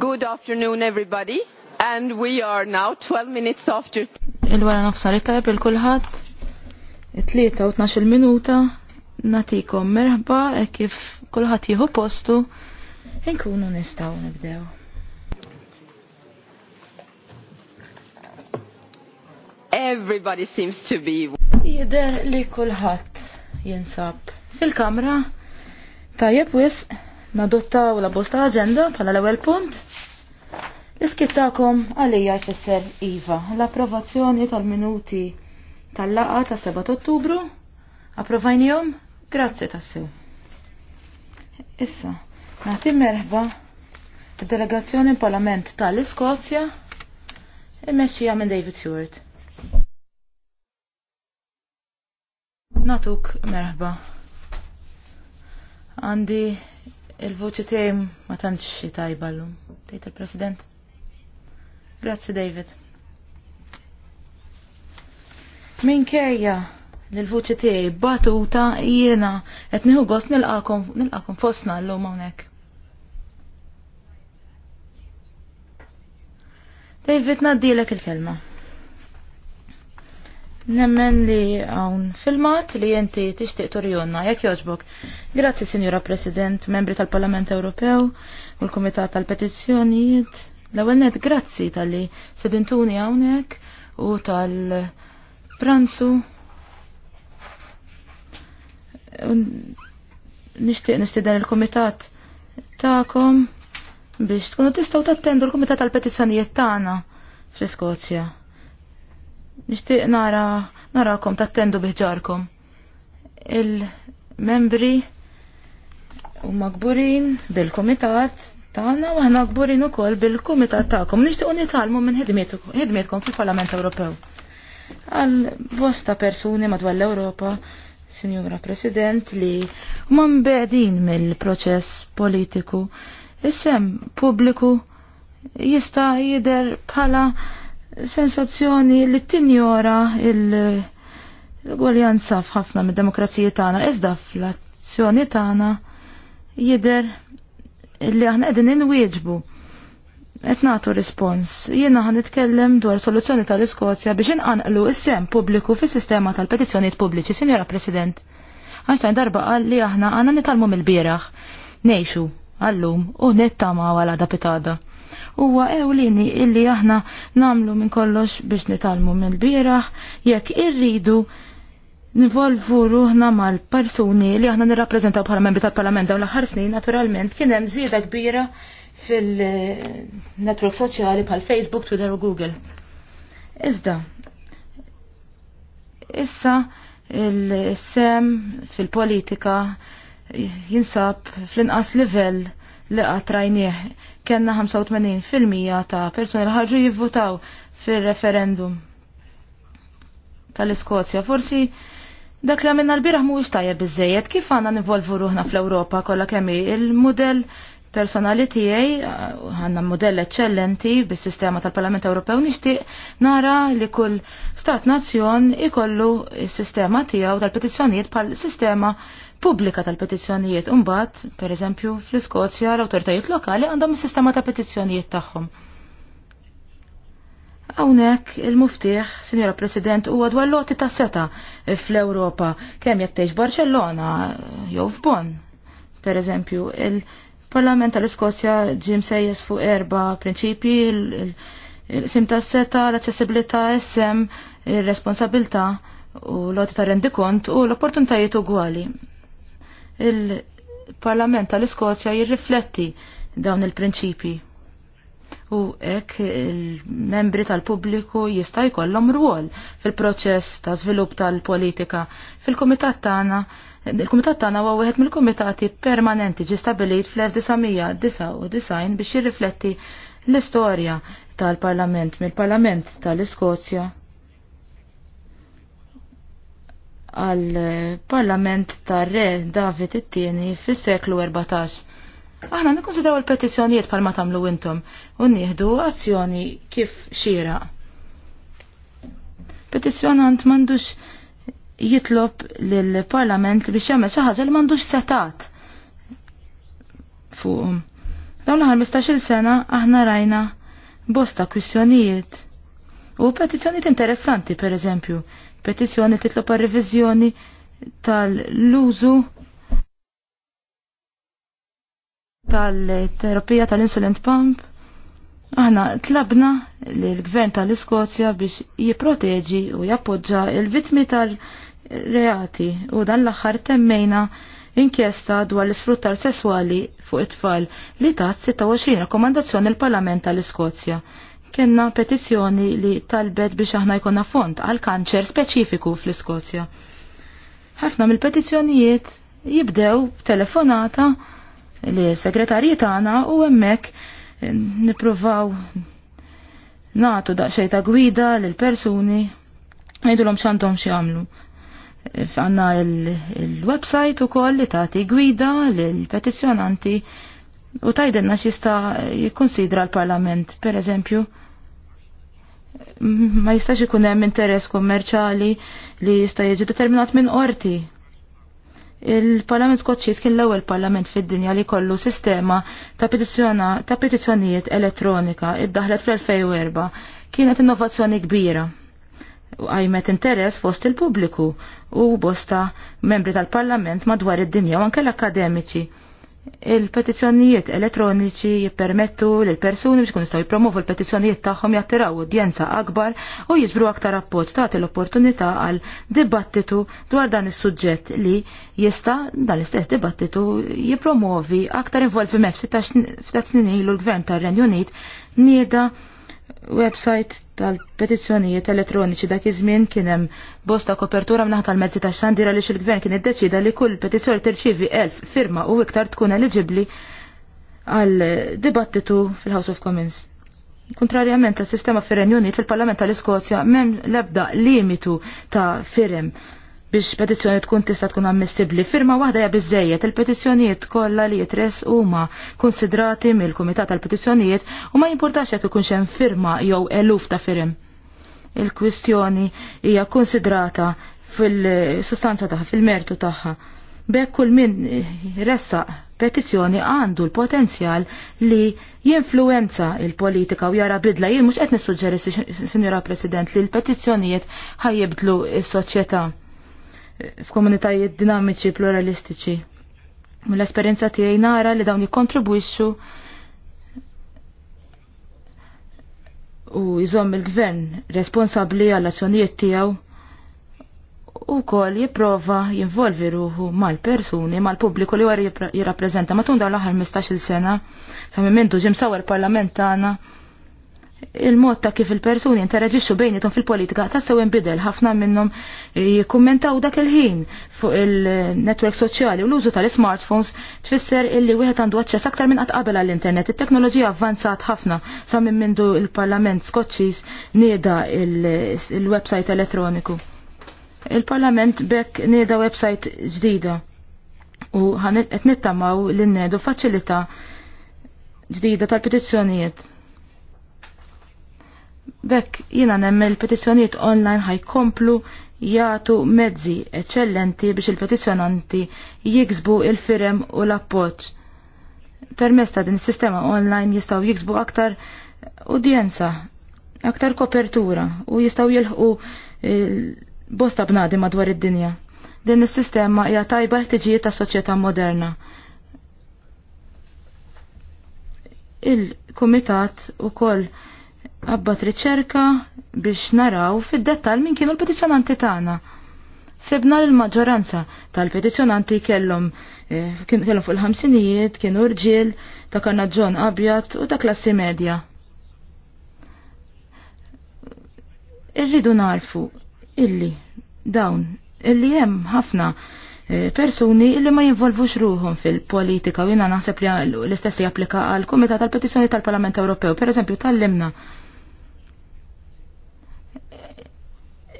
Good afternoon everybody and we are now 12 minutes after Il-wara nofsar itajb il kulħat it-tlieta u il minuta natikom merħba e kif kulħadd jieħu postu inkunu nistaw nibdew. Everybody seems to be Jider li kulħadd jinsab fil-kamra tajjeb wisq nadottaw la bosta agenda bħala l-ewwel punt. L-iskittakom għalija jfisser Iva l-approvazzjoni tal-minuti tal-laqa ta' 7 Ottubru. Approvajnijom? Grazzi tassew. Issa, nati merħba id-delegazzjoni parlament tal-Iskozja imesċija minn David Stewart. Natuk merħba. Għandi Il-voċi tiegħi ma tantx xi tajba llum, tgħid il-President. Grazzi David. Minkejja li l-voċi tiegħi batuta jiena qed nieħu gost nilqakom nilqakom fostna llum hawnhekk. David naddilek il-kelma. Nemmen li għawn filmat li jenti tixtiq torjonna, jek joġbok. Grazzi, Signora President, membri tal-Parlament Ewropew u l-Komitat tal-Petizzjonijiet. l għennet grazzi tal-li sedintuni għawnek u tal-pranzu. Nishtiq nistidan il-Komitat ta'kom biex tkunu tistaw tattendu l-Komitat tal-Petizzjonijiet tagħna fl skozja Nixtieq nara narakom tattendu biħġarkom. Il-membri u magburin bil-komitat tagħna u aħna gburin ukoll bil-kumitat tagħkom nixtiequ nitalmu minn ħidmietkom fil-Parlament Ewropew. Għal bosta persuni madwar l-Ewropa, Signora President, li huma mbedin mill-proċess politiku, jissem publiku pubbliku jista' jidher bħala sensazzjoni li tinjora il-gwaljanza f'ħafna mid-demokrazija tagħna iżda fl-azzjoni tagħna jidher li aħna qegħdin inwieġbu qed nagħtu rispons. Jiena ħan nitkellem dwar soluzzjoni tal-Iskozja biex inqanqlu s-sem pubbliku fis-sistema tal-petizzjonijiet pubbliċi, Sinjora President. Einstein darba qal li aħna għandna nitalmu mill-bieraħ, ngħixu għallum u nittama għal da pitada huwa ewlini illi aħna namlu minn kollox biex nitalmu mill-bieraħ jekk irridu nivolvu ruħna mal-persuni li aħna nirrappreżentaw bħala membri tal-Parlament dawn l-aħħar snin naturalment kien hemm żieda kbira fil-network soċjali bħal Facebook, Twitter u Google. Iżda, issa il-sem fil-politika jinsab fl-inqas livell li qatrajnieh kena 85% ta' persuni li ħarġu jivvotaw fil-referendum tal-Iskozja. Forsi dak li għamilna l-biraħ mhuwiex tajjeb biżejjed kif għandna nivolvu ruħna fl-Ewropa kollha kemm il-mudell personali tiegħi uh, għandna mudell eċċellenti bis-sistema tal-Parlament Ewropew nixtieq nara li kull stat nazzjon ikollu s-sistema tiegħu tal-petizzjonijiet bħal sistema, -sistema pubblika tal-petizzjonijiet. unbat, per eżempju, fl-Iskozja l-autoritajiet lokali għandhom is-sistema ta' petizzjonijiet tagħhom. Hawnhekk il-muftieħ, Sinjora President, huwa dwar loti ta' seta fl-Ewropa kemm jekk tgħix Barcellona jew f'Bonn. Per eżempju, il-Parlament tal-Iskozja ġim sejjes fuq erba' prinċipji il-sim ta' seta, l-aċċessibilità, SM, ir-responsabilità u l-loti ta' rendikont u l-opportunitajiet ugwali il-Parlament tal-Iskozja jirrifletti dawn il-prinċipi. U ek il-membri tal-pubbliku jista' jkollhom rwol fil-proċess ta' żvilupp tal-politika. Fil-kumitat tagħna, il-kumitat tagħna huwa wieħed mill-kumitati permanenti ġi stabilit fl-1999 biex jirrifletti l-istorja tal-Parlament mill-Parlament tal-Iskozja għal parlament tar re David it-tieni fis-seklu 14. Aħna nikkonsidraw il-petizzjonijiet bħalma tagħmlu intom u nieħdu azzjoni kif xira. Petizzjonant m'għandux jitlob lill-Parlament biex jagħmel xi ħaġa li m'għandux setat fuqhom. Dawn l-aħħar 15-il sena aħna rajna bosta kwistjonijiet u petizzjonijiet interessanti pereżempju petizzjoni titlob għal revizjoni tal-użu tal-terapija tal-insulin pump. Aħna tlabna li l-gvern tal-Iskozja biex jiproteġi u jappoġġa il-vitmi tal-reati u dan l-aħħar temmejna inkjesta dwar l-isfruttar sesswali fuq it-tfal li tat 26 rakkomandazzjoni l-Parlament tal-Iskozja. Kenna petizzjoni li talbet biex aħna jkonna font għal kanċer speċifiku fl-Iskozja. Ħafna mill-petizzjonijiet jibdew telefonata li segretarji tagħna u hemmhekk eh, nippruvaw natu daqsxejn ta' gwida lil persuni ngħidulhom x'għandhom xi jagħmlu. Għandna il-website ukoll li tagħti gwida lil petizzjonanti U tajdenna xista jikkonsidra l-Parlament, per eżempju, ma jistax ikun hemm interess kommerċali li jista' jiġi determinat minn qorti. Il-Parlament Skoċċiż kien l-ewwel parlament fid-dinja li kollu sistema ta' ta' petizzjonijiet elettronika iddaħlet fl-2004 kienet innovazzjoni kbira u għajmet interess fost il-pubbliku u bosta membri tal-Parlament madwar id-dinja u anke l-akademiċi Il-petizzjonijiet elettroniċi jippermettu l persuni biex kunistaw jipromovu l-petizzjonijiet tagħhom jattiraw udjenza akbar u jizbru aktar rapport tagħti l-opportunità għal dibattitu dwar dan is-suġġett li jista' dan l-istess dibattitu jipromovi aktar involviment f'ta' snin ilu l-Gvern tar-Renju Unit nieda website tal-petizzjonijiet elettroniċi dak iż-żmien kien hemm bosta kopertura m'naħa tal-mezzi tax-xandira li il-gvern kien iddeċida li kull petizzjoni tirċievi elf firma u iktar tkun eliġibbli għal dibattitu fil-House of Commons. Kontrarjament tas sistema fir-Renju Unit fil-Parlament tal-Iskozja m'hemm l-ebda limitu ta' firem biex petizzjoni tkun tista' tkun ammissibbli. Firma waħda hija biżejjed il-petizzjonijiet kollha li jitres huma konsidrati mill-Kumitat tal-Petizzjonijiet u ma jimpurtax jekk ikunx hemm firma jew eluf ta' firm. Il-kwistjoni hija konsidrata fil-sustanza tagħha, fil-mertu tagħha. Bekk kull min ressa petizzjoni għandu l-potenzjal li jinfluenza il-politika u jara bidla. Jien mhux qed nissuġġeri, Sinjora President, li l-petizzjonijiet ħajjibdlu s-soċjetà f'komunitajiet dinamiċi pluralistiċi. Mill-esperjenza tiegħi nara li dawn jikkontribwixxu u jżomm il-gvern responsabbli għall azzjonijiet tiegħu u kol jiprofa jinvolvi ruħu mal-persuni, mal-pubbliku li għar jirrapprezenta. Matun tundaw l-aħħar 15 sena, sa' mimentu ġim sawar parlamentana. tagħna il-mod ta' kif il-persuni interaġixxu bejnietom fil-politika ta' sew inbidel ħafna minnhom jikkummentaw dak il-ħin fuq il-netwerk soċjali u l-użu tal-smartphones tfisser illi wieħed għandu aċċess aktar minn qatt qabel għall-internet. It-teknoloġija avvanzat ħafna sa minn mindu il-Parlament Skoċċiż nieda il-website elettroniku. Il-Parlament bekk nieda website ġdida u ħanet nittamaw l-innedu faċilità ġdida tal-petizzjonijiet Bekk jina nemmel il-petizzjoniet online ħajkomplu jagħtu mezzi eċċellenti biex il-petizzjonanti jiksbu il-firem u l-appoġġ. Permess ta' din is-sistema online jistgħu jiksbu aktar udjenza, aktar kopertura u jistgħu jilħqu eh, bosta bnadi madwar id-dinja. Din is-sistema hija tajba ħtiġijiet ta' soċjetà moderna. Il-kumitat ukoll koll abbat riċerka biex naraw fid-dettal min kienu l-petizjonanti tagħna. Sebna l-maġġoranza tal-petizjonanti kellhom eh, kellhom fuq il-ħamsinijiet kienu rġiel ta' karnaġġon abjad u ta' klassi medja. Irridu narfu illi dawn illi hemm ħafna eh, persuni illi ma jinvolvux ruhom fil-politika u jina naħseb li l-istess japplika għal Kumitat tal-Petizzjoni tal-Parlament Ewropew, per eżempju tal-limna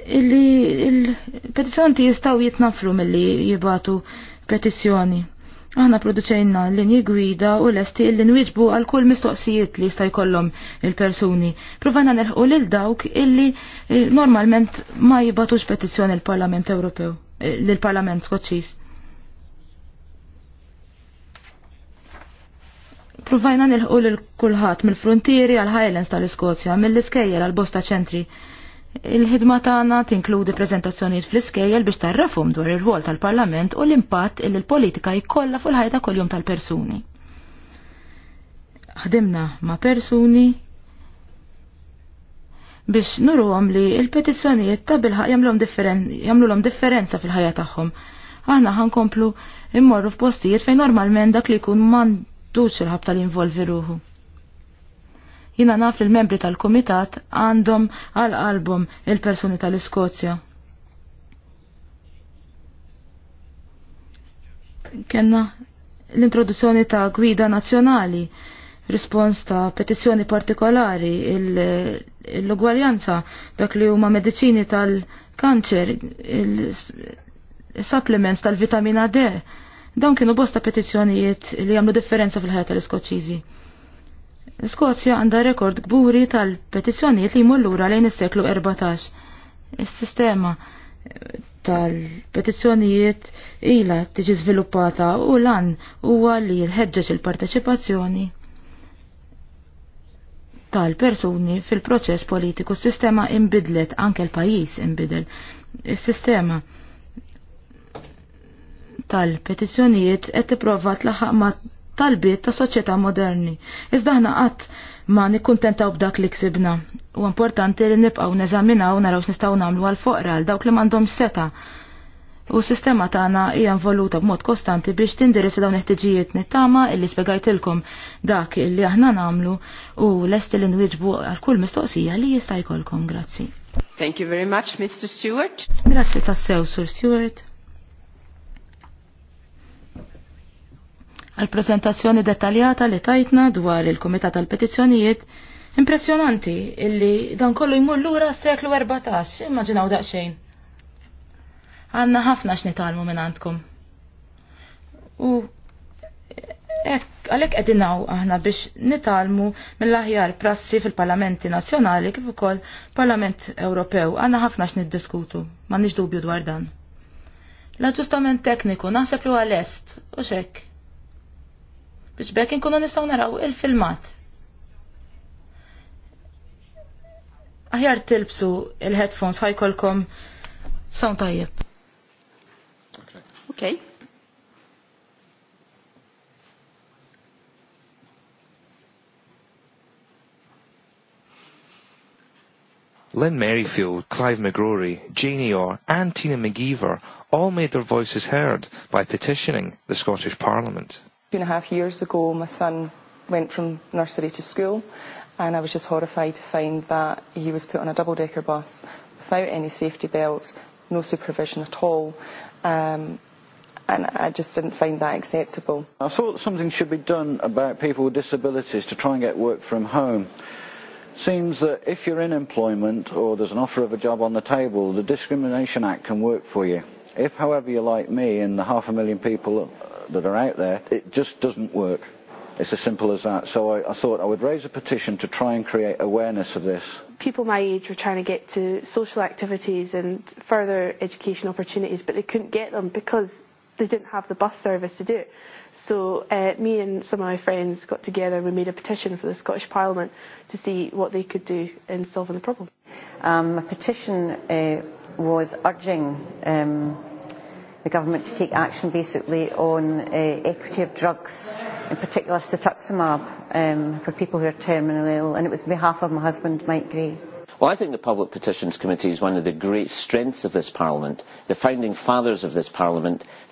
illi il petizjoni jistaw jitnafru mill-li jibatu petizjoni. Aħna produċejna linji gwida u lesti l nwieġbu għal kull mistoqsijiet li jista' jkollhom il-persuni. Provana nerħu lil dawk illi eh, normalment ma jibatux petizzjoni l-Parlament Ewropew, eh, l-Parlament Skoċċiż. Provajna nilħu l-kulħat mill-frontieri għal-Highlands tal-Iskozja, mill-Iskejjer għal-Bosta ċentri Il-ħidma tagħna tinkludi preżentazzjonijiet fl-iskejjel biex tarrafhom dwar ir-rwol tal-Parlament u l-impatt li l-politika jkollha fuq il-ħajta kuljum tal-persuni. Ħdimna ma' persuni biex nurhom li l-petizzjonijiet ta' bilħaq jagħmluhom jagħmluhom differenza fil-ħajja tagħhom. Aħna ħankomplu immorru f'postijiet fejn normalment dak li jkun m'għandux il-ħabta li involvi ruħu. Jina naf il-membri tal-komitat għandhom għal-album il-personi tal-Iskozja. Kenna l-introduzzjoni ta' gwida nazjonali, rispons ta' petizjoni partikolari, l-ugwaljanza dak li huma mediċini tal-kanċer, il-supplements tal-vitamina D. Dawn kienu bosta petizjonijiet li għamlu differenza fil-ħajja tal iskoċiżi Skozja għandha rekord kburi tal-petizzjonijiet li mullura lura lejn is-seklu 14. Is-sistema tal-petizzjonijiet ila tiġi żviluppata u lan huwa li jħeġġeġ il-parteċipazzjoni tal-persuni fil-proċess politiku. S-sistema imbidlet, anke l pajjiż imbidel. Is-sistema tal-petizzjonijiet qed tipprova tlaħħaq ma' tal-bit ta' soċjetà moderni. Iżda ħna qatt ma nikkuntentaw b'dak li ksibna. U importanti li nibqgħu neżaminaw naraw x'nistgħu nagħmlu għal foqra għal dawk li m'għandhom seta' U s-sistema tagħna hija involuta b'mod kostanti biex tindirizza dawn il tiġijiet nittama illi spjegajtilkom dak illi aħna nagħmlu u lest li nwieġbu għal kull mistoqsija li jista' jkollkom. Grazzi. Thank you very much, Mr. Stewart. Grazzi tassew, Sur Stewart. għal prezentazzjoni dettaljata li tajtna dwar il-Komitat tal-Petizzjonijiet impressjonanti illi dan kollu jmur lura s-seklu 14, immaġinaw daqxejn. Għanna ħafna nitalmu minn għandkom. U ek għalek edinaw aħna biex nitalmu mill-aħjar prassi fil-parlamenti nazjonali kif ukoll Parlament Ewropew għanna ħafna x'niddiskutu, ma nix dubju dwar dan. L-aġġustament tekniku naħseb li għal-est u xek biex bekk inkunu nistgħu naraw il-filmat. Aħjar tilbsu il-headphones ħajkolkom sawn tajjeb. Okay. Lynn Merrifield, Clive McGrory, Janie Orr and Tina McGeever all made their voices heard by petitioning the Scottish Parliament two and a half years ago, my son went from nursery to school, and I was just horrified to find that he was put on a double-decker bus without any safety belts, no supervision at all. Um, and I just didn't find that acceptable. I thought something should be done about people with disabilities to try and get work from home. Seems that if you're in employment or there's an offer of a job on the table, the Discrimination Act can work for you. If, however, you're like me and the half a million people that are out there, it just doesn't work. It's as simple as that. So I, I thought I would raise a petition to try and create awareness of this. People my age were trying to get to social activities and further education opportunities, but they couldn't get them because they didn't have the bus service to do it. So uh, me and some of my friends got together and we made a petition for the Scottish Parliament to see what they could do in solving the problem. Um, a petition uh, was urging um, the government to take action basically on uh, equity of drugs, in particular cetuximab, um, for people who are terminally ill. And it was on behalf of my husband, Mike Gray. Well, I think the Public Petitions Committee is one of the great strengths of this Parliament. The founding fathers of this Parliament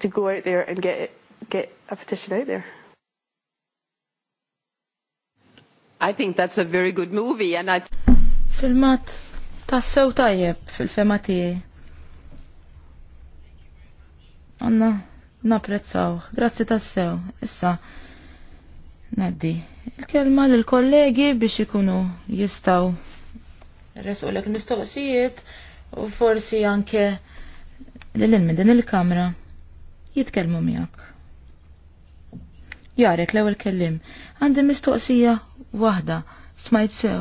to go out there and get it, get a petition out there. I think that's a very good movie and I Filmat tassew tajjeb fil-fema tiegħi. Anna napprezzaw. Grazzi tassew. Issa naddi il-kelma lil kollegi biex ikunu jistgħu resulek mistoqsijiet u forsi anke lil min din il-kamra jitkellmu miegħek. Jarek l-ewwel kellim, għandi mistoqsija waħda, smajt sew.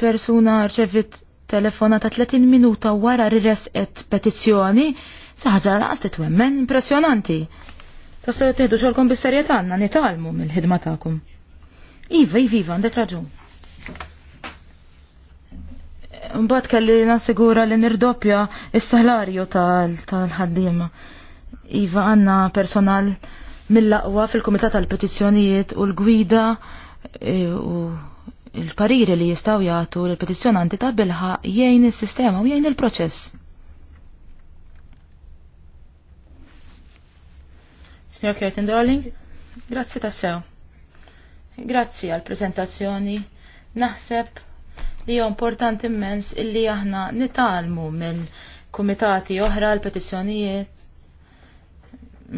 Persuna rċevit telefona ta' 30 minuta wara riresqet petizzjoni, saħġa laqas titwemmen impressjonanti. Tassew teħdu xolkom bis-serjetà għandna nitalmu mill-ħidma tagħkom. Iva, iva, iva għandek raġun. Mbagħad kelli nassigura li nirdoppja is-salarju tal-ħaddiema. Iva għandna personal mill laqwa fil-Kumitat tal-Petizzjonijiet u l-gwida e, u il-pariri li jistaw jagħtu l-petizzjonanti ta' bilħa jgħin is-sistema u jgħin il-proċess. Signor Curtin Darling, grazzi tassew. Grazzi għal-prezentazzjoni. Naħseb li hija importanti immens illi aħna nitalmu minn kumitati oħra l-petizzjonijiet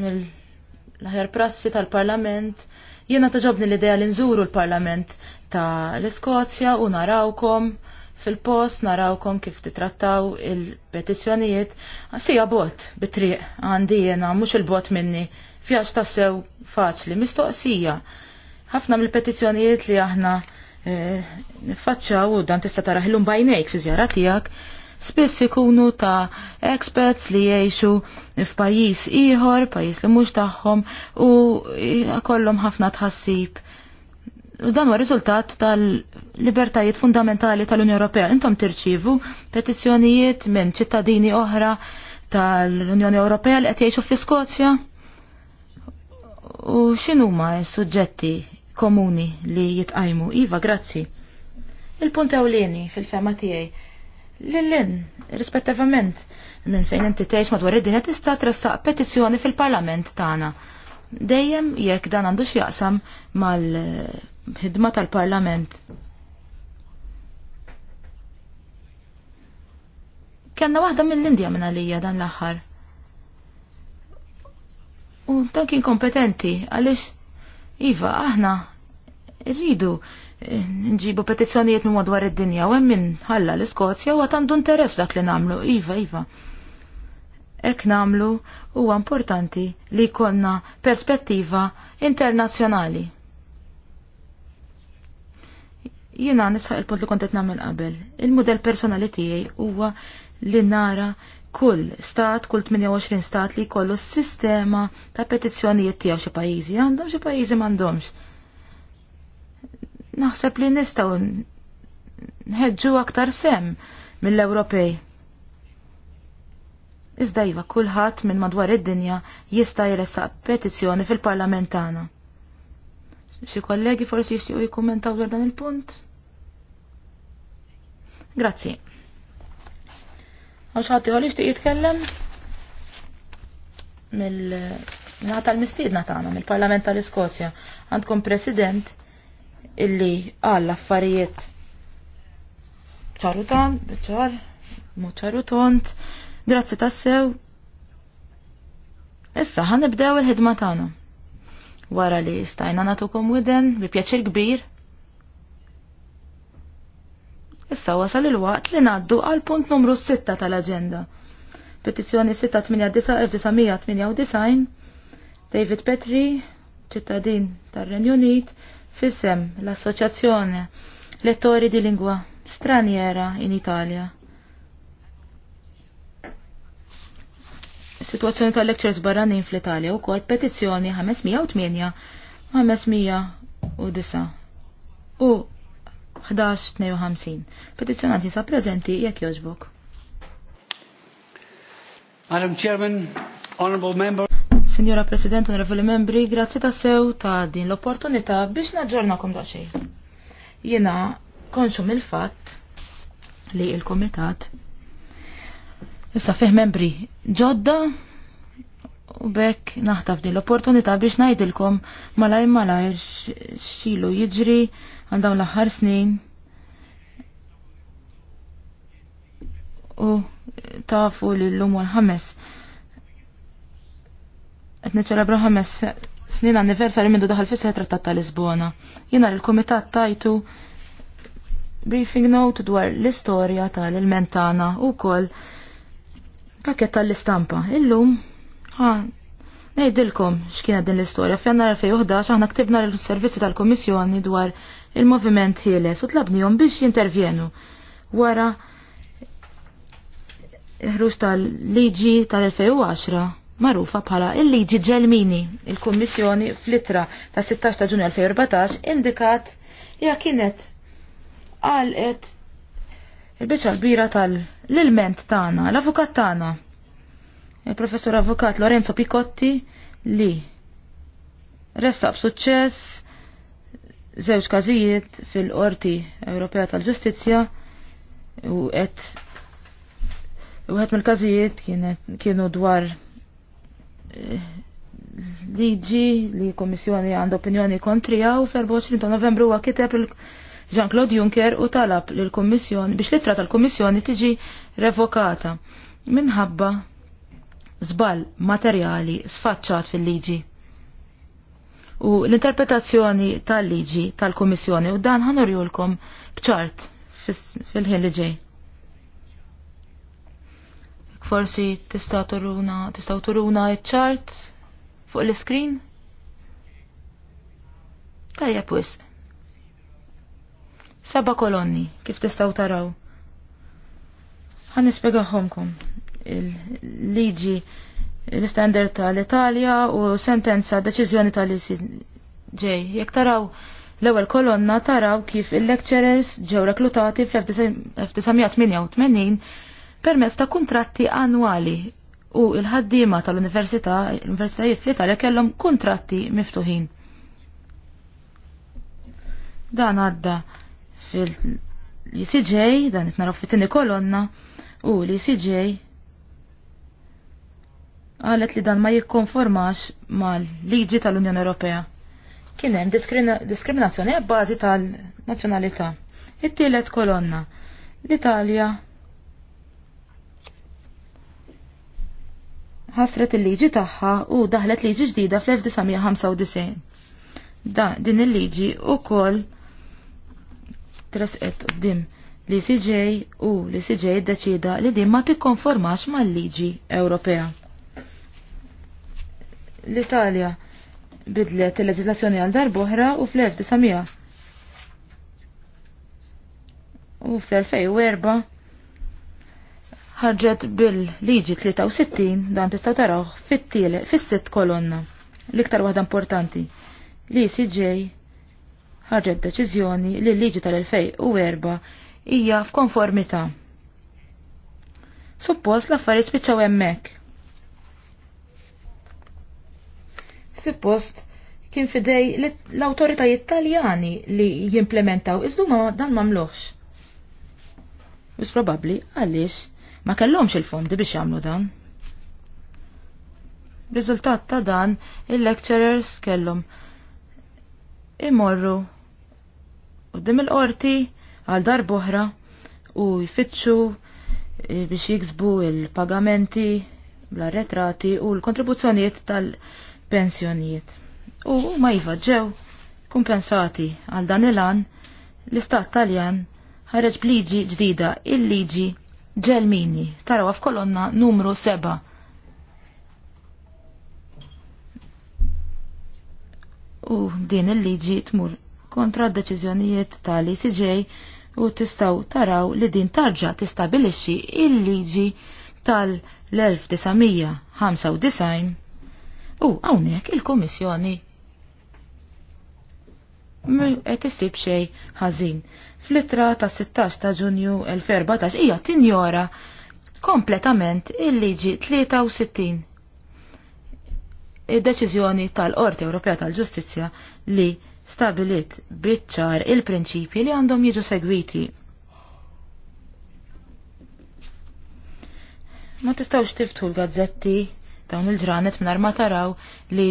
mill-aħjar prassi tal-Parlament. Jiena taġobni l-idea li nżuru l-Parlament ta' l-Iskozja u narawkom fil-post narawkom kif titrattaw il-petizzjonijiet, sija bot bitriq għandi jena, mux il-bot minni, fjax tassew faċli, mistoqsija. ħafna mill-petizzjonijiet li aħna Eh, nifaċċaw u dan tista' taraħilhom bajnejk fi żjara tiegħek spiss ikunu ta' experts li jgħixu f'pajjiż ieħor, pajjiż li mhux tagħhom u kollom ħafna tħassib. U dan huwa riżultat tal-libertajiet fundamentali tal-Unjoni Ewropea. Intom tirċivu petizzjonijiet minn ċittadini oħra tal-Unjoni Ewropea li qed jgħixu fl-Iskozja. U x'inhuma s-suġġetti komuni li jitqajmu. Iva, grazzi. Il-punt ewlieni fil-fema tiegħi. Lillin, rispettivament, minn fejn inti tgħix madwar id-dinja tista' tressaq petizzjoni fil-Parlament tagħna. Dejjem jekk dan għandux jaqsam mal-ħidma tal-Parlament. Kenna waħda mill-Indja minn għalija dan l-aħħar. U dan kien kompetenti, għaliex Iva, aħna rridu eh, nġibu petizzjonijiet minn madwar id-dinja u hemm min ħalla l-Iskozja u għatandu interess dak li namlu. Iva, iva. Ek namlu huwa importanti li konna perspettiva internazzjonali. Jiena nisħaq il-punt li kontet namlu qabel. il model personali tiegħi huwa li nara kull stat, kull 28 stat li jkollu s-sistema ta' petizzjonijiet tiegħu xi pajjiżi għandhom xi pajjiżi m'għandhomx. Naħseb li nistgħu nħeġġu aktar sem mill-Ewropej. Iżda iva kulħadd minn madwar id-dinja jista' jressaq petizzjoni fil-Parlament tagħna. Xi kollegi forsi jixtiequ jikkummentaw dwar dan il-punt? Grazzi. Għax ħadd ieħor jixtieq jitkellem mill-nata l-mistiedna tagħna mill-Parlament tal-Iskozja għandkom President illi għall affarijiet ċarutan, ċar, mu ċarutont, grazzi tassew. Issa ħanibdew il-ħidma tagħna. Wara li stajna natukom widen bi pjaċir kbir Issa wasal il-waqt li naddu għal punt numru 6 tal-agenda. Petizzjoni 689 David Petri, ċittadin tar-Renju Unit, fissem l-Assoċjazzjoni Lettori di Lingwa Straniera in Italia. Situazzjoni tal-lectures barranin fl-Italja u kol petizzjoni 508 509 u 11-52. Petizzjonanti sa' prezenti jekk joġbok. Madam Chairman, Honorable Member. Signora President, Onorevoli Membri, grazzi ta' sew ta' din l-opportunità biex naġġornakom da' xejn. Jena konxum il-fatt li il-Komitat issa fih membri ġodda U bekk naħtaf din l-opportunità biex ngħidilkom malaj malaj xilu jiġri għal dawn l-aħħar snin. U tafu li l-lum u l-ħames. Qed niċċelebra ħames snin anniversari minn daħal fis trattat ta' Lisbona. Jiena l-kumitat tajtu briefing note dwar l-istorja tal-ilmentana u kol pakket tal-istampa. Illum Għan, nejdilkom x'kienet din l-istoria. Fjannar 2011 aħna ktibna l-servizzi tal-Komissjoni dwar il-moviment Hieles u jom biex jintervjenu wara ħruġ tal-liġi tal-2010 marufa bħala il-liġi ġelmini. Il-Kommissjoni fl-itra ta' 16 ta' ġunju 2014 indikat ja kienet għalqet il-bicċa kbira tal-ilment tagħna, l-avukat tagħna il-professor avukat Lorenzo Picotti li resta b'suċċess żewġ każijiet fil-Qorti Ewropea tal-Ġustizzja u qed wieħed mill-każijiet kienu dwar eh, liġi li kummissjoni għandu opinjoni kontrija u fl-24 ta' novembru huwa kiteb Jean-Claude Juncker u talab lill-Kummissjoni biex litra tal-Kummissjoni tiġi revokata minħabba żball materjali sfaċċat fil-liġi. U l-interpretazzjoni tal-liġi tal-Kummissjoni u dan ħanurjulkom bċart fil-ħin li ġej. Forsi tista' turuna, tista' turuna ċart fuq l-iskrin? Tajja pwis. Seba kolonni, kif tistaw taraw. Għan nispiegaħomkom il-liġi l-standard tal-Italja u sentenza deċiżjoni tal-ICJ. Jek taraw l-ewwel kolonna taraw kif il-lecturers ġew reklutati fl-1988 permezz ta' kuntratti annwali u il-ħaddiema tal-Università, l-Universitajiet fl-Italja kellhom kuntratti miftuħin. Dan għadda fil-ICJ, dan itnaraw fit-tieni kolonna, u l-ICJ qalet li dan ma jikkonformax mal-liġi tal-Unjoni Ewropea. Kien hemm diskriminazzjoni bbażi tal-nazzjonalità. It-tielet kolonna. L-Italja ħasret il-liġi tagħha u daħlet liġi ġdida fl-1995. Da, din il-liġi u koll tresqet dim li CJ u li CJ deċida li din ma tikkonformax mal-liġi Ewropea l-Italja bidlet il-leġislazzjoni għal oħra u fl-1900. U fl-2004 ħarġet bil-liġi 63 dan tistgħu taraw fit-tielet fis-sitt kolonna l-iktar waħda importanti li CJ ħarġet deċiżjoni li l-liġi tal-2004 hija f'konformità. Suppost l-affarijiet spiċċaw hemmhekk. suppost kien fidej l-autoritajiet taljani li jimplementaw, iżdu ma dan mamluħx. Bis probabli, għalix, ma kellomx il-fondi biex jamlu dan. Riżultat ta' dan, il-lecturers kellhom imorru u dim il-qorti għal dar boħra, u jfittxu eh, biex jiksbu il-pagamenti, bla arretrati u l-kontribuzzjonijiet tal- pensjonijiet. U ma jiva ġew għal dan il-an l-istat taljan ħareġ bliġi ġdida il-liġi ġelmini taraw f'kolonna numru 7. U din il-liġi tmur kontra d-deċiżjonijiet tal-ICJ u tistaw taraw li din tarġa tistabilixxi il-liġi tal-1995 U hawnhekk il-Kummissjoni qed issib xejn ħażin. Fl-ittra ta' 16 ta' Ġunju 2014 hija tinjora kompletament il-liġi 63 id-deċiżjoni tal-Qorti Ewropea tal-Ġustizzja li stabilit biċċar il-prinċipji li għandhom jiġu segwiti. Ma tistawx tiftu l-gazzetti dawn il-ġranet minn ma taraw li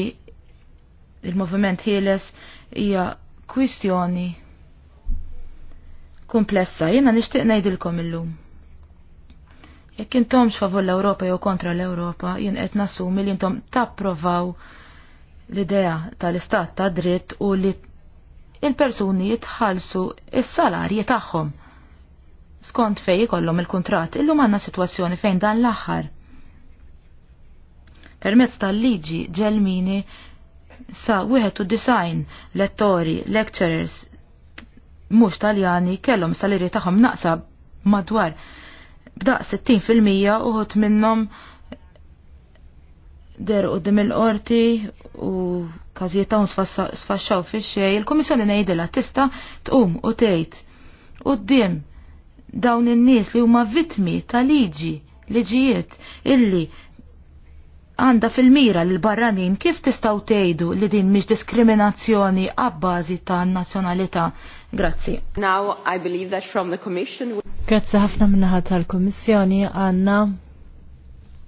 il-moviment ħieles hija kwistjoni komplessa. Jiena nixtieq ngħidilkom illum. Jekk intomx favur l-Ewropa jew kontra l-Ewropa, jien qed nassumi li intom tapprovaw l-idea tal-istat ta' dritt u li il-persuni jitħallsu is-salarji tagħhom skont fej ikollhom il-kuntratt, illum għandna sitwazzjoni fejn dan l-aħħar permezz tal-liġi ġelmini sa wieħed u design lettori, lecturers mhux taljani kellhom saliri tagħhom naqsa madwar b'daq 60% uħut minnom der u dim il-qorti u każijiet ta' sfaxxaw fix xej il-Kummissjoni ngħidilha tista' tqum u tgħid quddiem dawn in-nies li huma vittmi ta' liġi liġijiet illi għanda fil-mira l barranin kif tistaw tgħidu li din mhix diskriminazzjoni għabbażi ta' nazzjonalità. Grazzi. Now I believe that from the Commission. Grazzi ħafna minnaħa tal-Kummissjoni għandna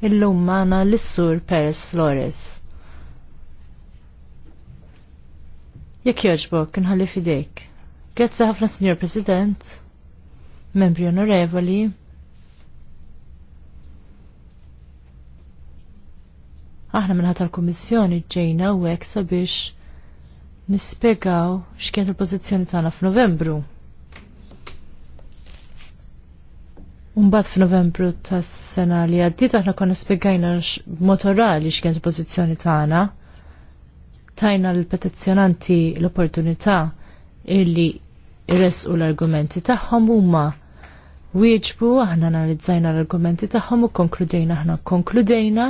illum magħna l-Sur Peres Flores. Jekk jogħġbok, inħalli fidejk. Grazzi ħafna, Signor President, membri onorevoli, Aħna minnħat tal-Kummissjoni ġejna u hekk sabiex nispjegaw x'kienet il-pożizzjoni tagħna f'Novembru. Umbat f'Novembru tas-sena li għaddiet aħna konna spjegajna motorali x'kienet il-pożizzjoni tagħna. Tajna l-petizzjonanti l-opportunità illi irresqu l-argumenti tagħhom huma wieġbu aħna analizzajna l-argumenti tagħhom u konkludejna aħna konkludejna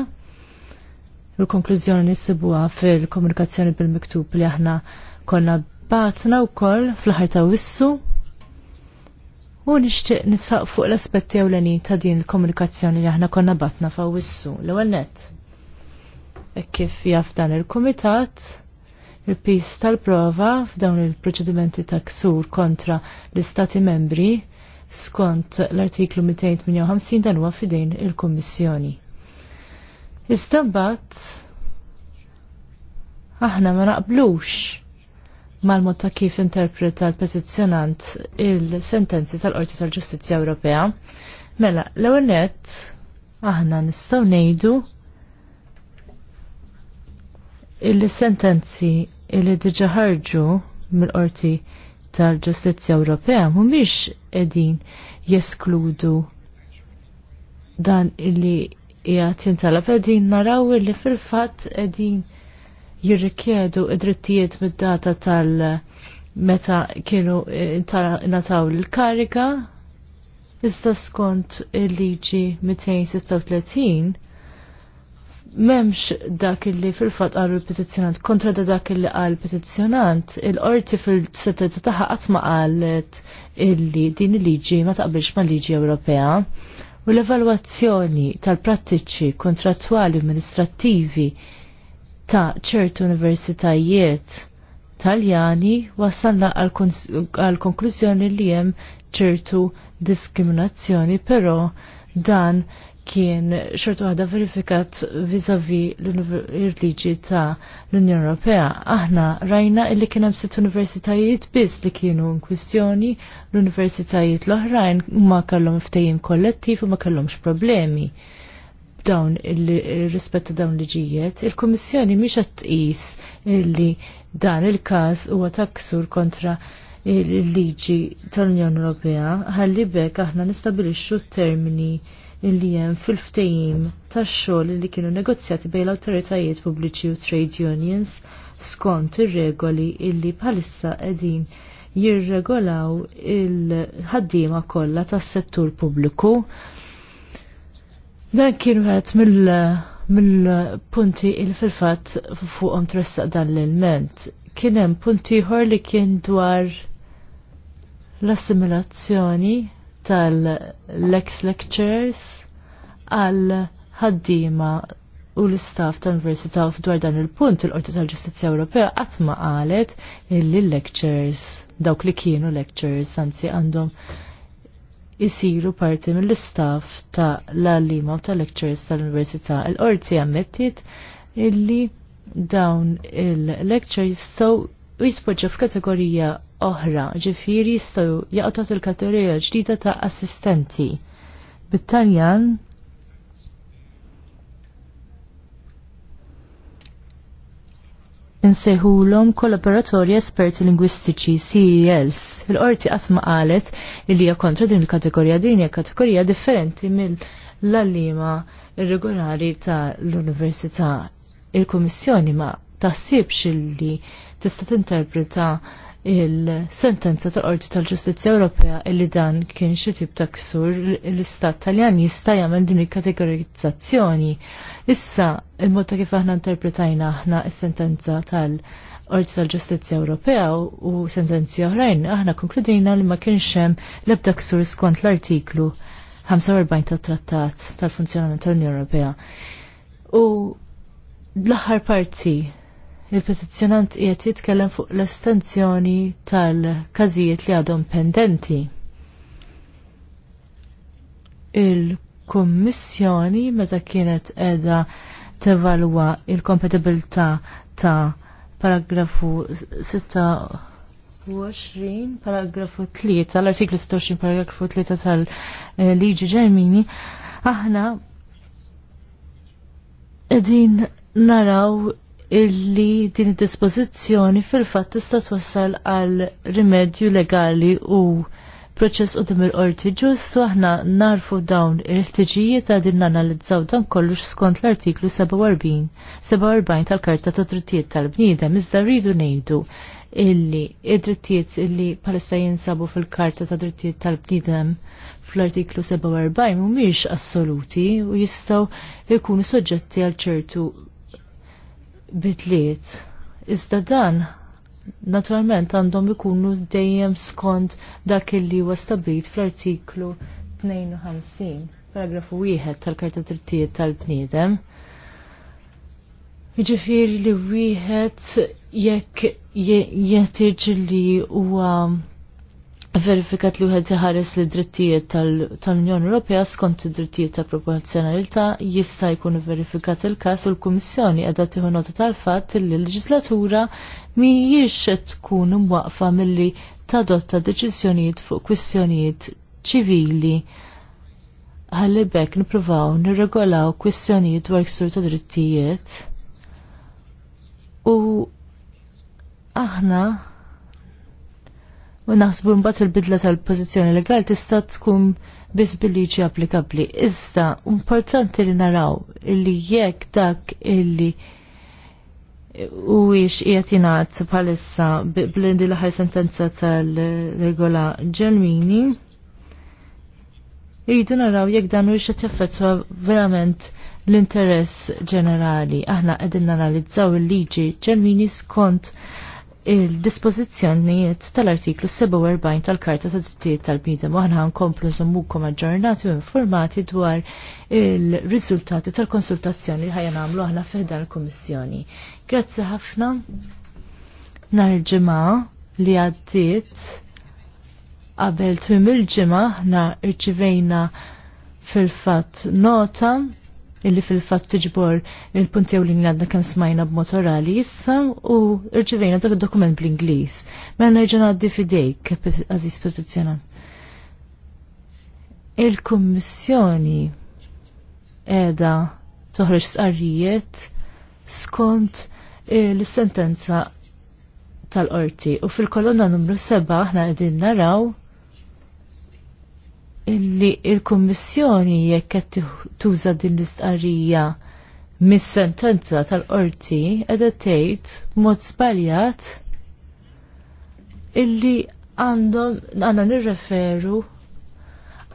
Il-konklużjoni nisibuha fil-komunikazzjoni bil-miktub li aħna konna batna wkoll fl-aħħar ta' wissu u nixtieq nisaq fuq l-aspetti ewlenin ta' din il-komunikazzjoni li aħna konna batna fa' wissu l-ewwel nett. E kif jaf dan il-kumitat il-pis tal-prova f'dawn il-proċedimenti ta' ksur kontra l-istati membri skont l-artiklu 258 dan huwa fidejn il-Kummissjoni. Iżda aħna ma naqblux mal-mod ta' kif interpreta l-petizzjonant il-sentenzi tal-Qorti tal-Ġustizzja Ewropea. Mela, l-ewwel aħna nistgħu ngħidu il-sentenzi li diġa ħarġu mill-Qorti tal-Ġustizzja Ewropea mhumiex qegħdin jeskludu dan illi qiegħed jintalab qegħdin naraw li fil-fatt qegħdin jirrikjedu id-drittijiet mid-data tal- meta kienu eh, nataw l-karika iżda skont il-liġi 236 memx dak li fil-fat għal il-petizjonant, kontra da dak li għal il-petizjonant, il-qorti fil-settetta taħħa għatma għalet illi din il-liġi ma taqbilx ma liġi Ewropea u l-evalwazzjoni tal-prattiċi kontrattwali amministrattivi ta' ċertu universitajiet taljani wasalna għal konklużjoni li hemm ċertu diskriminazzjoni, però dan kien xortu għada verifikat vizavi l-irliġi ta' l-Unjoni Ewropea. Aħna rajna illi kien hemm sitt universitajiet biss li kienu kwistjoni l-universitajiet l-oħrajn ma kellhom ftehim kollettiv u ma kellhomx problemi dawn il-rispetta dawn liġijiet, il-Kummissjoni mhix qed tqis illi dan il-każ huwa taksur kontra il-liġi tal-Unjoni Ewropea ħalli bekk aħna nistabilixxu termini li hemm fil-ftehim tax-xogħol li kienu negozjati bejn l-awtoritajiet pubbliċi u trade unions skont ir-regoli illi bħalissa qegħdin jirregolaw il-ħaddiema kollha tas-settur pubbliku. Dan kien wieħed mill mill-punti il fil fatt fuqhom tressaq dan l-ilment kien hemm punt ieħor li kien dwar l-assimilazzjoni tal-lex lectures għal ħaddima u l-istaff tal-Università f'dwar dan il-punt il-Qorti tal-Ġustizzja Ewropea qatt ma qalet illi l-lectures dawk li kienu lectures anzi għandhom isiru parti mill-istaff ta' l-għallima u tal-lectures tal-Università. Il-Qorti ammettit illi dawn il-lectures so jispoġġu f'kategorija oħra, ġifiri jistaw jaqtat il-kategorija ġdida ta' assistenti. Bit-Taljan insejħulhom kollaboratorji esperti lingwistiċi CELs. Il-qorti qatt ma qalet li hija kontra din il-kategorija din hija kategorija differenti mill-allima regolari tal-Università il-Kummissjoni ma taħsibx illi tista' tinterpreta il-sentenza tal-Qorti tal-Ġustizzja Ewropea illi dan kien xi tip ta' ksur l-Istat Taljan jista' jagħmel din il-kategorizzazzjoni. Issa il-mod ta' kif aħna interpretajna aħna s-sentenza tal- Qorti tal-Ġustizzja Ewropea u sentenzi oħrajn aħna konkludina li ma kienx hemm l-ebda ksur skont l-artiklu 45 tat-Trattat tal-Funzjonament tal-Unjoni Ewropea. U L-aħħar parti il-petizzjonant qiegħed jitkellem fuq l-estenzjoni tal-każijiet li għadhom pendenti. Il-Kummissjoni meta kienet qiegħda tevalwa il-kompatibilità ta' paragrafu 26 paragrafu 3 tal artiklu 26 paragrafu 3 tal-liġi Ġermini aħna Edin naraw illi din dispożizzjoni fil-fatt tista' twassal għal rimedju legali u proċess u dim il-qorti ġustu aħna narfu dawn il-ħtiġijiet ta' din nanalizzaw dan kollu skont l-artiklu 47 47 tal-Karta ta' Drittijiet tal-Bniedem iżda rridu ngħidu illi id-drittijiet illi palissa jinsabu fil-Karta ta' Drittijiet tal-Bniedem fl-artiklu 47 mhumiex assoluti u jistgħu jkunu soġġetti għal ċertu bidliet. Iżda dan naturalment għandhom ikunu dejjem skont dak illi huwa stabbit fl-artiklu 52, paragrafu 1 tal-Karta Drittijiet tal-Bniedem. Ġifiri li wieħed jekk jetirġ li huwa verifikat li wieħed iħares li drittijiet tal-Unjoni Ewropea skont id-drittijiet ta' proporzjonalità jista' jkun verifikat il-każ u l-Kummissjoni qiegħda tieħu nota tal-fatt li l-leġislatura mhijiex qed tkun imwaqfa milli tadotta deċiżjonijiet fuq kwistjonijiet ċivili ħalli bekk nippruvaw nirregolaw kwistjonijiet dwar ksur ta' drittijiet u aħna U naħsbu mbagħad il-bidla tal-pożizzjoni legali tista' tkun biss bil-liġi applikabbli. Iżda importanti li naraw li jekk dak illi u ix jgħatinat palissa blindi l aħħar sentenza tal-regola ġermini jridu naraw jekk dan u ix jaffettwa verament l-interess ġenerali. Aħna qegħdin analizzaw il-liġi ġelmini skont il-dispożizzjonijiet tal-artiklu 47 tal-Karta ta' Drittijiet tal-Bnidem u aħna nkomplu nżommukom aġġornati u informati dwar il-riżultati tal-konsultazzjoni li ħajja nagħmlu aħna fiħdan il-Kummissjoni. Grazzi ħafna. Nhar ġimgħa li għaddiet qabel twim il-ġimgħa aħna rċivejna fil-fatt nota illi fil-fatt tiġbor il-punti li għadna kan smajna b'mod orali issa u rċivejna dak il-dokument bl-Ingliż. Mela nerġa' ngħaddi fidejk għazis pożizzjona. Il-Kummissjoni qiegħda toħroġ sqarrijiet skont eh, l-sentenza tal-qorti u fil-kolonna numru 7 aħna qegħdin naraw illi il-Kommissjoni jekk qed tuża din l-istqarrija mis-sentenza tal-qorti qiegħda tgħid b'mod sbaljat illi għandhom għandna nirreferu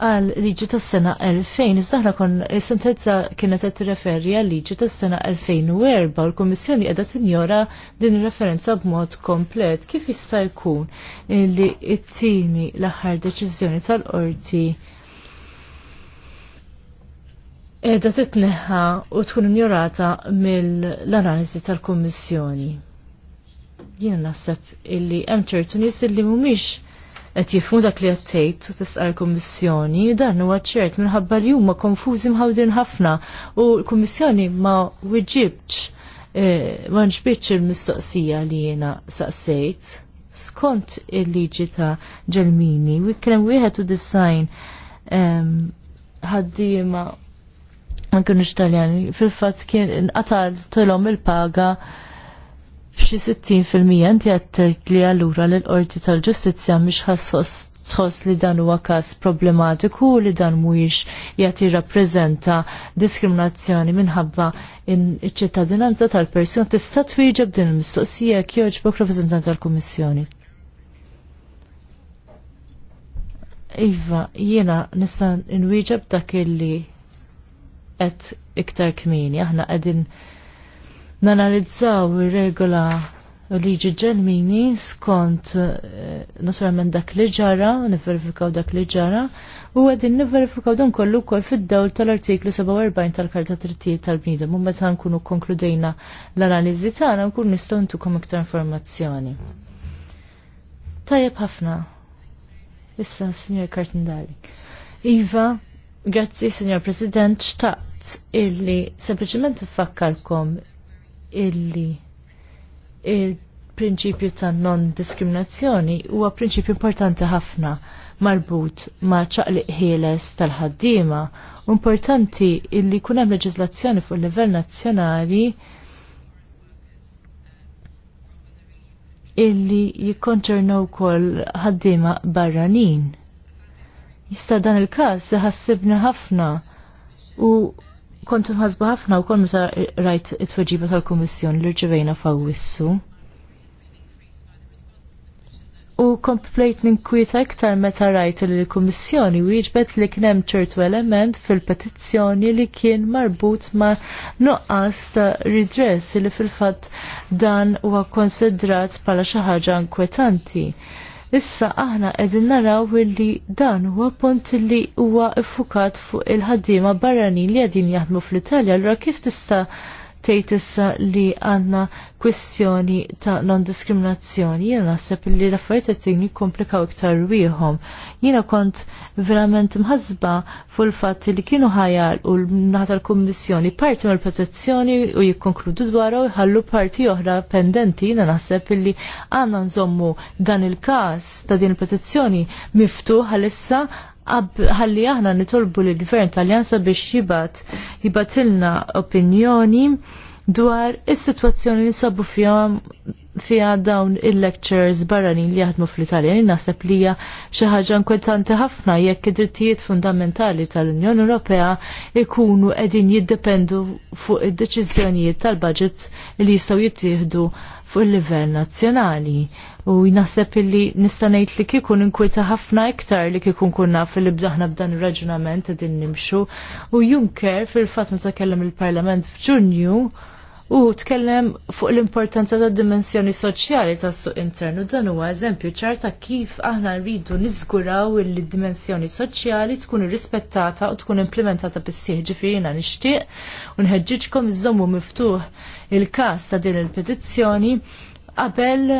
għal liġi tas sena 2000, iżdaħna kon eh, sentenza kienet qed tirreferi għal liġi tas sena 2004 u l-Kummissjoni qiegħda tinjora din ir-referenza b'mod komplet. Kif jista' jkun li t-tieni l-aħħar deċiżjoni tal-qorti qiegħda titneħħa u tkun injorata mill-analiżi tal-Kummissjoni? Jien naħseb illi hemm ċertu nies illi mhumiex qed jifhmu dak li qed tgħid tisqar kummissjoni, dan huwa ċert minħabba li huma konfużi mħawdin ħafna u l-kummissjoni ma wieġibx eh, ma nġbitx il-mistoqsija li jiena saqsejt. Skont il-liġi ta' ġelmini, u kien wieħed u design ħaddiema ma kienux taljani, fil-fatt kien inqatal tilhom il-paga il paga f'xi 60% inti tgħid li allura l-Qorti tal-Ġustizzja mhix ħassos tħoss li dan huwa każ problematiku li dan mhuwiex jagħti jirrappreżenta diskriminazzjoni minħabba iċ-ċittadinanza tal-persuna tista' twieġeb din il-mistoqsija jekk jogħġbok rappreżentant tal-Kummissjoni. Iva, jiena nista' nwieġeb dak illi qed iktar kmini, aħna qegħdin nanalizzaw ir-regola liġi ġelmini skont eh, naturalment dak li ġara, niverifikaw dak li ġara, u għedin niverifikaw dan kollu kol fid-dawl tal-artiklu 47 tal-Karta Trittijiet tal-Bnidem, u meta nkunu konkludejna l-analiżi tagħna nkun nistgħu ntukom iktar informazzjoni. Tajab ħafna. Issa, Signor Kartindali. Iva, grazzi, Signor President, xtaqt illi sempliciment fakkarkom illi il-prinċipju ta' non-diskriminazzjoni huwa prinċipju importanti ħafna marbut ma' ċaqliq ħieles tal-ħaddiema. Importanti illi kun hemm leġislazzjoni fuq livell nazzjonali illi jikkonċerna wkoll ħaddiema barranin. Jista' dan il-każ iħassibni ħafna u kont inħasba ħafna u kol meta rajt it-tweġiba tal-Kummissjon li rġivejna fawissu. U komplejt ninkwieta iktar meta rajt li l-Kummissjoni wieġbet li kien hemm ċertu element fil-petizzjoni li kien marbut ma' nuqqas ta' redress li fil-fatt dan huwa konsidrat bħala xi ħaġa inkwetanti. Issa aħna qegħdin naraw illi dan huwa punt li huwa iffukat fuq il-ħaddiema barranin li qegħdin jaħdmu fl-Italja, allura kif tista' tgħid issa li għandna kwistjoni ta' non-diskriminazzjoni. Jiena naħseb li l-affarijiet qed jikkomplikaw iktar wieħom. Jiena kont verament mħasba fuq il-fatt li kienu ħajar u l naħa tal-Kummissjoni parti mal-protezzjoni u jikkonkludu dwaru jħallu parti oħra pendenti. Jiena naħseb li għandna nżommu dan il-każ ta' din il-protezzjoni miftuħ għal issa ħalli aħna nitolbu li gvern taljan sabiex jibat jibatilna opinjoni dwar is-sitwazzjoni li sabu fihom fija dawn il-lectures barranin li jaħdmu fl italjan li naħseb li hija xi ħaġa inkwetanti ħafna jekk id-drittijiet fundamentali tal-Unjoni Ewropea ikunu qegħdin jiddependu fuq id-deċiżjonijiet tal-budget li jistgħu jittieħdu fuq il-livell nazzjonali. U jnaħseb illi nistanajt li kikun inkwita ħafna iktar li kikun kunna fil-bdaħna b'dan il-raġunament din nimxu. U Juncker fil-fat meta kellem il-Parlament f'Ġunju u tkellem fuq l-importanza ta' dimensjoni soċjali ta' suq internu dan huwa eżempju ċar ta' kif aħna rridu niżguraw li dimensjoni soċjali tkun irrispettata u tkun implementata bis-sieħ ġifieri nixtieq u nħeġġiġkom iżommu miftuħ il-każ ta' din il-petizzjoni qabel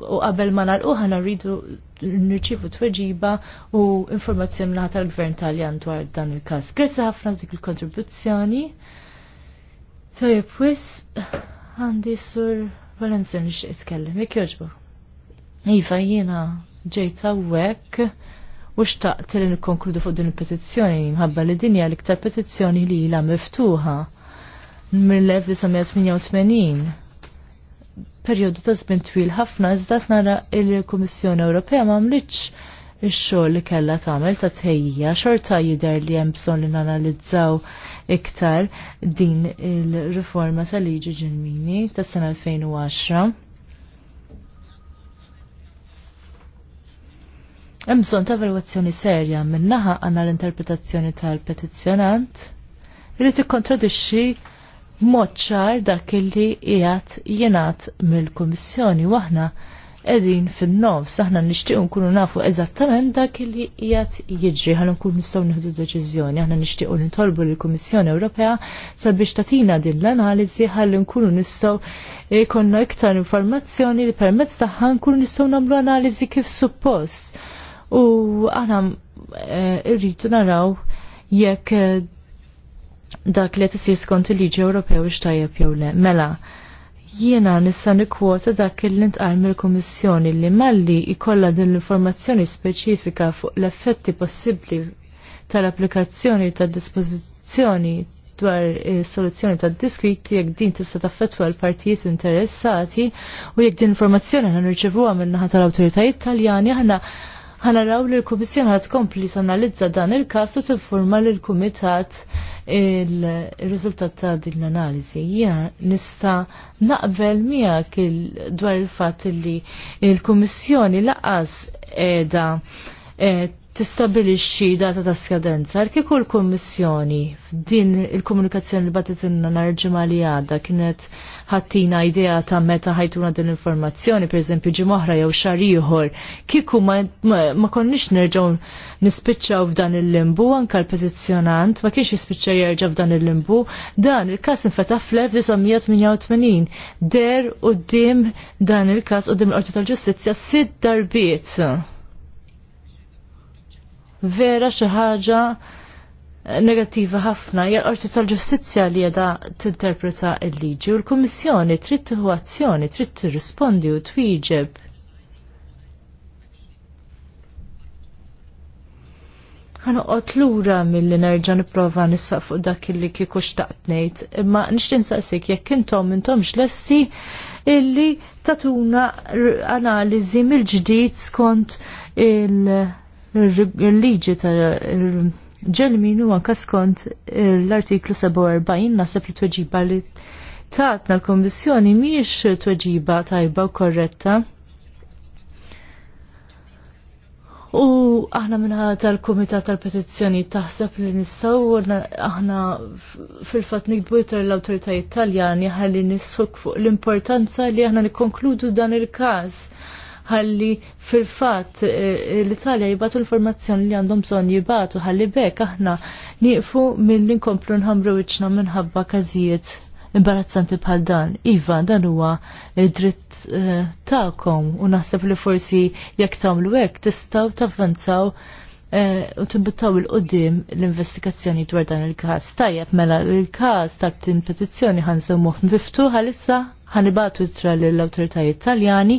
u qabel ma nalquha rridu nirċivu tweġiba u informazzjoni minn tal-Gvern Taljan dwar dan il-każ. Grazzi ħafna dik il-kontribuzzjoni. Tajjeb wis għandi sur Valenzen nixtieq jitkellem, jekk jogħġbu. Iva jiena ġejt hawnhekk u xtaqt li nikkonkludu fuq din il-petizzjoni mħabba li dinja l-iktar petizzjoni li ilha miftuħa mill-1988 perjodu ta' żmien twil ħafna iżda nara il-Kummissjoni Ewropea m'għamlitx ix-xogħol li kellha tagħmel ta' tħejjija xorta jidher li hemm bżonn li nanalizzaw iktar din il-riforma ta' liġi ġenwini tas-sena 2010. Hemm bżonn ta' evalwazzjoni serja minnaħa għandna l-interpretazzjoni tal-petizzjonant irid ikkontradixxi moċċar dak illi qiegħed jingħad mill-Kummissjoni waħna qegħdin fin-nofs aħna nixtiequ nkunu nafu eżattament dak illi qiegħed jiġri ħalli nkunu nistgħu nieħdu deċiżjoni. Aħna nixtiequ nitolbu lill-Kummissjoni Ewropea sabiex tatina din l-analiżi ħalli nkunu nistaw jkollna iktar informazzjoni li permezz tagħha nkunu nistgħu nagħmlu analiżi kif suppost. U aħna eh, irridu naraw jekk eh, dak li tisir skont il-liġi Ewropew x'tajjeb jew le. Mela, jiena nista' nikkwota dak li ntqal mill-Kummissjoni li malli jkollha din l-informazzjoni speċifika fuq l-effetti possibbli tal-applikazzjoni tad-dispożizzjoni dwar soluzzjoni tad diskriti jekk din tista' taffettwa l-partijiet interessati u jekk din informazzjoni ħan nirċevuha minnaħa tal-awtoritajiet Taljani aħna ħanaraw li l-Komissjoni ħad kompli sanalizza dan il-kas u tiffurma l kumitat il-riżultat ta' din l-analiżi. Jiena nista' naqbel miegħek dwar il-fatt li l-Kummissjoni laqas qiegħda e, tistabilixxi data ta' skadenza. Kieku l-Kummissjoni f'din il-komunikazzjoni li batet inna nhar ġimgħa li għadda kienet ħattina idea ta' meta ħajtuna din l-informazzjoni, per eżempju ġimoħra jew xar ieħor, kieku ma, ma, ma konniex nerġgħu nispiċċaw f'dan il-limbu, anka l-petizzjonant ma kienx jispiċċaw jerġa' f'dan il-limbu, dan il-każ infetaħ fl-1988 der dim dan il-każ dim l-Qorti tal-Ġustizzja sitt darbiet vera xi ħaġa negattiva ħafna hija l-Qorti tal-Ġustizzja li qiegħda tinterpreta l-liġi u l-Kummissjoni trid tieħu azzjoni, trid tirrispondi u twieġeb. Ħanoqgħod lura milli nerġa' nipprova nissaq fuq dak li kieku xtaqt ngħid, imma nixtieq nsaqsik jekk intom intomx lessi illi tatuna analiżi mill-ġdid skont il-liġi tal ġelmin anka skont eh, l-artiklu 47 nasib li tweġiba li tatna l-Kommissjoni miex tweġiba tajba u korretta. U aħna minna tal-Komitat tal-Petizzjoni taħseb li nistaw aħna fil-fat nikbu jitar l-autoritajiet taljani ħalli nisħuk fuq l-importanza li aħna nikonkludu dan il-kas ħalli fil-fatt eh, l-Italja jibatu l-formazzjoni li għandhom bżonn jibatu ħalli bek aħna nieqfu mill inkomplu nħamru wiċċna minħabba każijiet imbarazzanti bħal dan. Iva, dan huwa eh, dritt eh, tagħkom u naħseb li forsi jekk tagħmlu hekk tistgħu tavvanzaw Eh, u tibbuttaw il-qoddim l-investigazzjoni dwar dan il-kas. Tajjeb mela il-kas tal-btin petizzjoni ħanżommuh miftuħ għalissa ħanibatu tra l-autoritajiet taljani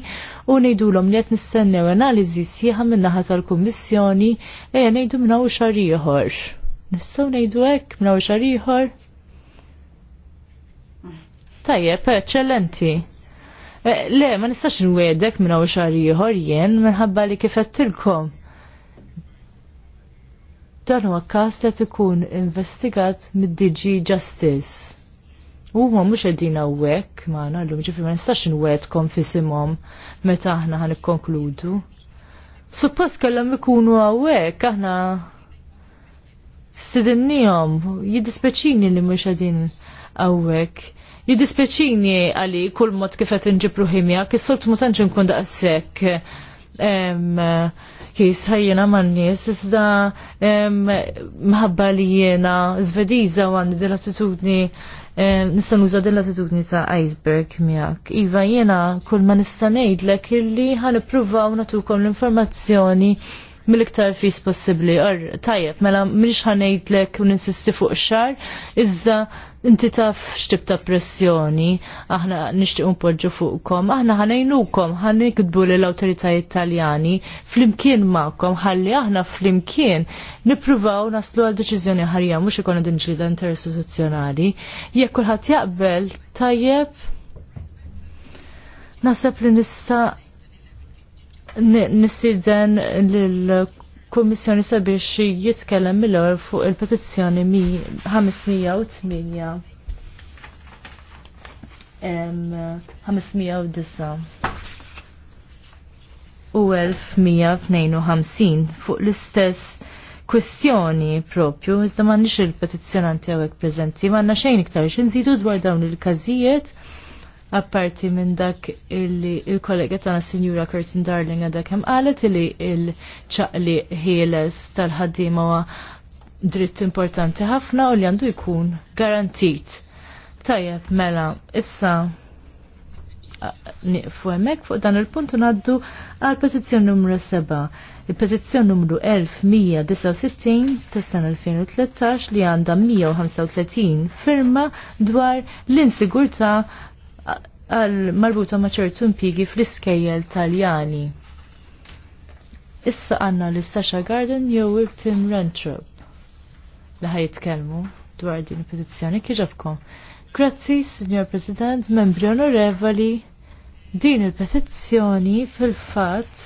u l-om li għet nistennew analizi minna minnaħa tal-kommissjoni e nejdu minna u xarriħor. Nissaw nejdu ek minna u xarriħor? Tajjeb, eccellenti. Eh, le, ma nistax nwedek minna u xarriħor jien minħabba li kifettilkom dan huwa każ li qed ikun investigat mid-DG Justice. U ma mux għedin għawek, ma għallum ġifri ma nistax nwedkom fisimhom meta aħna ħan ikkonkludu. Suppost kellam ikunu għawek, aħna stidinnijom, jiddispeċini li mux għedin għawek. Jiddispeċini għali kull mod kifet inġibru ħimja, kissolt mutanġin kun daqsek. Um, uh, kis ħajjena man-nies iżda mħabba li jiena Zvediża u għandi dell-attitudni nista' nuża din attitudni ta' iceberg miak. Iva jiena kull ma nista' ngħidlek illi ħanippruvaw natukom l-informazzjoni mill-iktar fis possibbli. Or tajjeb, mela mhix ħanejdlek u ninsisti fuq xar, iżda inti taf x'tib ta' pressjoni aħna un nporġu fuqkom, aħna ħanejnukom ħanikdbu l awtoritajiet Taljani flimkien magħkom ħalli aħna flimkien nippruvaw naslu għal deċiżjoni ħarja mhux ikun din ġlida interistituzzjonali. Jekk kulħadd jaqbel tajjeb naħseb li nista' nisidzen l kummissjoni sabiex jitkellem mill-ewwel fuq il-petizzjoni 508 u 1152 fuq l-istess kwestjoni propju, iżda ma nix il-petizjonanti għawek prezenti, ma għanna xejn iktar xin zidu dwar dawn il-kazijiet apparti minn dak il-kollega tana Sinjura Curtin Darling għadak hemm qalet li il-ċaqli ħieles tal-ħaddiema huwa dritt importanti ħafna u li għandu jkun garantit. Tajjeb, mela, issa niqfu hemmhekk fuq dan il-punt ngħaddu għal petizzjoni numru 7. Il-petizzjoni numru 1169 tas-sena 2013 li għandha 135 firma dwar l-insigurtà għal marbuta ma'ċertu ċertu impjiegi fl-iskejjel taljani. Issa għanna l-Sasha Garden jew il-Tim Rentrop li ħajitkellmu dwar din il-petizzjoni kieġabkom. Grazzi, Signor President, membri onorevoli, din il-petizzjoni fil-fat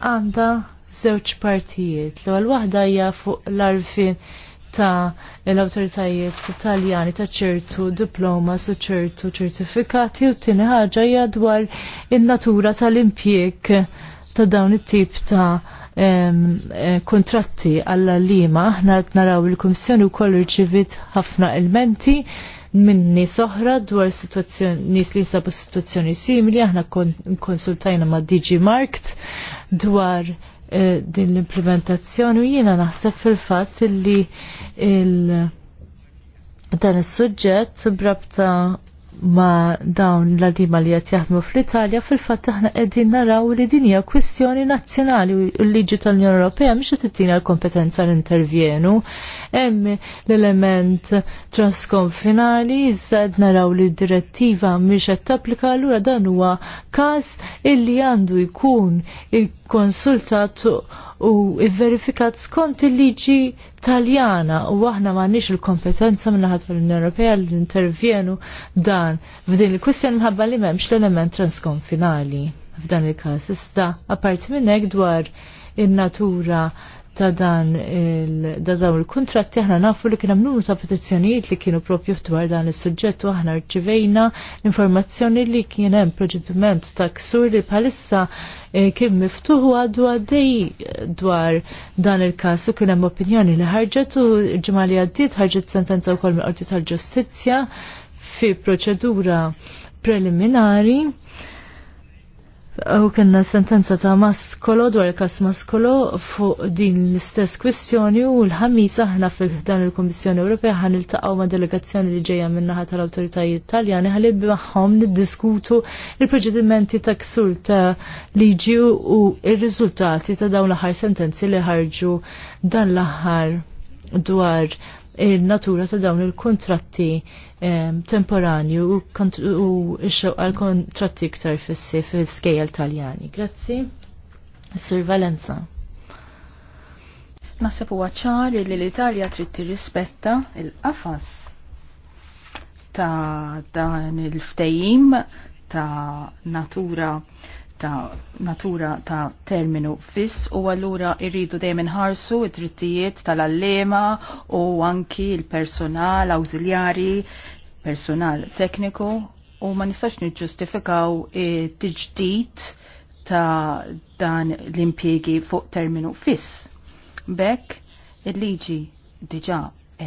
għanda zewċ partijiet. L-għal wahda hija fuq l-arfin ta' l-autoritajiet taljani ta' ċertu diploma su ċertu ċertifikati u tini ħaġa hija dwar in-natura tal-impjieg ta' dawn it-tip ta' eh, kontratti għalla lima aħna naraw il-Kummissjoni wkoll irċivit ħafna elementi minni soħra dwar situazzjoni nis li sabu situazzjoni simili aħna konsultajna ma' DG Markt dwar Eh, din l-implementazzjoni u jiena naħseb fil-fatt li il- dan is-suġġett brabta ma dawn l-għalima li għat jaħdmu fl-Italja fil-fat taħna qegħdin naraw li din hija kwistjoni nazzjonali u l-liġi tal-Unjoni Ewropea mhix qed tittina l-kompetenza l intervjenu. Hemm l-element transkonfinali iżda qed naraw li d-direttiva mhix qed tapplika allura dan huwa każ illi għandu jkun konsultat u verifikat skont il-liġi taljana u aħna m'għandniex il-kompetenza minna naħat l-Unjoni Ewropea li intervjenu dan f'din il-kwistjoni mħabba li m'hemmx l-element transkonfinali f'dan il-każ. Issa apparti minn hekk dwar in-natura ta' dan il-kontratti aħna nafu li kien hemm numru ta' petizzjonijiet li kienu propju dwar dan is-suġġett u aħna rċivejna informazzjoni li kien hemm proġediment ta' ksur li bħalissa eh, kien miftuħ għadu għaddej eh, dwar dan il-kas u kien hemm opinjoni li ħarġet u ġimgħa li għaddiet ħarġet sentenza wkoll mill-Qorti tal-Ġustizzja fi proċedura preliminari U kena sentenza ta' Maskolo dwar kas Maskolo fuq din l-istess kwistjoni u l-ħamis aħna fil-dan il komissjoni Ewropea ħan il-taqaw ma' delegazzjoni li ġejja minnaħa tal-awtoritajiet Taljani ħalli magħhom niddiskutu il-proċedimenti ta' ksur ta' liġi u il riżultati ta' dawn l-aħħar sentenzi li ħarġu dan l-aħħar dwar il-natura ta' dawn il-kontratti temporanju u xew għal kontratti iktar fissi fil-skejjel taljani. Grazzi. Sir Valenza. Nasib huwa ċar li l-Italja trid tirrispetta il-qafas ta' dan il-ftejim ta' natura ta' natura ta' terminu fiss u għallura irridu dejjem inħarsu id-drittijiet tal-allema u anki l-personal awżiljari, personal tekniku u ma nistax niġġustifikaw tiġdid ta' dan l-impjegi fuq terminu fiss. Bekk, il-liġi diġa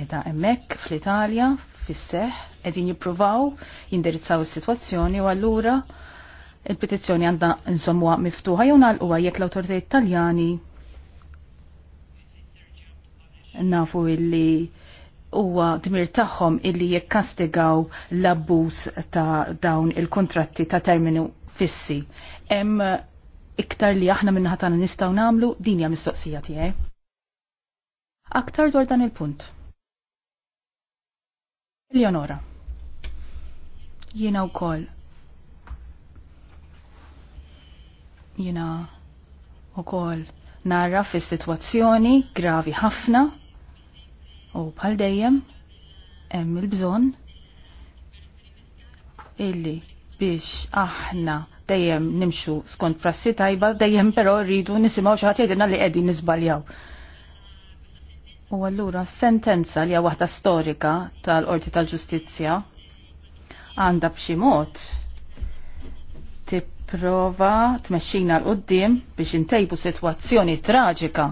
edha emmek fl-Italja, fis-seħ, edin jipruvaw jindirizzaw is-sitwazzjoni u allura il-petizzjoni għandha insomma miftuħa jew nagħlquha jekk l-awtoritajiet Taljani nafu illi huwa dmir tagħhom illi jekkastigaw l-abbuż ta' dawn il-kontratti ta' terminu fissi. Hemm iktar li aħna minna tagħna nistgħu nagħmlu din hija mistoqsija tiegħi. Aktar dwar dan il-punt. Leonora. Jiena wkoll jina u kol narra fi situazzjoni gravi ħafna u bħal dejjem hemm il-bżon illi biex aħna dejjem nimxu skont prassi tajba dejjem però rridu nisimgħu xi ħadd jgħidilna li qegħdin niżbaljaw. U allura sentenza li hija waħda storika tal-Qorti tal-Ġustizzja għandha b'xi mod tipprova tmexxina l qoddim biex intejbu sitwazzjoni traġika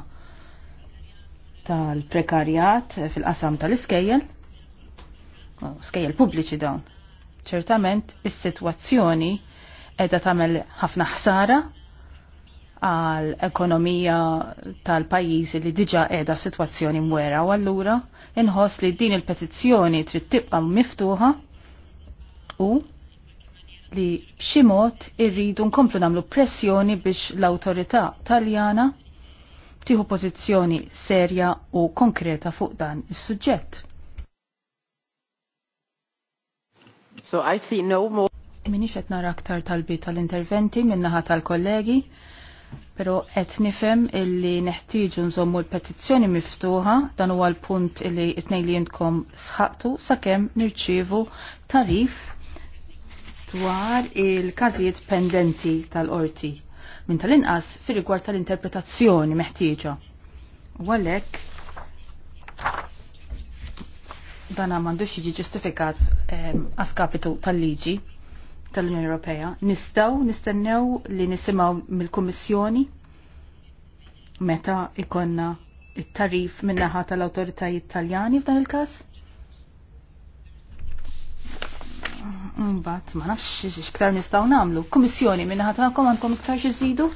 tal-prekarjat fil-qasam tal-iskejjel, skejjel pubbliċi dawn. Ċertament is-sitwazzjoni qiegħda tagħmel ħafna ħsara għal ekonomija tal-pajjiżi li diġa qiegħda sitwazzjoni mwera u allura inħoss li din il-petizzjoni trid tibqa' miftuħa u li b'xi mod irridu nkomplu nagħmlu pressjoni biex l-awtorità Taljana tiħu pożizzjoni serja u konkreta fuq dan is-suġġett. So I see no more Minix qed nara aktar talbi tal-interventi minnaħa tal-kollegi, pero qed nifhem illi neħtieġu nżommu l-petizzjoni miftuħa dan huwa l-punt li tnejn li jintkom sħaqtu sakemm nirċievu tarif dwar il-każijiet pendenti tal-qorti minn tal-inqas fir rigward tal-interpretazzjoni meħtieġa. U għalhekk dan m'għandux jiġi ġustifikat ehm, għaskapitu tal-liġi tal-Unjoni Ewropea. Nistgħu nistennew li nisimgħu mill-Kummissjoni meta ikonna it-tarif minnaħa tal-awtoritajiet Taljani f'dan il-każ? Mbagħad ma nafx x'iktar nistgħu nagħmlu. Kummissjoni minn ħadd għandkom għandkom iktar xi żidu?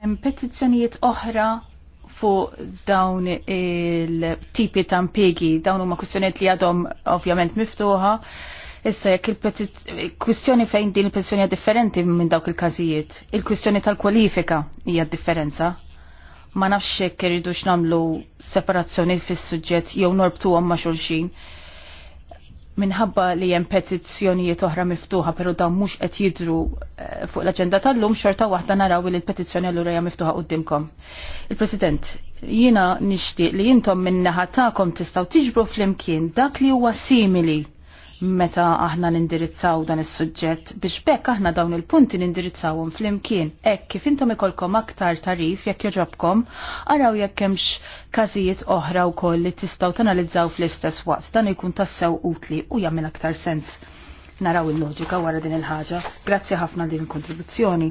Hemm petizzjonijiet oħra fuq dawn il-tipi ta' impjegi, dawn huma kwistjonijiet li għadhom ovvjament miftuħa. Issa jekk il-kwistjoni fejn din il-petizzjoni hija differenti minn dawk il-każijiet. Il-kwistjoni tal-kwalifika hija differenza. Ma nafx jekk irridu x'namlu separazzjoni fis-suġġett jew norbtuhom ma' xulxin minħabba li hemm petizzjonijiet oħra miftuħa pero dawn mhux qed jidru eh, fuq l agenda tal-lum xorta waħda naraw li l-petizzjoni allura jem miftuħa qudiemkom. Il-President, jiena nixtieq li intom min-naħa tagħkom tistgħu tiġbru flimkien dak li huwa simili meta aħna nindirizzaw dan is-suġġett biex bekk aħna dawn il-punti nindirizzawhom flimkien. Hekk kif intom ikolkom aktar tarif jekk joġobkom, araw jekk hemmx każijiet oħra wkoll li tistgħu tanalizzaw fl-istess waqt dan ikun tassew utli u jagħmel aktar sens. Naraw il-loġika wara din il-ħaġa. Grazzi ħafna din il-kontribuzzjoni.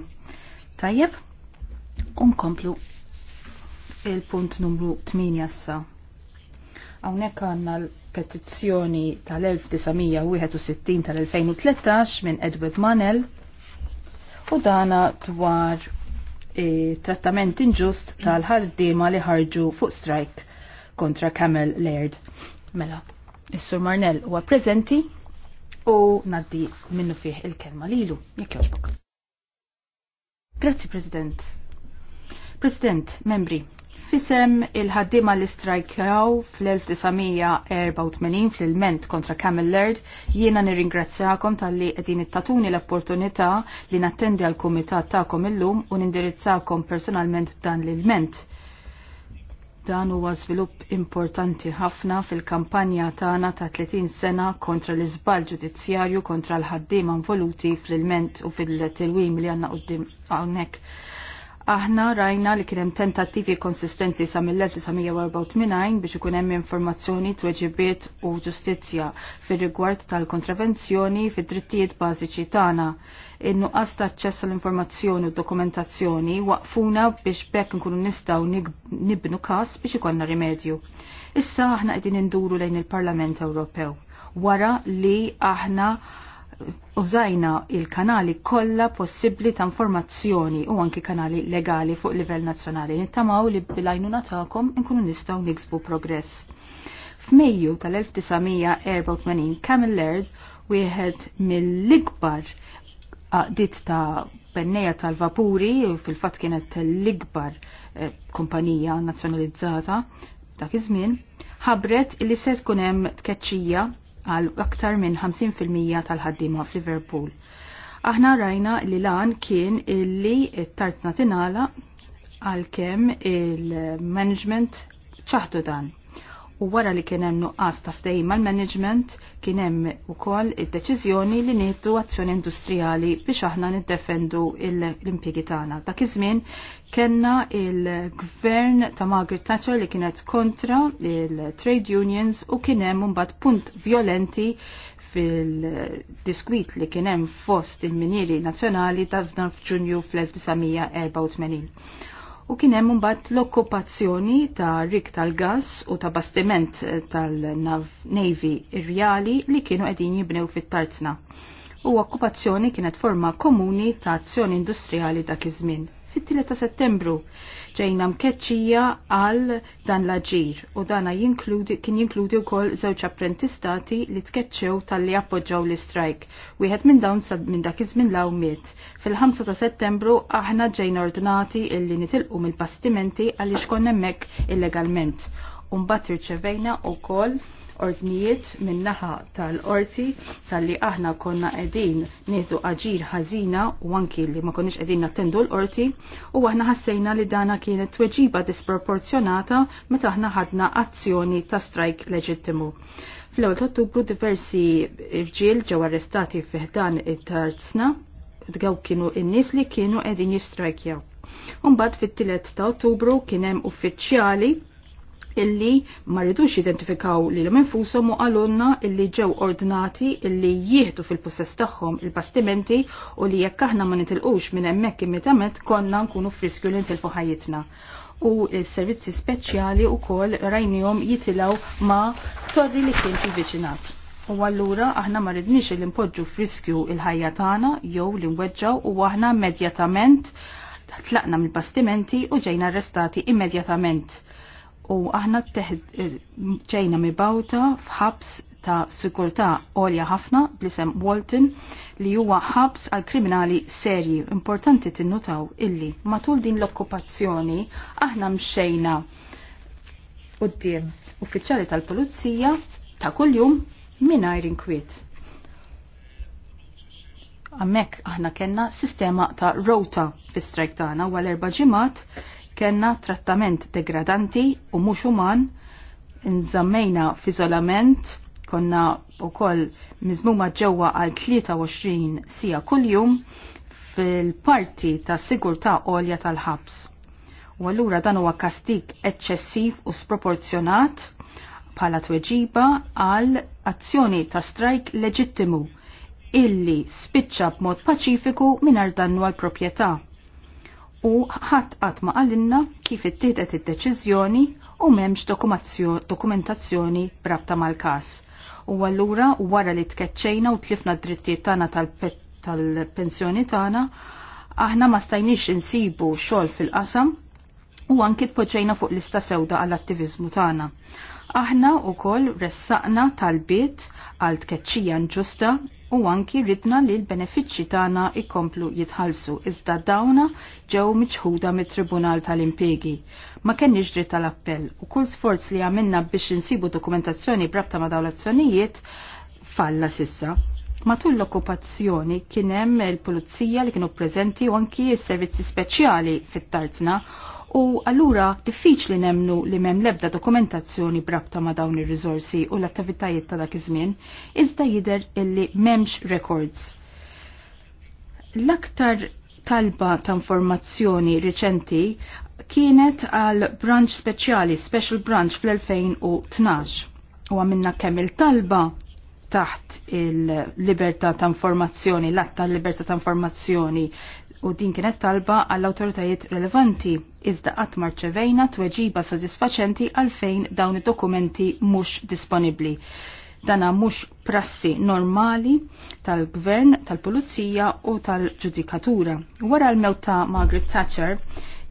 Tajjeb, unkomplu il-punt numru 8 jassa. Hawnhekk għandna l petizzjoni tal-1961 tal-2013 minn Edward Manel u dana dwar e, trattament inġust tal ħardima li ħarġu fuq strike kontra Camel Laird. Mela, Is-Sur Marnell huwa preżenti u naddi minnu fih il-kelma lilu, jekk jogħġbok. Grazzi, President. President, membri, Fisem il-ħaddima li strajkjaw fl-1984 fl-ilment kontra Camel Laird, jiena nirringrazzjakom tal-li edin tatuni l-opportunità li nattendi għal kumitat ta'kom illum u nindirizzakom personalment dan l-ilment. Dan huwa żvilupp importanti ħafna fil-kampanja tagħna ta' 30 sena kontra l-iżbal ġudizzjarju kontra l-ħaddiema involuti fl-ilment u fil-tilwim li għandna hawnhekk Aħna rajna li kienem tentattivi konsistenti sa mill-1984 biex ikun hemm informazzjoni tweġibiet u ġustizzja fir-rigward tal-kontravenzjoni fid-drittijiet bażiċi tagħna. In-nuqqas ta' aċċess l-informazzjoni u dokumentazzjoni waqfuna biex bekk nkunu nistgħu nibnu każ biex ikonna rimedju. Issa aħna qegħdin induru lejn il-Parlament Ewropew wara li aħna użajna il-kanali kollha possibbli ta' informazzjoni u anki kanali legali fuq livell nazzjonali nittamaw li bilajnu tagħkom inkunu nistgħu niksbu progress. F'Mejju tal-1984 Camel Laird wieħed mill-ikbar għaqdit ta' penneja tal-vapuri fil-fatt kienet l-ikbar eh, kumpanija nazzjonalizzata dak iż-żmien ħabret li se tkun hemm tkeċċija għal aktar minn 50% tal-ħaddima f'Liverpool. Aħna rajna li lan kien illi t-tarz natinala għal kem il-management ċaħdu dan. U wara li kien hemm nuqqas ta' fdejma l management kien hemm ukoll id-deċiżjoni li nittu azzjoni industrijali biex aħna niddefendu l-impjegi tagħna. Dak iż-żmien Kenna il-gvern ta' Margaret Thatcher li kienet kontra il-trade unions u kienem mbagħad punt violenti fil-diskwit li kienem fost il-minieri nazzjonali ta' f'dan f'Ġunju fl-1984. U kienem mbagħad l-okkupazzjoni ta' rik tal-gas u ta' bastiment tal navi Irjali li kienu qegħdin jibnew fit-Tarzna u okkupazzjoni kienet forma komuni ta' azzjoni industrijali dak iż-żmien fit-3 ta' settembru ġejna mkeċċija għal dan l-aġir u dana jinkludi, kien jinkludi wkoll żewġ apprentistati li tkeċċew tal-li appoġġaw l strajk Wieħed minn dawn sad minn dak iż-żmien law miet. Fil-5 ta' settembru aħna ġejna ordinati illi nitilqu mill-bastimenti għaliex konna hemmhekk illegalment. Umbat irċevejna wkoll ordnijiet minnaħa tal-orti tal-li aħna konna edin nieħdu aġir ħażina u anki li ma konniex edin nattendu l-orti u aħna ħassejna li dana kienet tweġiba disproporzjonata meta aħna ħadna azzjoni ta' strajk leġittimu. Fl-ewwel ottubru diversi irġiel ġew arrestati fiħdan it-tarzna dgaw kienu in-nies li kienu qegħdin jistrajkjaw. Umbagħad fit-tielet ta' Ottubru kien hemm uffiċjali illi ma rridux identifikaw li l-minfusom u għalunna illi ġew ordnati illi jieħdu fil-possess tagħhom il-bastimenti u li jekk aħna ma nitilqux minn hemmhekk immediatament konna nkunu friskju li ntilfu ħajjitna. U s-servizzi speċjali u kol rajnijom jitilaw ma torri li kien fil-viċinat. U għallura aħna ma rridniex li npoġġu friskju il-ħajja tagħna jew li nweġġaw u aħna immedjatament tlaqna mill-bastimenti u ġejna arrestati immedjatament u aħna ċejna mibawta fħabs ta' sikurta għolja ħafna blisem Walton li huwa ħabs għal kriminali serji. Importanti tinnutaw illi matul din l-okkupazzjoni aħna mxejna d-dim uffiċjali tal-Pulizija ta' kuljum mingħajr inkwiet. Għammek aħna kena sistema ta' rota fi strajk tagħna għal erba' ġimgħat kena trattament degradanti u mux uman, nżammejna f'iżolament, konna u koll mizmuma ġewwa għal 23 sija kuljum fil-parti ta' sigurta olja tal-ħabs. U allura dan huwa kastik eċċessiv u sproporzjonat bħala tweġiba għal azzjoni ta' strajk leġittimu illi spiċċa b'mod paċifiku mingħajr dannu għal proprjetà u ħadd qatt ma qalilna kif ittieħdet id-deċiżjoni u m'hemmx dokumentazzjoni brabta mal-każ. U allura wara li tkeċċejna u tlifna d-drittijiet tagħna tal-pensjoni tagħna, aħna ma stajniex insibu xogħol fil-qasam u anki tpoġġejna fuq lista sewda għall attiviżmu tagħna. Aħna u koll ressaqna tal-bit għal tkeċċija ġusta u anki ridna li l-benefiċċi tagħna ikomplu jitħalsu iżda dawna ġew miċħuda mit-Tribunal tal-Impjegi. Ma kenniex dritt tal-appell u kull sforz li għamilna biex insibu dokumentazzjoni brabta ma' dawn l-azzjonijiet falla sissa. Matul l-okkupazzjoni kien hemm il-pulizija li kienu preżenti u anki s-servizzi speċjali fit-tartna u allura diffiċli nemnu li mem lebda dokumentazzjoni brabta ma dawn ir-riżorsi u l-attivitajiet ta' dak iż-żmien, iżda jidher illi m'hemmx records. L-aktar talba ta' informazzjoni riċenti kienet għal branch speċjali, special branch fl-2012. U għamilna kemm il-talba taħt il-libertà ta' informazzjoni, l-att libertà ta' informazzjoni u din kienet talba għall awtoritajiet relevanti iżda qatt marċevejna tweġiba sodisfaċenti għalfejn dawn id-dokumenti mhux disponibbli. Dana mhux prassi normali tal-gvern, tal-pulizija u tal-ġudikatura. Wara l-mewt ta' Margaret Thatcher,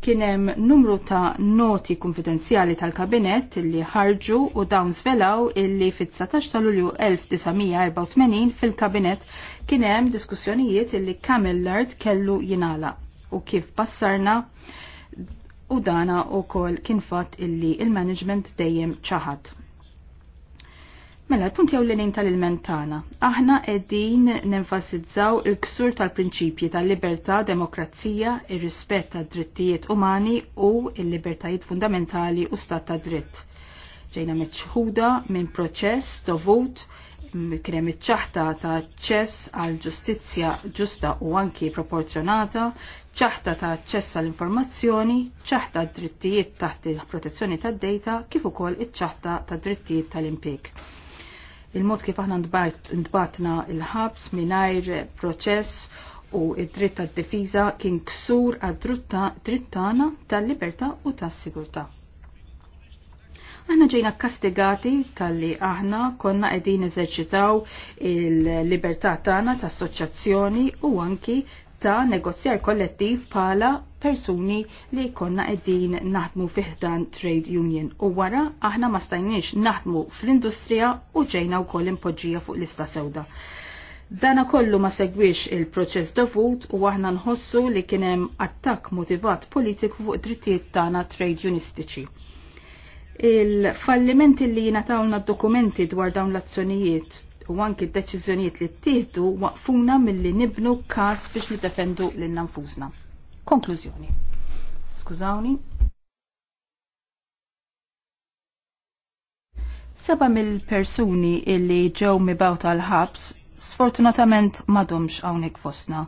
kienem numru ta' noti konfidenzjali tal-kabinet li ħarġu u dawn svelaw illi fit-19 ta' Lulju 1984 fil-kabinet kienem diskussjonijiet illi Camillard kellu jinala u kif passarna u dana u kol kien fatt illi il-management dejjem ċaħat. Mela, l-punt jew l-inin tal tal-il-mentana. Aħna qegħdin nenfasizzaw il-ksur tal-prinċipji tal-libertà, demokrazija, il rispett tad-drittijiet umani u l-libertajiet fundamentali u stat ta' dritt. Ġejna meċħuda minn proċess dovut kien hemm iċ-ċaħta ta' ċess għal ġustizzja ġusta u anki proporzjonata, ċaħta ta' ċess għall informazzjoni, ċaħta drittijiet taħt il-protezzjoni tad-data kif ukoll iċ-ċaħta ta' drittijiet tal-impjeg il-mod kif aħna ntbatna il-ħabs mingħajr proċess u id-dritt tad-difiża kien ksur għad-dritt tagħna tal-libertà u tas-sigurtà. Aħna ġejna kastigati tal-li aħna konna qegħdin eżerċitaw il-libertà tagħna tas-soċjazzjoni u anki ta' negozjar kollettiv pala persuni li konna qegħdin naħdmu fiħdan trade union u wara aħna ma stajniex naħdmu fl-industrija u ġejna wkoll impoġġija fuq lista sewda. Dana kollu ma segwix il-proċess dovut u aħna nħossu li kienem attak motivat politiku fuq drittijiet tagħna trade unionistiċi. Il-fallimenti li jinatawna dokumenti dwar dawn l-azzjonijiet u anki d-deċiżjonijiet li ttieħdu waqfuna milli nibnu każ biex nidefendu lil nanfuzna Konklużjoni. Skużawni. Seba mill-persuni illi ġew mibawta l-ħabs sfortunatament madomx hawnhekk fosna.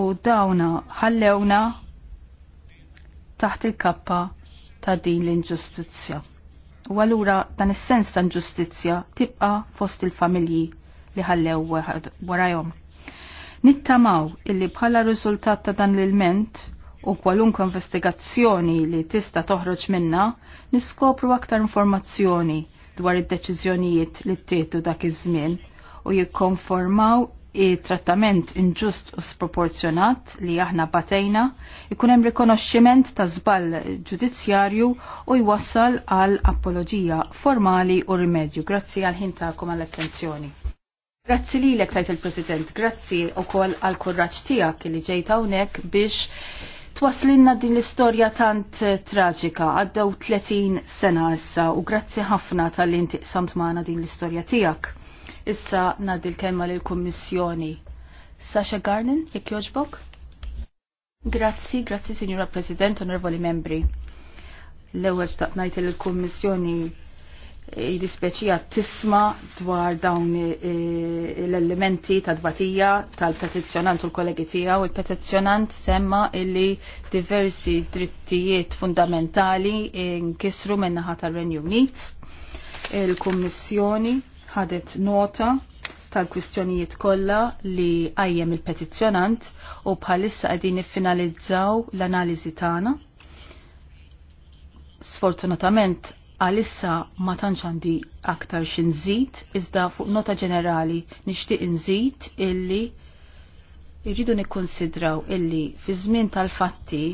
u dawna ħallewna taħt il-kappa ta' din l-inġustizzja. U għalura dan is-sens ta' ġustizzja tibqa' fost il-familji li ħallew warajhom. Nittamaw illi bħala riżultat ta' dan l-ilment u kwalunkwe investigazzjoni li tista' toħroġ minna, niskopru aktar informazzjoni dwar id-deċiżjonijiet li ttietu dak iż-żmien u jikkonformaw trattament inġust u sproporzjonat li aħna batejna ikun hemm rikonoxximent ta' żball ġudizzjarju u jwassal għal apoloġija formali u rimedju. Grazzi għal ħin tagħkom għall-attenzjoni. Grazzi lilek l il-President, grazzi wkoll għal kurraċ tiegħek li ġejt hawnhekk biex twaslinna din l-istorja tant traġika għaddew 30 sena issa u grazzi ħafna tal-li intiqsamt maħna din l-istorja tijak. Issa nad il-kelma l-Kommissjoni. Sasha Garnin, jek joġbok? Grazzi, grazzi Signora President, onorevoli membri. L-ewel xtaqt najt il-Kommissjoni jidispeċija tisma dwar dawn e, l-elementi ta' dbatija tal-petizjonant u l-kollegi tijaw. Il-petizjonant semma illi diversi drittijiet fundamentali nkisru minnaħat tal-Renju Unit. Il-Kommissjoni ħadet nota tal-kwistjonijiet kollha li għajjem il-petizzjonant u bħalissa qegħdin niffinalizzaw l-analiżi tagħna. Sfortunatament għalissa ma tantx għandi aktar xi nżid, iżda fuq nota ġenerali nixtieq inżid illi jridu nikkonsidraw illi fi żmien tal-fatti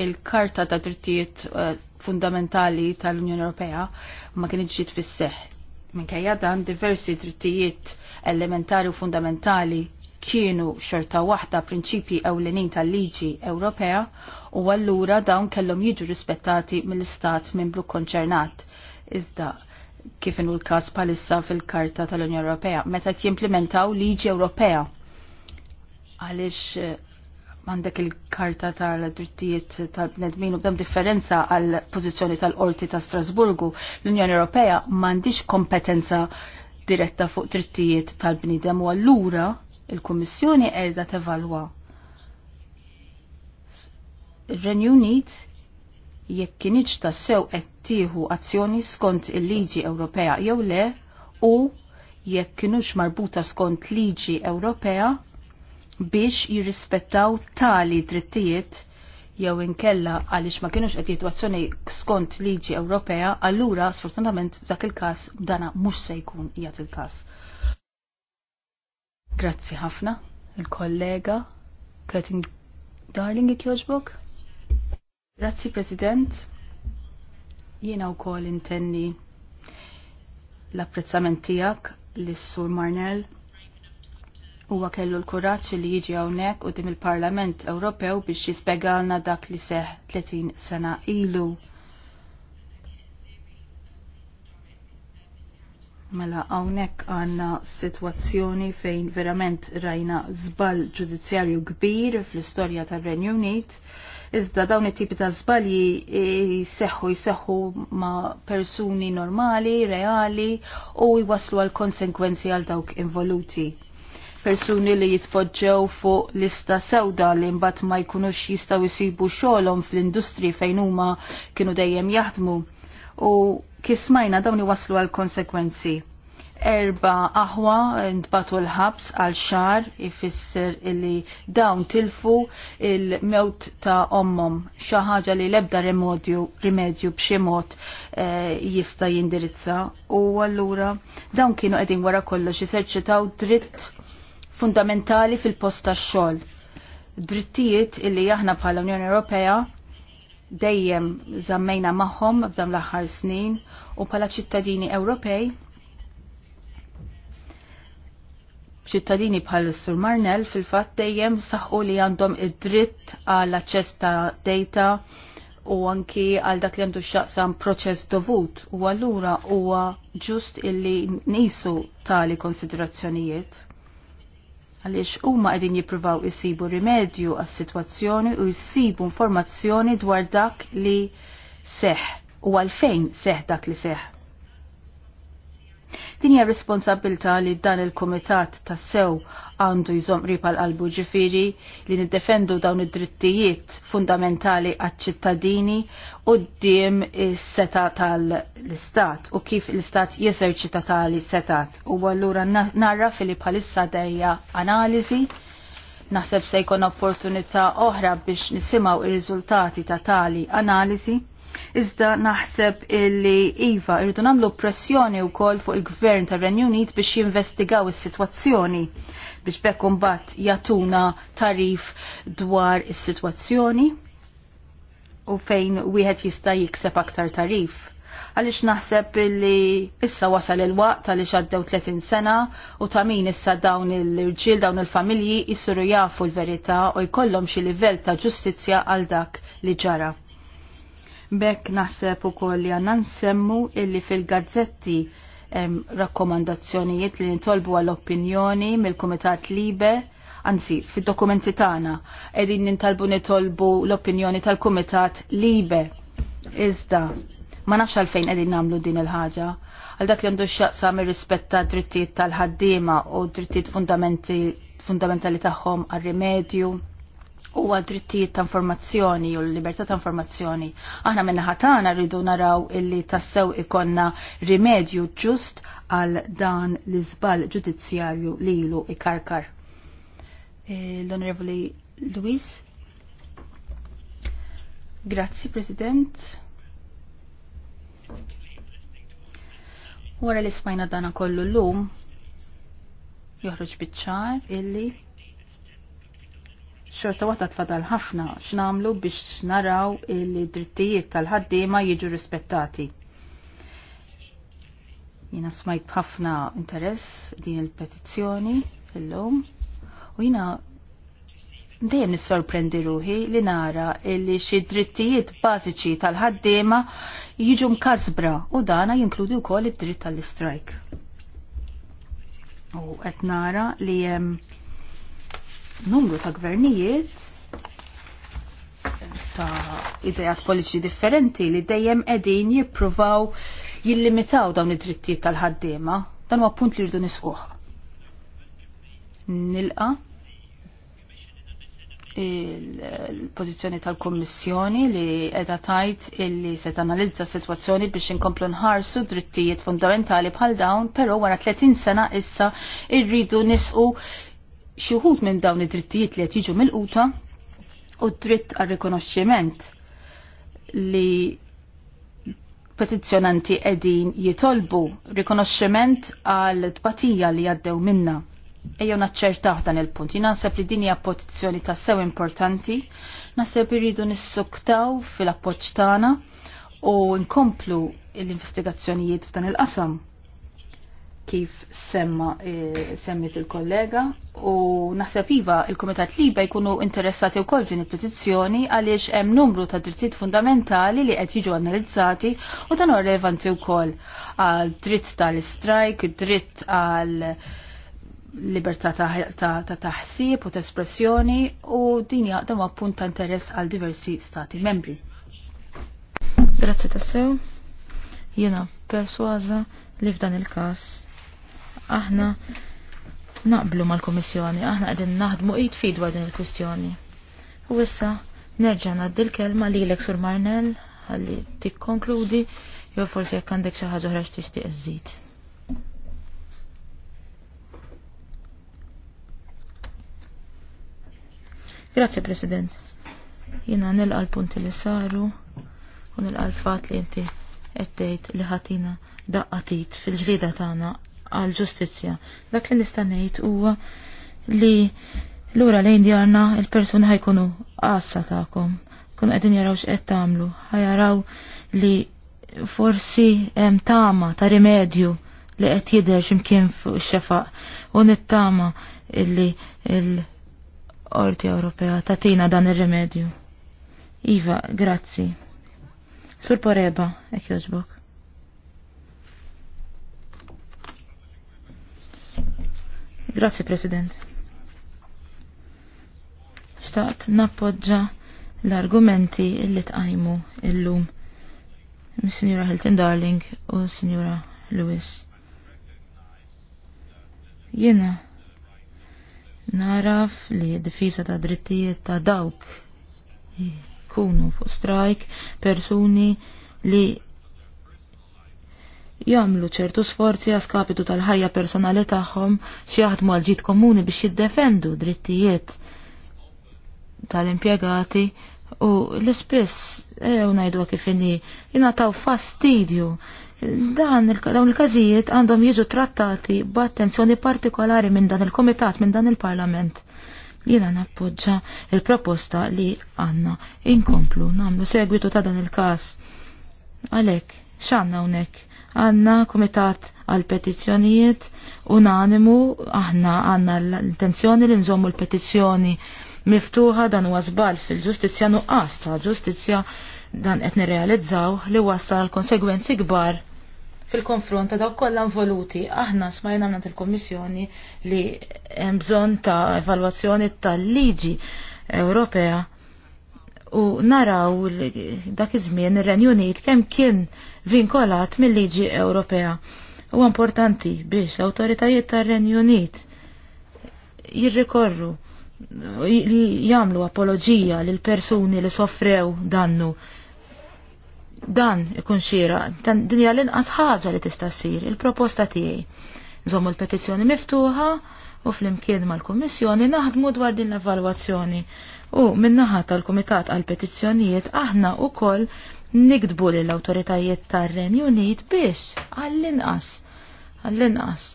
il-Karta ta' Drittijiet eh, Fundamentali tal-Unjoni Ewropea ma kienx ġiet fis-seħħ minkejja dan diversi drittijiet elementari u fundamentali kienu xorta waħda prinċipji ewlenin tal-liġi Ewropea u allura dawn kellhom jiġu rispettati mill-istat membru konċernat. Iżda kif inhu l-każ palissa fil-Karta tal-Unjoni Ewropea meta jimplementaw liġi Ewropea. Għaliex eh, għandek il-karta tal-drittijiet tal-bnedmin u b'dem differenza għal pożizzjoni tal-Qorti ta' Strasburgu, l-Unjoni Ewropea m'għandix kompetenza diretta fuq drittijiet tal-bnidem u allura il-Kummissjoni qiegħda tevalwa. Ir-Renju Unit jekk kienx tassew qed tieħu azzjoni skont il-liġi Ewropea jew le u jekk kienux marbuta skont liġi Ewropea biex jirrispettaw tali drittijiet jew inkella għaliex ma kienux qed jitwazzjoni skont liġi Ewropea, allura sfortunatament dak il-każ dana mhux se jkun qiegħed il-każ. Grazzi ħafna, il-kollega Katin Darling ikjoġbok. Grazzi President. Jiena wkoll intenni l-apprezzament tiegħek lis-Sur Marnell Huwa kellu l-kuraġġ li jiġi hawnhekk u dim il-Parlament Ewropew biex jispjegalna dak li seħ 30 sena ilu. Mela hawnhekk għandna sitwazzjoni fejn verament rajna żball ġudizzjarju kbir fl-istorja tar-Renju Unit. Iżda dawn it-tipi ta' żbalji jseħħu jseħħu ma' persuni normali, reali u jwaslu għal konsekwenzi għal dawk involuti persuni li jitpoġġew fuq lista sewda li mbagħad ma jkunux jistgħu jsibu xogħolhom fl-industri fejn huma kienu dejjem jaħdmu. U kismajna dawn iwaslu għal konsekwenzi. Erba aħwa ntbatu l-ħabs għal xar ifisser illi dawn tilfu il-mewt ta' ommom xaħġa ħaġa li lebda remodju, rimedju b'xi mod e, jista' jindirizza u allura dawn kienu qegħdin wara kollox iserċitaw dritt fundamentali fil-post tax-xogħol. Drittijiet illi aħna bħala Unjoni Ewropea dejjem żammejna magħhom f'dan l-aħħar snin u bħala ċittadini Ewropej ċittadini bħal Sur Marnell fil-fatt dejjem saħħu li għandhom id-dritt għall aċċess ta' data u anki għal dak li għandu xaqsam proċess dovut u għallura huwa ġust illi nisu tali konsiderazzjonijiet għaliex huma qegħdin jippruvaw isibu rimedju għas-sitwazzjoni u jsibu informazzjoni dwar dak li seħ u għalfejn seħ dak li seħ. Din hija responsabilta li dan il-Kumitat tas-sew għandu jżomm ripal l-qalbu ġifiri li niddefendu dawn id-drittijiet fundamentali għaċ-ċittadini u d-diem seta tal-istat u kif l-istat jeżerċita tal-setat. U għallura narra fili bħalissa dejja analizi naħseb se jkun opportunità oħra biex nisimaw ir-riżultati ta' tali analizi Iżda naħseb illi Iva irridu nagħmlu pressjoni wkoll fuq il-Gvern tar-Renju Unit biex jinvestigaw is-sitwazzjoni biex bekk mbagħad jatuna tarif dwar is-sitwazzjoni u fejn wieħed jista' jikseb aktar tarif. Għaliex naħseb li issa wasal il-waqt għaliex għaddew 30 sena u ta' min issa dawn il-irġiel dawn il-familji jissuru jafu l-verità u jkollhom xi livell ta' ġustizzja għal dak li ġara. Bekk naħseb ukoll li għandna nsemmu illi fil-gazzetti rakkomandazzjonijiet li nitolbu għall-opinjoni mill-Kumitat Libe anzi, fil-dokumenti tagħna qegħdin nintalbu nitolbu l-opinjoni tal-Kumitat Libe. Iżda, ma nafx għalfejn qegħdin nagħmlu din il-ħaġa. Għal dak li għandu x'jaqsam ir rispetta ta' drittijiet tal-ħaddiema u drittijiet fundamentali tagħhom għar-rimedju huwa drittijiet ta' informazzjoni u l-libertà ta' informazzjoni. Aħna minna ħatana rridu naraw illi tassew ikonna rimedju ġust għal dan l izbal ġudizzjarju li ilu ikarkar. E, L-Onorevoli Luis. Grazzi, President. Wara li smajna dana kollu l-lum, joħroġ bitċar illi xorta waqt tfadal ħafna x'namlu biex naraw il-drittijiet tal-ħaddiema jiġu rispettati. Jina smajt ħafna interess din il-petizzjoni fil-lum u jina dejjem nissorprendi ruħi li nara li xi drittijiet bażiċi tal-ħaddiema jiġu mkasbra u dana jinkludi wkoll id-dritt tal-istrajk. U qed nara li hemm numru ta' gvernijiet ta' idejat politiċi differenti li dejjem edin jippruvaw jillimitaw dawn id-drittijiet tal-ħaddiema, dan huwa punt li rridu nisquħ. Nilqa il pożizzjoni tal kummissjoni li qiegħda tajt illi se tanalizza s sitwazzjoni biex inkomplu nħarsu drittijiet fundamentali bħal dawn, pero wara 30 sena issa irridu nisqu xi wħud minn dawn id-drittijiet li qed jiġu mill-quta u dritt għal rikonoxximent li petizzjonanti edin jitolbu rikonoxximent għal tbatija li jaddew minna. Ejjew naċċertaħ dan il-punt. Jinaħseb li din hija ta' sew importanti, naħseb irridu nissuktaw fil-appoġġ tagħna u nkomplu l-investigazzjonijiet f'dan il-qasam kif semma eh, semmit il-kollega u naħseb iva il-Komitat Liba jkunu interessati wkoll din il-petizzjoni għaliex hemm numru ta' drittijiet fundamentali li qed jiġu analizzati u dan huwa relevanti wkoll għal dritt tal-strajk, dritt għal libertà ta' taħsib u ta' espressjoni u din jaqdem appunt ta' interess għal diversi stati membri. Grazzi tassew. Jena persważa li f'dan il-kas Aħna naqblu mal-Komissjoni, aħna qegħdin naħdmu id fid dwar din il-kwistjoni. U issa nerġa' ngħaddi l-kelma lilek sur Marnell ħalli tikkonkludi jew forsi jekk għandek xi ħaġa oħra x'tixtieq iżid. Grazie President. Jina nilqa l-punti li saru u nilqa l-fat li inti għettejt li ħatina daqqatit fil-ġrida tagħna għal ġustizzja. Dak li nista' ngħid huwa li lura lejn djarna il-persuna ħajkunu għassa tagħkom. Kun għedin jaraw x'qed tagħmlu, ħajaraw li forsi hemm tama ta' rimedju li qed jidher x'imkien fuq ix-xefaq u nittama illi l-Qorti Ewropea tatina dan ir-rimedju. Iva, grazzi. Sur Poreba, ek joġbok. Grazzi, President. Xtaqt nappoġġa l-argumenti illi tqajmu illum mis-Sinjura Hilton Darling u Sinjura Lewis. Jena naraf li d-difisa ta' drittijiet ta' dawk kunu fuq strajk persuni li jagħmlu ċertu sforzi għaskapitu tal-ħajja personali tagħhom xi jaħdmu għal ġid komuni biex jiddefendu drittijiet tal-impjegati u l-ispiss ew eh, ngħidu kif inhi jingħataw fastidju. Dan dawn il-każijiet għandhom jiġu trattati b'attenzjoni partikolari minn dan il-Komitat minn dan il-Parlament. Jiena nappoġġa il-proposta li għanna inkomplu namlu segwitu ta' dan il-każ. Għalhekk X'għandna hawnhekk? Għanna kumitat għal petizzjonijiet unanimu aħna għandna l-intenzjoni li nżommu l-petizzjoni miftuħa dan huwa żball fil-ġustizzja nuqqas ta' ġustizzja dan qed nirrealizzaw li wassal għal konsegwenzi kbar fil-konfront ta' dawk kollha involuti, aħna smajna minn il-Kommissjoni li hemm bżonn ta' evalwazzjoni tal-liġi Ewropea u naraw dak iż-żmien ir-Renju Unit kemm kien vinkolat mill-liġi Ewropea. U importanti biex l-awtoritajiet tar-Renju Unit jirrikorru jamlu apologija l persuni li soffrew dannu. Dan ikun xira, din hija l-inqas ħaġa li tista' ssir il-proposta tiegħi. Nżommu l-petizzjoni miftuħa u fl-imkien mal-Kummissjoni naħdmu dwar din l-evalwazzjoni U minnaħa tal-Kumitat għal petizzjonijiet aħna u koll nikdbu l autoritajiet tar-Ren Unit biex għall-inqas. Għall-inqas.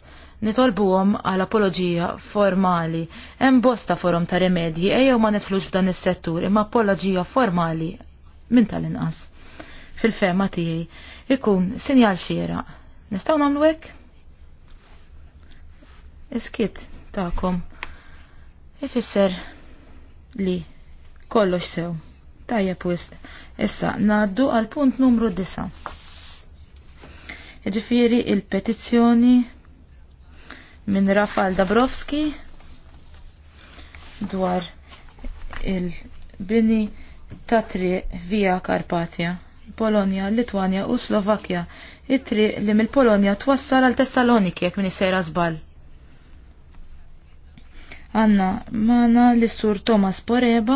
Nitolbuhom għal apologija formali. Hemm bosta forum ta' remedji ejjew ma nitflux f'dan is-settur imma apologija formali minn tal-inqas. Fil-fema tiegħi ikun sinjal xieraq. Nistgħu nagħmlu hekk? Iskiet ta'kom. Ifisser li kollox sew. Tajja pwis, issa naddu għal punt numru 9. Ġifiri il-petizzjoni minn Rafal Dabrowski dwar il-bini ta' triq via Karpatja, Polonja, Litwanja u Slovakia, it-triq li mill-Polonja twassal għal Tessaloniki jekk minn sejra żball. Għanna mana l-sur Thomas Poreba.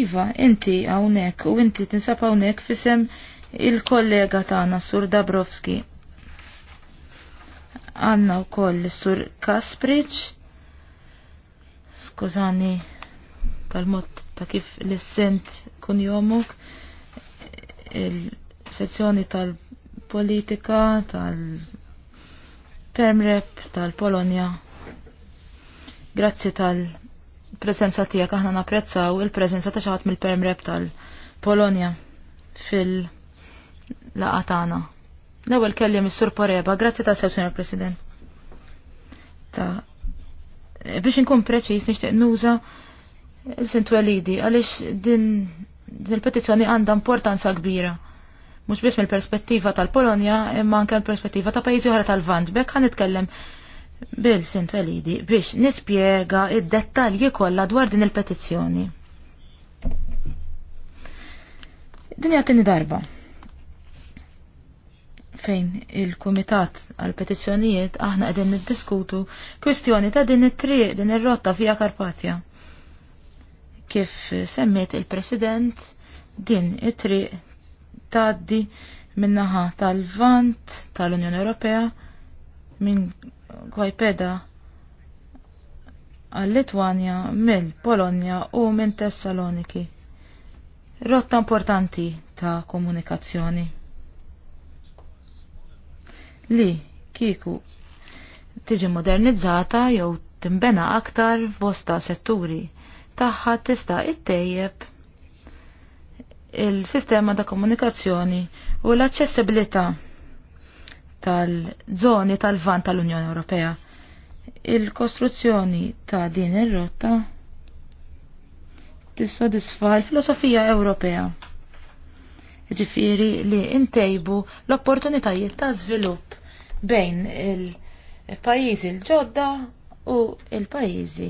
Iva, inti għawnek u inti tinsab għawnek fisem il-kollega tagħna sur Dabrowski. Għanna u koll sur Kasprich. Skużani tal-mod ta' kif l-sent kun jomuk il-sezzjoni tal-politika, tal-, -politika, tal Permrep tal-Polonja. Grazzi tal-prezenza tiegħek aħna napprezzaw il prezenza ta' xaħat mill-Permrep tal-Polonja fil-laqa tagħna. L-ewwel kellim mis sur Poreba, grazzi ta' sew Sr. President. Ta' e, biex inkun preċiż nixtieq nuża il-sentu għaliex din din il-petizzjoni għandha importanza kbira mhux biss mill-perspettiva tal-Polonja imma anke l-perspettiva ta' pajjiżi oħra tal-Vant. Bekk ħan nitkellem bil Sint Velidi biex nispjega id-dettalji kollha dwar din il-petizzjoni. Din jagħtini darba fejn il-Kumitat għal petizzjonijiet aħna qegħdin niddiskutu kwistjoni ta' din it-triq din ir-rotta via Karpatja. Kif semmiet il-President din it-triq min minnaħa tal-Vant tal-Unjoni Ewropea minn Gwajpeda għal-Litwanja, mill Polonja u minn Tessaloniki. Rotta importanti ta' komunikazzjoni. Li kiku tiġi modernizzata jew timbena aktar fosta setturi tagħha tista' ittejjeb il-sistema ta' komunikazzjoni u l-aċċessibilità tal-żoni tal-van tal-Unjoni Ewropea. Il-kostruzzjoni ta' din ir-rotta tissodisfa l-filosofija Ewropea. Ġifiri li intejbu l-opportunitajiet ta' żvilupp bejn il-pajjiżi l-ġodda u il-pajjiżi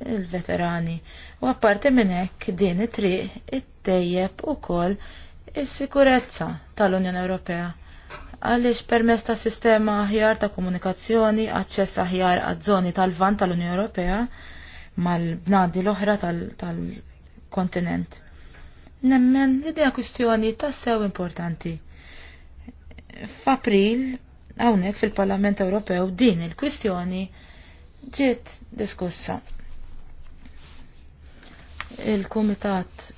il-veterani. U apparti minn hekk din it-triq, tejjeb ukoll is-sikurezza tal-Unjoni Ewropea għaliex permess ta' sistema aħjar ta' komunikazzjoni, aċċess aħjar għaż-żoni tal-vant tal-Unjoni Ewropea mal-bnadi l-oħra tal-kontinent. Nemmen li dija kwistjoni tassew importanti. F'April hawnhekk fil-Parlament Ewropew din il-kwistjoni ġiet diskussa il-Kumitat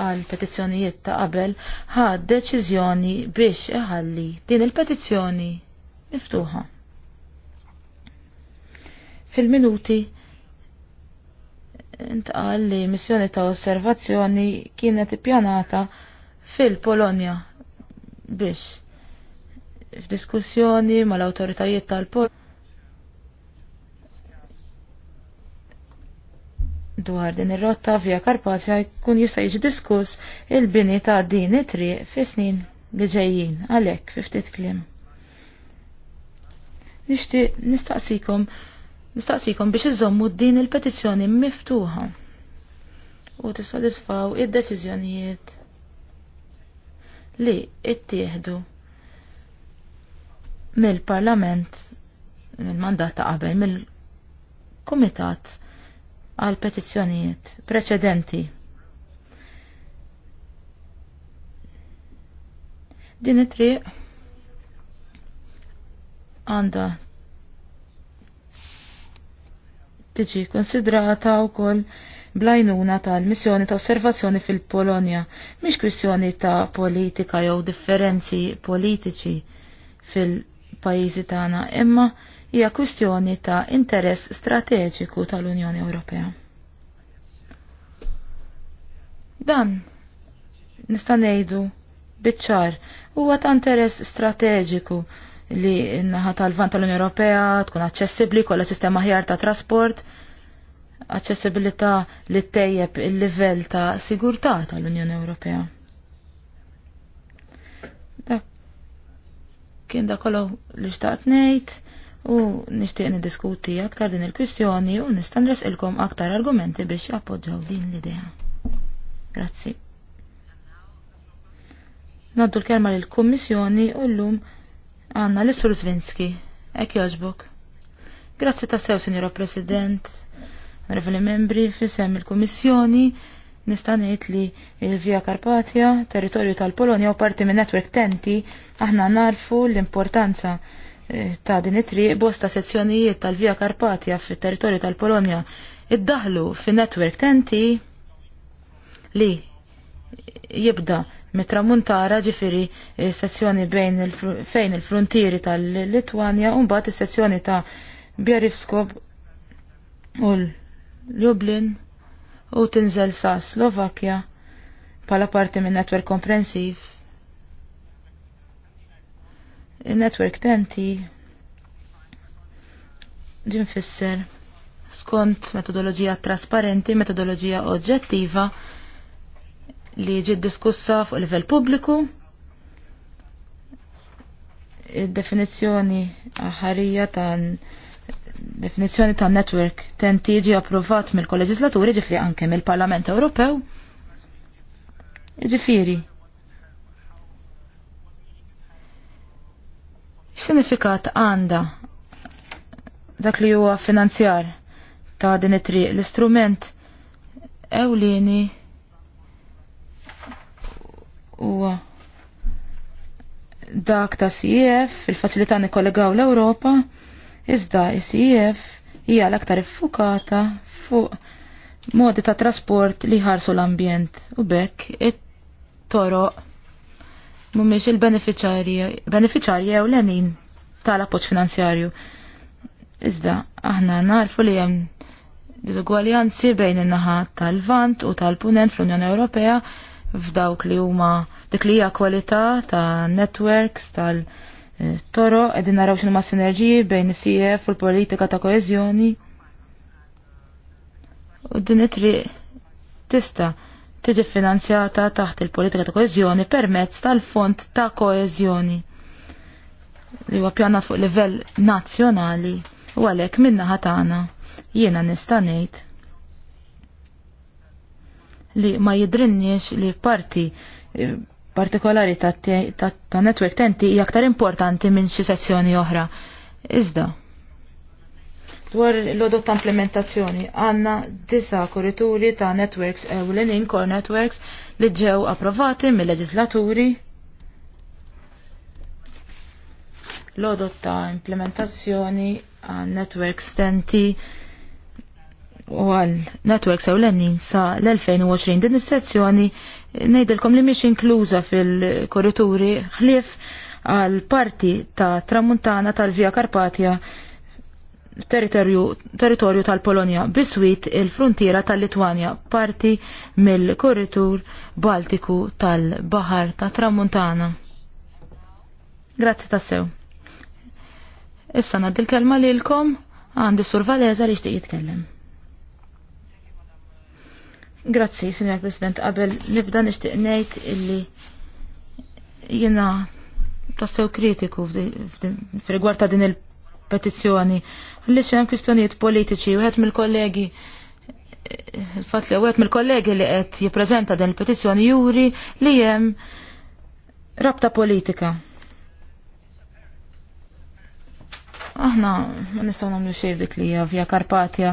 għal petizzjonijiet ta' qabel ħad deċiżjoni biex iħalli din il-petizzjoni miftuħa. Fil-minuti intqal li missjoni ta' osservazzjoni kienet ippjanata fil-Polonja biex f'diskussjoni mal-awtoritajiet tal-Polonja dwar din ir-rotta via Karpazja jkun jista' jiġi diskuss il-bini ta' din it-triq fi snin li ġejjin għalhekk fi ftit kliem. Nixtieq nistaqsikom nistaqsikom biex iżommu din il-petizzjoni miftuħa u tissodisfaw id-deċiżjonijiet li ittieħdu mill-Parlament mill-mandat ta' qabel mill-Kumitat għal petizzjonijiet preċedenti. Din it-triq għanda tiġi konsidrata wkoll blajnuna tal-missjoni ta' osservazzjoni fil-Polonja, mhix kwistjoni ta' politika jew differenzi politiċi fil-pajjiżi tagħna, imma hija kwistjoni ta' interess strateġiku tal-Unjoni Ewropea. Dan nista' ngħidu biċ-ċar huwa ta' interess strateġiku li n-naħa tal-vant tal-Unjoni Ewropea tkun aċċessibbli kollha sistema ħjar ta' trasport, aċċessibilità li tejjeb il-livell ta' sigurtà tal-Unjoni Ewropea. Dak kien da kollu li xtaqt ngħid u nishtiq nidiskuti aktar din il-kwistjoni u nistandres ilkom aktar argumenti biex jappoġġaw din l-idea. Grazzi. Naddu l-kelma l-Kommissjoni u l-lum għanna l-Istur Zvinski. Ek joġbuk. Grazzi ta' sew, Signora President, onorevoli membri, fissem il-Kommissjoni, nistanejt li il-Via Karpatja, territorju tal polonia u parti minn Network Tenti, aħna narfu l-importanza ta' din it-triq bosta sezzjonijiet tal-Via Karpatja fit territorju tal-Polonja iddaħlu fin netwerk tenti li jibda mit-tramuntara ġifiri eh, sezzjoni bejn il fejn il-frontieri tal-Litwanja u mbagħad is-sezzjoni ta' Bjarivskob u l-Lublin u tinżel sa' Slovakkja bħala parti minn netwerk komprensiv il-network tenti ġin fisser skont metodoloġija trasparenti, metodoloġija oġġettiva li ġiet diskussa fuq livell pubbliku. Id-definizzjoni aħarija ta' definizzjoni ta' network tenti ġi approvat mill-kolleġislaturi ġifri anke mill-Parlament Ewropew. Ġifiri, X'sinifikat għanda dak li huwa finanzjar ta' din it-triq l-istrument ewlieni huwa dak ta' CF, e il-faċilità nikollegaw l-Ewropa, iżda CF e hija l-aktar iffukata fuq modi ta' trasport li ħarsu l-ambjent u bekk it-toroq mumiex il-beneficjarji u l-enin tal-appoċ finanzjarju. Iżda, aħna narfu li jem diżugwaljanzi bejn in-naħa tal-vant u tal-punent fl-Unjoni Ewropea f'dawk li huma dik li hija kwalità ta' networks tal-toro qegħdin naraw x'inhuma sinerġiji bejn is-CF u l-politika ta' koeżjoni. U din it-triq tista' tiġi finanzjata taħt il-politika ta' koezjoni permezz tal-Fond ta' koezjoni li huwa pjanat fuq livell nazzjonali u għalhekk minna tagħna jiena nista' ngħid li ma jidrinniex li parti eh, partikolari ta', ta, ta netwerk tenti hija aktar importanti minn xi sezzjoni oħra. Iżda, Dwar l-odot ta' implementazzjoni, għanna disa kurituri ta' networks ewlenin core networks li ġew approvati mill-leġislaturi. L-odot ta' implementazzjoni għan networks stenti u għal networks ewlenin sa' l-2020. Din is-sezzjoni nejdilkom li miex inkluża fil-kurituri ħlief għal parti ta' tramuntana tal-Via Karpatja territorju tal-Polonja biswit il-frontiera tal litwania parti mill-korritur Baltiku tal-Bahar ta' Tramuntana. Grazzi tassew. Issa l kelma li l-kom għandi sur Valeza li xtiq jitkellem. Grazzi, Signor President, qabel nibda nixtieq ngħid illi jiena tassew kritiku f'rigward ta' din il- petizzjoni. Għalli xem kwistjonijiet politiċi, u mill-kollegi il-fat li għet mill-kollegi li għet jiprezenta din il petizzjoni juri li jem rabta politika. Aħna, ma nistaw namlu xejf dik li via Karpatja.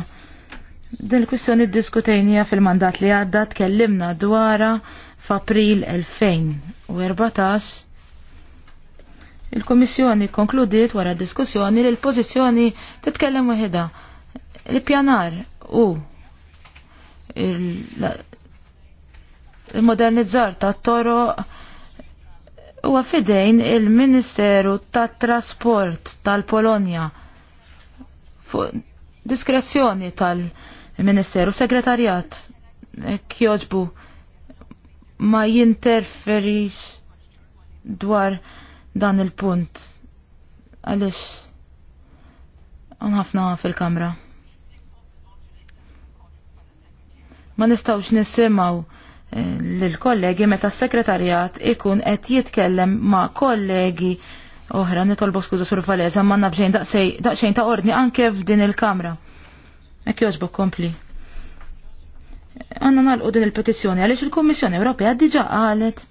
Din il-kwistjoni diskutejnija fil-mandat li għadda tkellimna dwara f'April 2014 Il-Komissjoni konkludiet wara diskussjoni li l-pożizzjoni titkellem waħedha. Il-pjanar u il-modernizzar ta' toro u għafidejn il-Ministeru ta' Trasport tal-Polonja fuq diskrezzjoni tal-Ministeru Segretarjat kjoġbu ma jinterferix dwar dan il-punt għalix ħafna fil-kamra. Ma nistawx nissimaw eh, l-kollegi meta s-sekretarjat ikun qed jitkellem ma' kollegi oħra nitolbu skuża sur Valeza ma nabxejn daqsxejn ta' ordni anke f'din il-kamra. Hekk jogħġbok kompli. Għanna nalqu din il-petizzjoni għaliex il-Kummissjoni Ewropea diġa qalet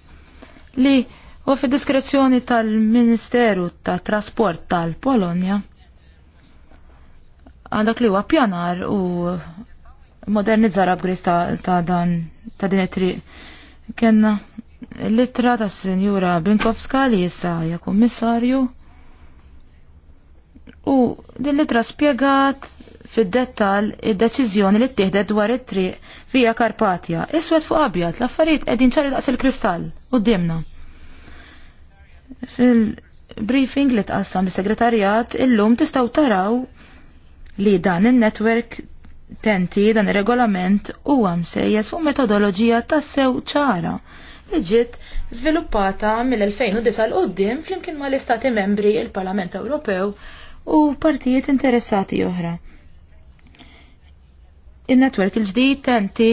li u fi diskrezzjoni tal-Ministeru tat trasport tal-Polonja għandak li huwa pjanar u modernizzar upgrades ta', ta dan ta' din it-triq. Kenna l-ittra ta' Sinjura Binkowska li jissa hija kummissarju u din l-ittra spjegat fid-dettal id-deċiżjoni li ttieħdet dwar it-triq via Karpatja. Iswed fuq abjad l-affarijiet qegħdin ċari daqs il-kristall u dimna fil-briefing li tqassam li segretarjat illum tistaw taraw li dan il-network tenti dan il-regolament huwa msejjes fuq metodoloġija tassew ċara li ġiet żviluppata mill-2009 l qoddim flimkien ma l-Istati membri il-Parlament Ewropew u partijiet interessati oħra. Il-netwerk il-ġdid tenti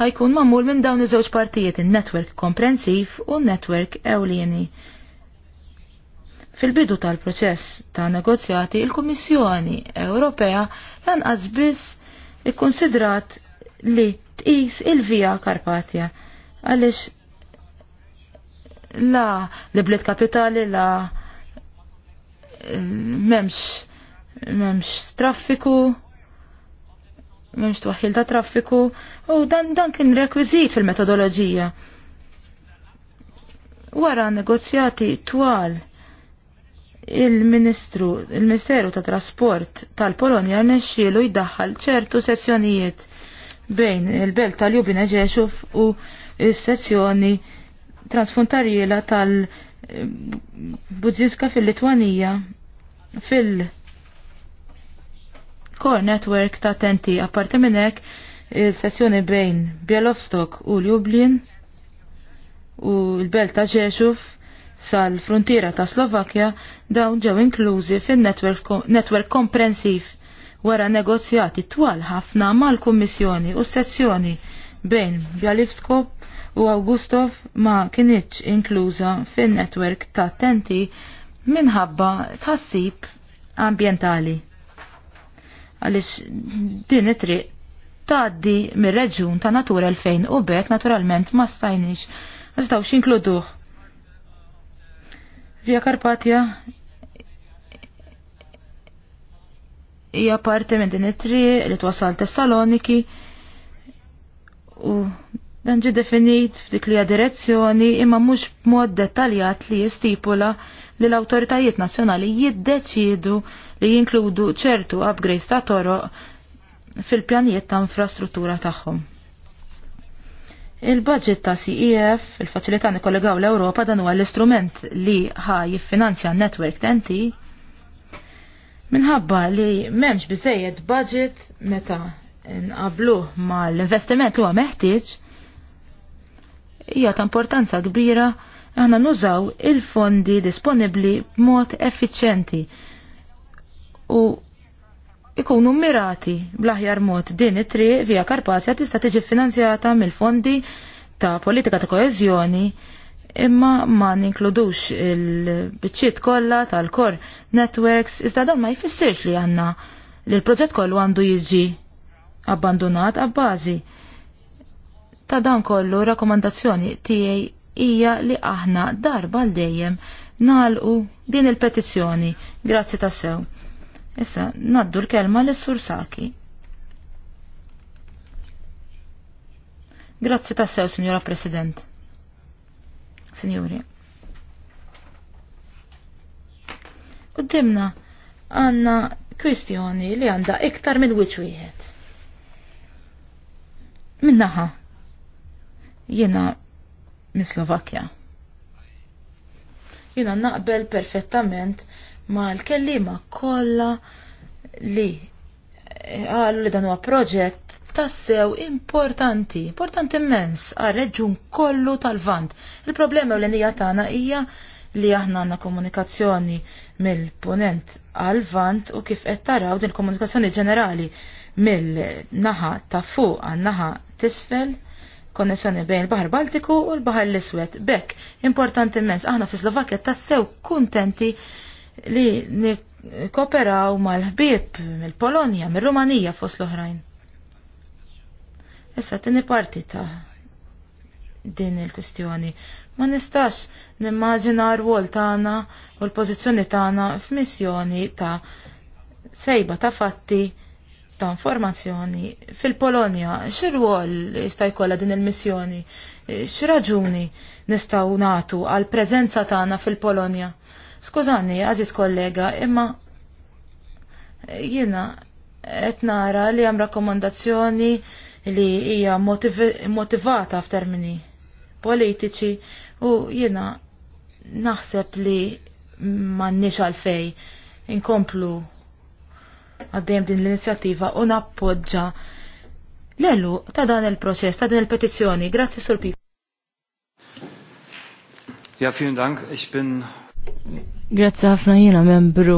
ħajkun mamul minn dawn iż-żewġ partijiet, il-netwerk komprensiv u n-netwerk ewlieni. Fil-bidu tal-proċess ta' negozjati, il-Kummissjoni Ewropea lanqas biss ikkonsidrat li tqis il-vija Karpatja għaliex la li bliet kapitali la memx memx traffiku memx twaħil ta' traffiku u dan, dan kien rekwizit fil-metodoloġija wara negozjati twal il-Ministru, il-Ministeru ta' Trasport tal-Polonja rnexxielu jdaħħal ċertu sezzjonijiet bejn il-belt tal-Jubina Ġexuf u s-sezzjoni transfuntarjela tal-Budziska fil-Litwanija fil- Core Network ta' Tenti apparti minn hekk il-sessjoni bejn Bielovstok u Ljublin u l-belt ta' Ġexuf sal-frontiera ta' slovakja dawn ġew inklużi fin-netwerk komprensiv wara negozjati twal ħafna mal-Kummissjoni u sezzjoni bejn Bjalivskop u Augustov ma kienieċ inkluża fin-netwerk ta' tenti minħabba tħassib ambientali. Għalix din it-triq taddi mir-reġun ta' Natura l-fejn u bekk naturalment ma stajniex ma stawx Via Karpatja hija parti minn din it-triq li twassal Tessaloniki u dan ġi definit f'dik li direzzjoni imma mhux b'mod dettaljat li jistipula li l-awtoritajiet nazzjonali jiddeċidu li jinkludu ċertu upgrades ta' toroq fil-pjanijiet ta' infrastruttura tagħhom. Il-budget ta' CEF, il-Faċilità kollegaw l-Ewropa, dan huwa l-istrument li ħa jiffinanzja n-network TNT minħabba li m'hemmx biżejjed budget meta nqablu ma l-investiment huwa meħtieġ hija ta' importanza kbira aħna nużaw il-fondi disponibbli b'mod effiċjenti u ikunu mirati blaħjar mod din it-triq via Karpazja tista' tiġi finanzjata mill-fondi ta' politika ta' koeżjoni imma ma ninkludux il-biċċiet kollha tal kor networks iżda dan ma jfissirx li għandna li l-proġett kollu għandu jiġi abbandonat għabbażi. Ta' dan kollu rakomandazzjoni tiegħi hija li aħna darba l dejjem nalqu din il-petizzjoni. Grazzi tassew. Issa, naddu l-kelma l-Sur Saki. Grazzi tassew, Signora President. Signori. Uddimna, għanna kwistjoni li għanda iktar minn wiċ wieħed. Minnaħa, jena minn Slovakkja. Jena naqbel perfettament mal-kellima kollha li eh, qalu li dan huwa proġett tassew importanti, importanti immens għal reġun kollu tal-vant. Il-problema l nija tagħna hija li aħna għandna komunikazzjoni mill-punent għal-vant u kif qed taraw din komunikazzjoni ġenerali mill-naħa ta' fuq għan-naħa tisfel konnessjoni bejn il-Bahar Baltiku u l-Bahar l-Iswed. Bekk, importanti immens, aħna fi Slovakja tassew kuntenti li nikoperaw mal-ħbib mill-Polonja, mill-Rumanija fost l-oħrajn. Issa tini parti ta' din il-kustjoni. Ma nistax nimmaġina r-wol tagħna u l-pożizzjoni tagħna f'missjoni ta' sejba ta' fatti ta' informazzjoni fil-Polonja. X'irwol jista' jkollha din il-missjoni? X'raġuni nistgħu nagħtu għal prezenza tagħna fil-Polonja? Skużani, għaziz kollega, imma jiena qed nara li hemm rakkomandazzjoni li hija motivata f'termini politiċi u jiena naħseb li m'għandniex għalfej inkomplu għaddejjem din l-inizjattiva u nappoġġa l-elu ta' dan il-proċess, ta' din il-petizzjoni. Grazzi, Sur Pip. Ja, vielen Dank. Ich bin Grazzi ħafna jiena membru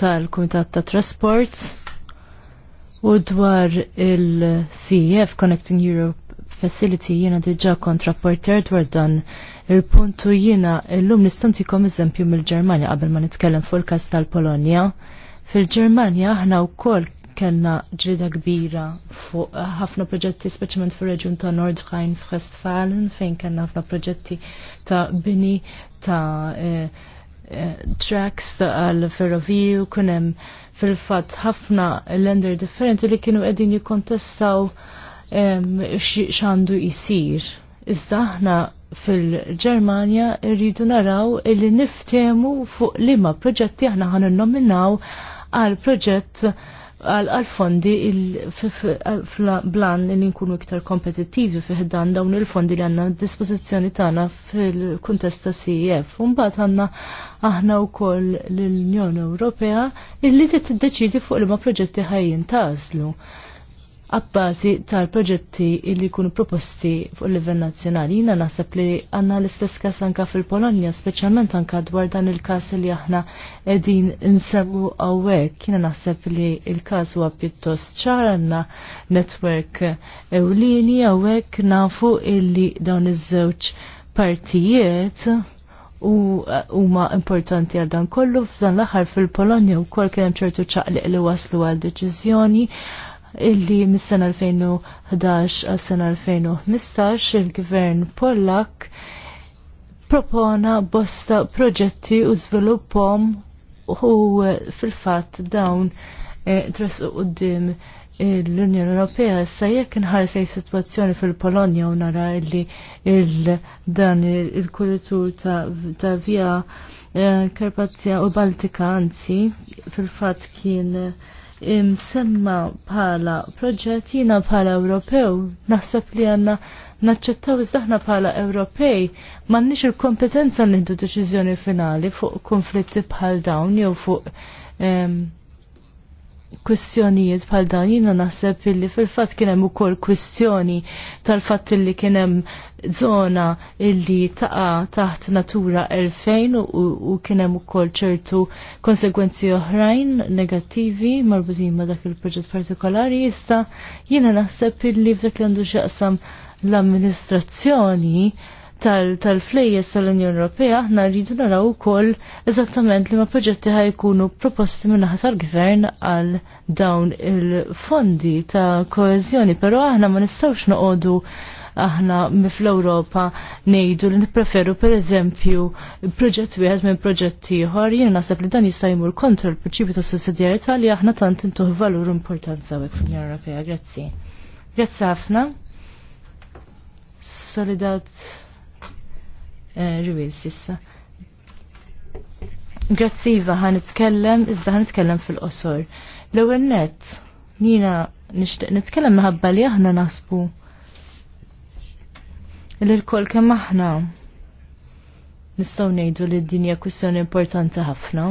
tal-Kumitat ta' Trasport u dwar il-CEF Connecting Europe Facility jiena diġa kontrapporter dwar dan il-puntu jiena nistanti kom eżempju mill-Ġermanja qabel ma nitkellem fuq il-każ tal-Polonja. Fil-Ġermanja aħna wkoll kellna ġrida kbira fuq ħafna proġetti speċjalment fir reġjun ta' Nordrhein-Westfalen fejn kellna ħafna proġetti ta' bini ta' eh, tracks għal ferroviju kunem fil-fat ħafna lender differenti li kienu qegħdin jikkontestaw x'għandu jisir. Iżda aħna fil-Ġermanja rridu naraw li niftemu fuq liema proġetti aħna ħan nominaw għal proġett għal-fondi blan li nkunu iktar kompetittivi fi dan dawn il-fondi li għanna dispozizjoni tagħna fil kuntesta ta' CEF. Mbagħad għandna aħna wkoll l-Unjoni Ewropea illi t-deċidi fuq li ma proġetti ħajjin taslu. Ta għabbażi tal-proġetti illi jkunu proposti fuq il-livell nazzjonali. Jina naħseb li għanna l-istess kas anka fil-Polonja, speċjalment anka dwar dan il-kas li aħna edin nsemmu għawek. Jina naħseb li il-kas huwa pjuttost ċar għanna network ewlini għawek nafu illi dawn iż-żewġ partijiet u huma importanti għal dan kollu f'dan l-aħħar fil-Polonja wkoll kien ċertu ċaqliq li waslu għal deċiżjoni illi mis-sena 2011 għal sena 2015 il-gvern Pollak propona bosta proġetti u zviluppom u eh, fil-fatt dawn eh, tras u għoddim l-Unjoni Ewropea issa jekk inħarsej sitwazzjoni fil-Polonja u nara li dan il kultur ta' via Karpazja eh, u Baltika anzi fil-fatt kien Imsemma bħala proġett jina bħala Ewropew naħseb li għanna naċċettaw iżdaħna bħala Ewropej m'għandniex il-kompetenza l-indu deċiżjoni finali fuq konflitti bħal dawn jew fuq kwistjonijiet bħal dan jina naħseb illi fil-fatt kien hemm ukoll kwistjoni tal-fatt illi kien hemm żona illi taqa' taħt Natura 2000 u, u kien hemm ukoll ċertu konsegwenzi oħrajn negattivi marbutin ma' dak il-proġett partikolari issa jiena naħseb illi f'dak li għandu x'jaqsam l-amministrazzjoni tal-flejjes tal-Unjoni Ewropea aħna rridu naraw ukoll eżattament li ma proġetti ħajkunu proposti minnaħa tal-gvern għal dawn il-fondi ta' koeżjoni, però aħna ma nistgħux noqogħdu aħna fl-Ewropa ngħidu li nippreferu pereżempju proġett wieħed minn proġett ieħor, jien naħseb li dan jista' jmur kontra l-prinċipju ta' sussidjarjetà li aħna tant intuħ valur importanza hekk fl-Unjoni Ewropea. Grazzi. Grazzi ħafna. Solidat Eh, Rwil sissa. Grazziva ħan nitkellem, iżda ħan nitkellem fil-qosor. L-ewwel net, nina nixtieq nitkellem minħabba li aħna nasbu li l kemm aħna nistgħu ngħidu li d-dinja kwistjoni importanti ħafna.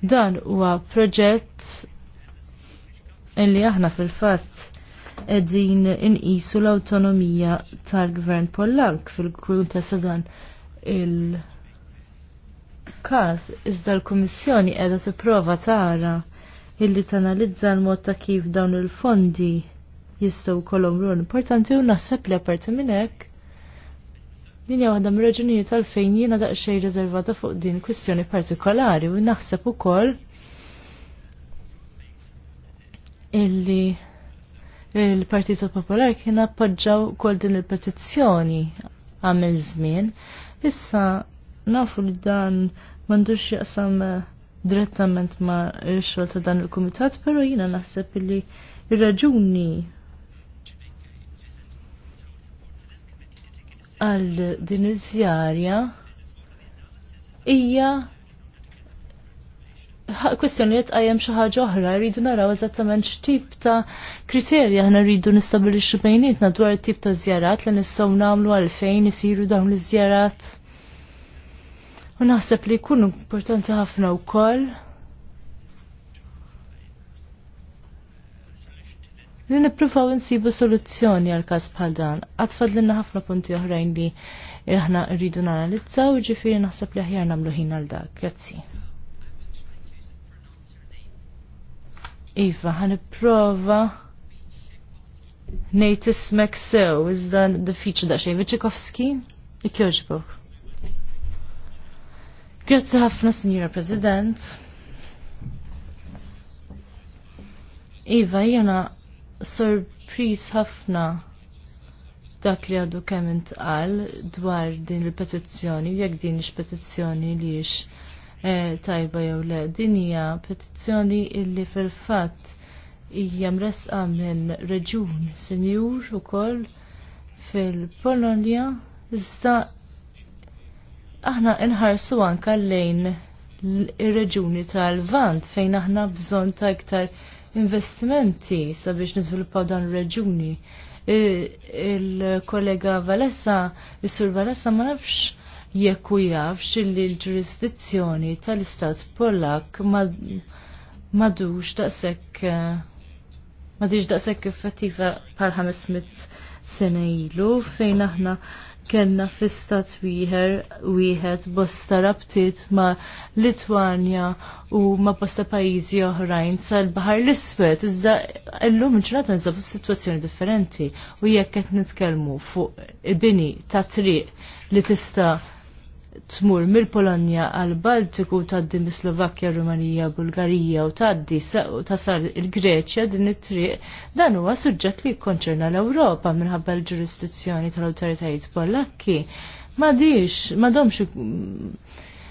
Dan huwa proġett illi aħna fil-fatt edin inqisu l-autonomija tal-gvern Pollak fil-grup ta' Sudan il-kas iżda l-Kummissjoni qiegħda tipprova tara illi tanalizza l-mod ta' kif dawn il-fondi jistgħu kolom rol importanti u naħseb li apparti minn hekk din waħda mir-raġunijiet għalfejn jiena daqsxejn riservata fuq din kwistjoni partikolari u naħseb ukoll illi il-Partito Popolari kien appoġġaw kol din il-petizzjoni għamil żmien. Issa nafu li dan m'għandux jaqsam eh, direttament ma xogħol ta' dan il-kumitat, però jiena naħseb li raġuni għal din iż-żjarja hija kwestjoni li tqajjem xi ħaġa oħra, rridu naraw eżattament x'tip ta' kriterji aħna rridu nistabilixxu bejnietna dwar it-tip ta' żjarat li nistgħu nagħmlu għalfejn isiru dawn li zjarat. U naħseb li jkunu importanti ħafna wkoll. li nippruvaw nsibu soluzzjoni għal każ bħal dan. Għatfad li ħafna punti oħrajn li aħna rridu nanalizzaw, ġifiri naħseb li aħjar nagħmlu ħin għal dak. Grazzi. Iva, għan prova nejt ismek sew, iżda diffiċi da xej, Viċikovski, ikjoġbok. Grazzi ħafna, Signora President. Iva, jena sorpris ħafna dak li għadu kemm intqal dwar din il-petizzjoni, jekk din ix petizzjoni li ix Eh, tajba jew le. Din hija petizzjoni illi fil-fatt hija mresqa minn reġun senjur ukoll fil-Polonja iżda aħna nħarsu anka lejn ir-reġuni tal-Vant fejn aħna bżonn ta' iktar investimenti sabiex niżviluppaw dan ir-reġuni eh, il-kollega Valessa, il-sur Valessa ma nafx jekk u jafx li l-ġurisdizzjoni tal-Istat Polak madux daqshekk eh, madix daqshekk effettiva bħal 500 sena ilu fejn aħna kellna fl-istat wieħed wieħed bosta rabtiet ma' Litwanja u ma' bosta pajjiżi oħrajn sal-Baħar l-Iswed. Iżda llum il-ġurnata nsabu f'sitwazzjoni differenti u jekk qed nitkellmu fuq il-bini ta' triq li tista' tmur mill-Polonja għal Baltiku taddi mis-Slovakkja, Rumanija, Bulgarija u taddi tasar il-Greċja din it-triq dan huwa suġġett li jikkonċerna l-Ewropa minħabba l-ġurisdizzjoni tal-awtoritajiet Polakki. Madix, madomx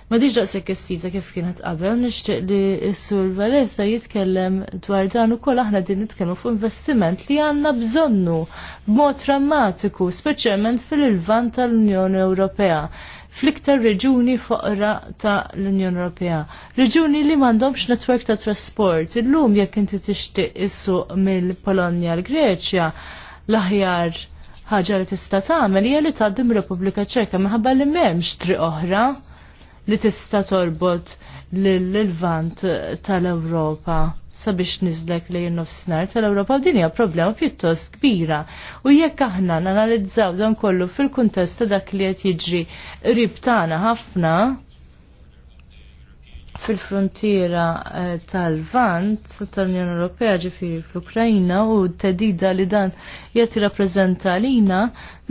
Ma diġ daqsek estiza kif kienet qabel, nixtieq li s-sur Valesa jitkellem dwar dan ukoll aħna din nitkellmu fuq investiment li għandna bżonnu b'mod drammatiku, speċjalment fil-ilvan tal-Unjoni Ewropea fl-iktar reġuni foqra ta' l-Unjoni Ewropea. Reġuni li m'għandhomx netwerk ta' trasport. Illum jekk inti tixtieq issuq mill-Polonja l-Greċja l-aħjar ħaġa li tista' tagħmel hija li tgħaddim Repubblika Ċeka minħabba li m'hemmx triq oħra li tista' torbot lil vant tal-Ewropa sabiex nizlek li nofsinar tal-Europa u dinja problema pjuttost kbira. U jekk aħna nanalizzaw dan kollu fil-kuntest ta' dak li qed jiġri rib tagħna ħafna, fil-frontiera eh, tal-Vant tal-Unjoni Ewropea ġifiri fl-Ukrajna u t-tedida li dan jgħati rappresenta lina,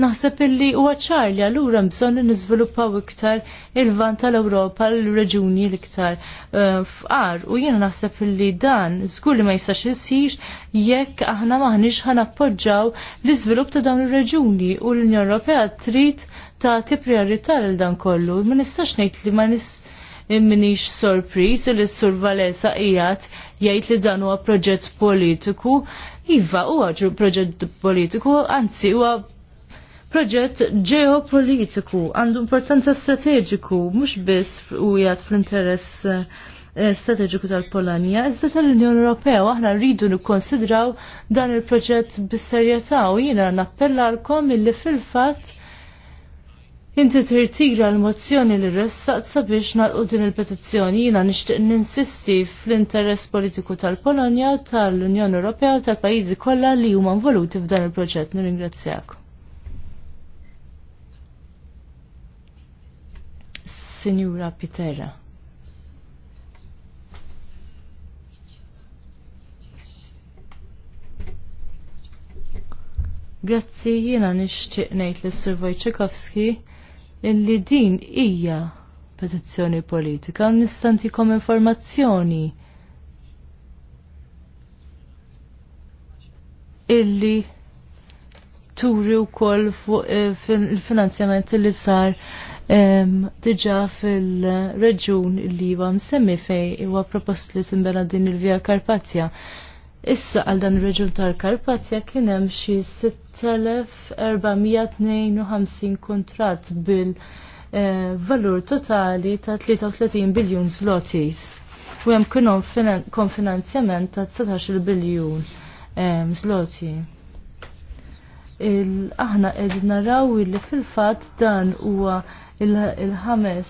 naħseb illi u għacċar li għallura bżon li nizviluppaw iktar il-Vant tal-Ewropa l-reġuni l-iktar eh, fqar u jena naħseb illi dan zgur li ma jistax jisir jekk aħna maħniġ ħan appoġġaw l-izvilupp ta' dawn il-reġuni u l-Unjoni Ewropea trid ta' ti priorità l dan kollu. Ma nistax ngħid li ma nistax imminix sorpriż li s-survalenza ijat jgħid li dan huwa proġett politiku. Iva huwa proġett politiku, anzi huwa proġett ġeopolitiku għandu importanza strateġiku mhux biss u jgħat fl-interess eh, strateġiku tal polonia iżda tal-Unjoni Ewropea aħna rridu nikkonsidraw dan il-proġett bis-serjetà u jiena nappellalkom illi fil-fatt inti tirtira l-mozzjoni li rressaq sabiex nalqu din il-petizzjoni jina nixtieq ninsisti fl-interess politiku tal-Polonja, tal-Unjoni Ewropea u tal-pajjiżi kollha li huma involuti f'dan il-proġett. Nirringrazzjak. Signora Pitera. Grazzi, jina nixtieq ngħid l-Sir Wojciechowski illi din hija petizzjoni politika, nistantikom informazzjoni illi turi u koll eh, il-finanzjament li sar diġa fil-reġun li huwa msemmi fej huwa għapropost li timbena din il-Via Karpatja. Issa għal dan ir-reġjun tal-Karpatja kien hemm xi 6452 kontrat bil eh, valur totali ta' 33 biljun zlotis. U hemm kien konfinanzjament ta' 19 biljun eh, zloti. Aħna qegħdin naraw li fil-fatt dan huwa il-ħames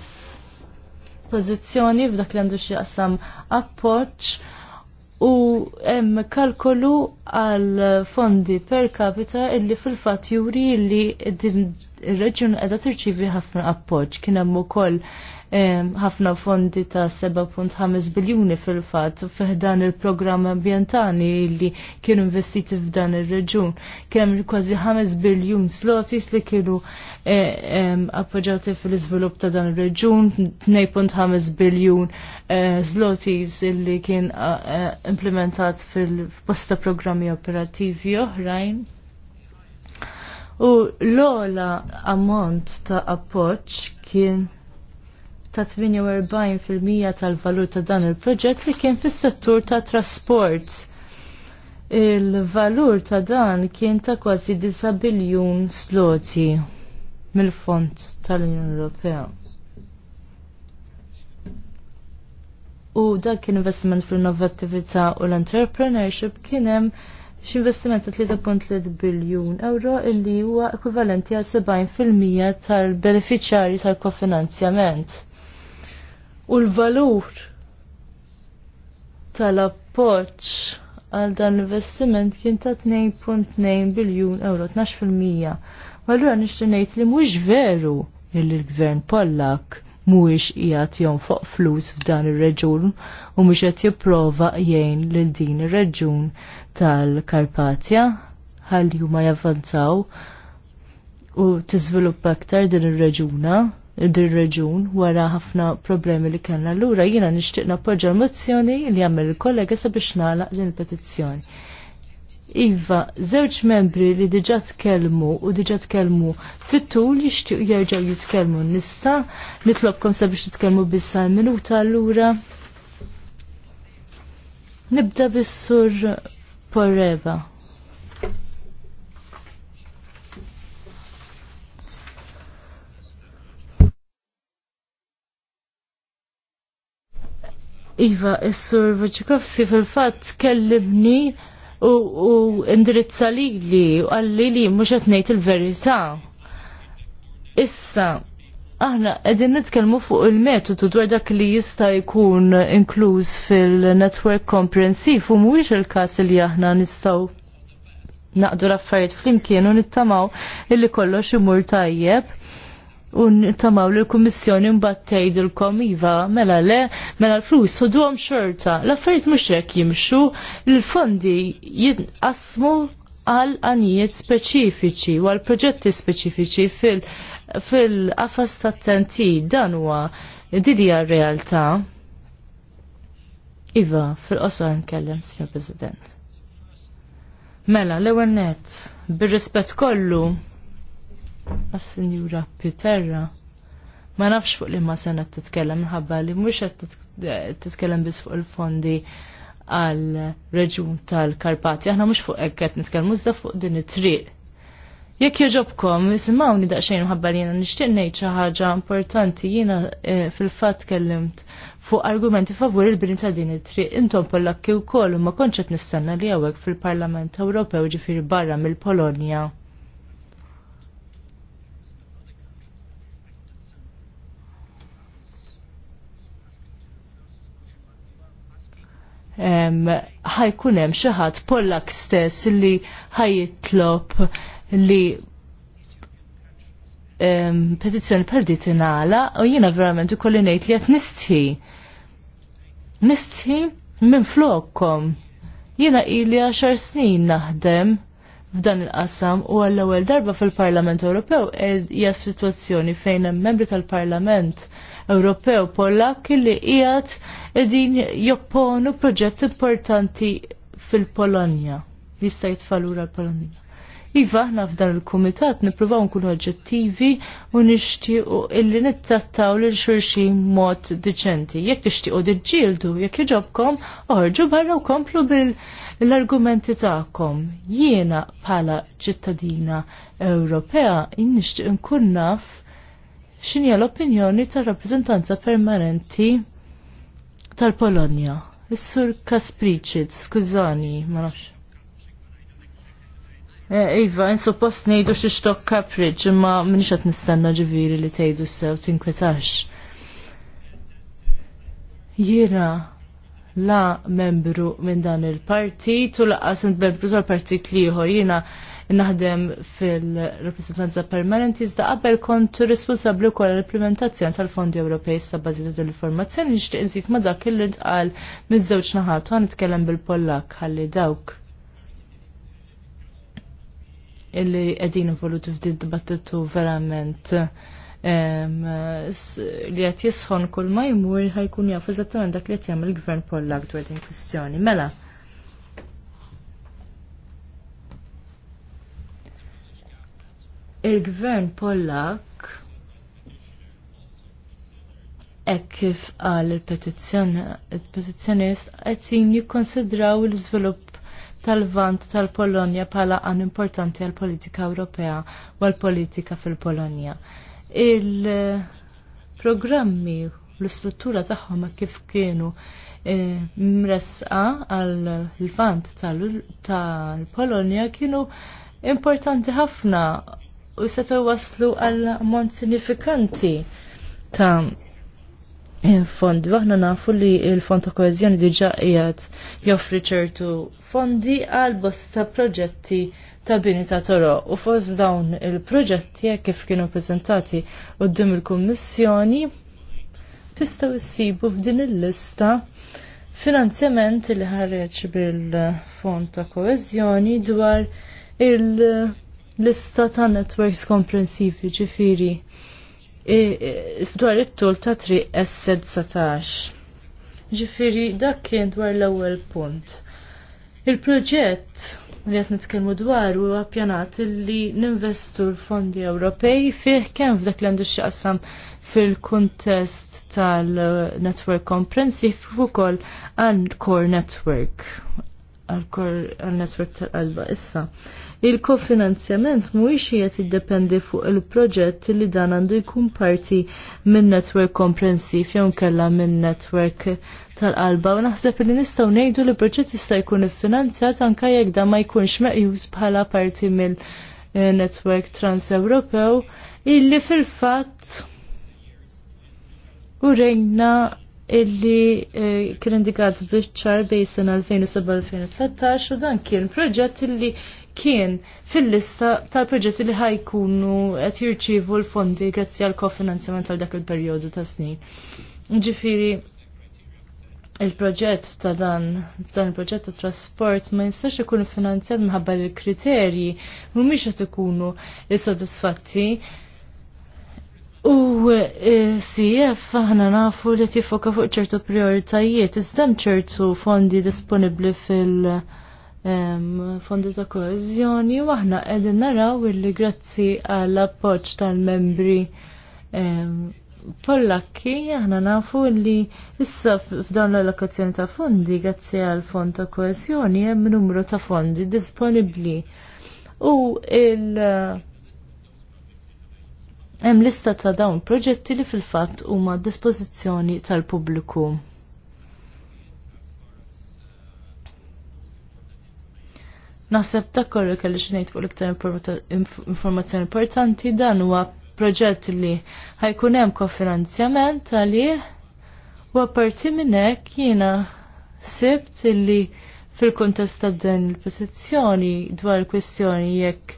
pożizzjoni f'dak li għandu xi qasam appoġġ u hemm kalkolu għal fondi per capita illi fil-fatt juri illi din ir-reġjun qiegħda tirċievi ħafna appoġġ. Kien hemm ukoll ħafna fondi ta' 7.5 biljuni fil-fatt fiħdan il-programm ambjentali li kienu investiti f'dan ir reġjun Kien hemm kważi 5 biljun slotis li kienu e, appoġġjati fil-iżvilupp ta' dan ir reġjun 2.5 biljun e, slotis li kien e, implementat fil-posta programmi operattivi oħrajn. U l-ola ammont ta' appoġġ kien ta' 48% tal-valur ta' dan il-proġett li kien fis-settur ta' trasport. Il-valur ta' dan kien ta' kważi 9 biljun sloti mill-Fond tal-Unjoni Ewropea. U dak kien investiment fil-innovattività u l-entrepreneurship kien hemm x'investiment ta' 3.3 biljun euro illi huwa ekvivalenti għal 70% tal-beneficjari tal-kofinanzjament. U l-valur tal-appoġġ għal dan l-investiment kien ta' 2.9 biljun euro, 12%. Allura nixtri ngħid li mhux veru illi l-gvern Pollak mhuwiex qiegħed jonfoq flus f'dan ir-reġun u mhux qed jipprova jgħin lil din ir-reġun tal-Karpatja ħalli huma javvanzaw u tiżviluppa aktar din ir-reġuna dir-reġun wara ħafna problemi li kellna allura jiena nixtieq nappoġġa l-mozzjoni li jagħmel il-kollega sabiex nagħlaq din il-petizzjoni. Iva, żewġ membri li diġa tkellmu u diġa tkellmu fit-tul jixtiequ jerġgħu jitkellmu nista' nitlobkom sabiex titkellmu bissa minuta allura. Nibda bis-sur Poreva. Iva, s-sur Wojciechowski fil-fat kellibni u indirizza li li u għalli li mux għatnejt il-verita. Issa, aħna edin nitkellmu fuq il-metodu dwar dak li jista' jkun inkluż fil-network komprensiv u mhuwiex il-każ li aħna nistgħu naqdu l-affarijiet flimkien u nittamaw illi kollox imur tajjeb un tamaw li l-Kummissjoni mbagħad tgħidilkom iva mela le mela l-flus ħoduhom xorta. L-affarijiet mhux hekk jimxu, l-fondi jinqasmu għal anijiet speċifiċi u għal proġetti speċifiċi fil-qafas fil tat-tenti dan huwa dinja realtà. Iva, fil-qosor nkellem, Sr. President. Mela, l-ewwel nett, bir-rispett kollu għas Piterra. Ma nafx fuq li ma sena t-tkellem ħabba li mux qed titkellem biss fuq il-fondi għal reġun tal-Karpati. Aħna mhux fuq hekk qed nitkellmu iżda fuq din it-triq. Jekk joġobkom, isimgħuni daqsxejn mħabba li jiena nixtieq ngħid xi ħaġa importanti jiena eh, fil-fatt kellimt fuq argumenti favur il-bini ta' din it-triq intom pollakki u kol ma konċet nistenna li għawek fil-Parlament Ewropew ġifir barra mill-Polonja ħajkun hemm xi ħadd Pollak stess li ħajitlob li petizzjoni bħal di u jiena verament ukoll ngħid li qed nistħi. Nistħi minn flokkom. Jiena ili għaxar snin naħdem f'dan il-qassam u għall-ewwel darba fil-Parlament Ewropew hija f'sitwazzjoni fejn hemm membri tal-Parlament Ewropew Pollak li qiegħed qegħdin jopponu proġett importanti fil-Polonja. Jista' jitfalura l-Polonja. Iva aħna f'dan il-kumitat nippruvaw nkunu oġġettivi u nixtiequ illi nittrattaw lil xulxin mod diċenti. Jekk tixtiequ diġġieldu, jekk iġobkom, oħorġu barra u komplu bil- l-argumenti tagħkom. Jiena bħala ċittadina Ewropea nixtieq inkun naf x'inhi l-opinjoni tar-rappreżentanza permanenti tal-Polonja. Is-sur Kaspriċid, skużani, ma nafx. Eh, iva, insuppost nejdu xie xtok kapriġ, imma minix għat nistanna ġiviri li tejdu sew tinkwetax. Jira, la membru minn dan il-partit u laqas minn membru tal-partit liħor jina naħdem fil-rappresentanza permanenti iżda qabel kont responsabbli wkoll l-implementazzjoni tal-Fondi Ewropej sa bażi ta' l-informazzjoni nixtieq insit ma' dak li tqal miż-żewġ naħat u nitkellem bil-Pollak ħalli dawk illi qegħdin involuti f'din dibattitu verament li qed jisħon kull ma jmur ħajkun jafu eżattament dak li qed jagħmel il-Gvern Pollak dwar din kwistjoni. Mela. Il-Gvern Pollak hekk kif qal il-petizzjonist qed jikkonsidraw l-iżvilupp tal-vant tal-Polonja bħala għan importanti għal-politika Ewropea u għal-politika fil-Polonja il-programmi l-istruttura tagħhom kif kienu eh, mresqa għal l fant tal-Polonja kienu importanti ħafna u setgħu waslu għal mont sinifikanti ta' fondi. Waħna nafu li l-fond ta' koezjoni diġa qiegħed joffri ċertu fondi għal bosta proġetti ta' bini ta' toro u fost dawn il-proġetti kif kienu prezentati u il-Kummissjoni tistaw issibu f'din il-lista finanzjament li ħareġ bil-Fond ta' Koezjoni dwar il-lista ta' networks komprensivi ġifiri e, e, dwar it-tul ta' triq S-17. Ġifiri dak kien dwar l-ewwel punt. Il-proġett li qed nitkellmu dwar u ppjanat li ninvestu l-fondi Ewropej fih kemm f'dak l għandu x'jaqsam fil-kuntest tal-network comprehensive ukoll għal core network għal core network tal-qalba issa il-kofinanzjament mhuwiex qed jiddependi fuq il-proġett li dan għandu jkun parti minn netwerk komprensiv jew kella minn netwerk tal-qalba u naħseb li nistgħu ngħidu li proġett jista' jkun iffinanzjat anke jekk dan ma jkunx meqjus bħala parti mill eh, netwerk Transewropew illi fil-fatt u rejna illi eh, kien indikat biċ-ċar bejn sena 2007-2013 u dan kien proġett illi kien fil-lista tal-proġetti li ħajkunu qed jirċievu l-fondi grazzi għal kofinanzjament tal dak il-perjodu ta' snin. Ġifieri il-proġett ta' dan dan il-proġett ta' trasport ma jistax ikun finanzjat minħabba l-kriterji mhumiex qed ikunu issodisfatti. U e, CF aħna nafu li tifoka fuq ċertu prioritajiet, iżdem ċertu fondi disponibli fil- fondi ta' koezjoni u aħna qegħdin naraw illi grazzi għall appoġġ tal-membri Pollakki aħna nafu li issa f'dawn l-allokazzjoni ta' fondi grazzi għal fond ta' koezjoni hemm numru ta' fondi disponibbli. U il hemm lista ta' dawn proġetti li fil-fatt huma dispożizzjoni tal-pubbliku. Naħseb ta' korru kelli xinejt fuq l-iktar informazzjoni importanti dan huwa proġett li ħajkun hemm kofinanzjament għalih u apparti minn hekk jiena sibt illi fil kuntest ta' din il pożizzjoni dwar il-kwestjoni jekk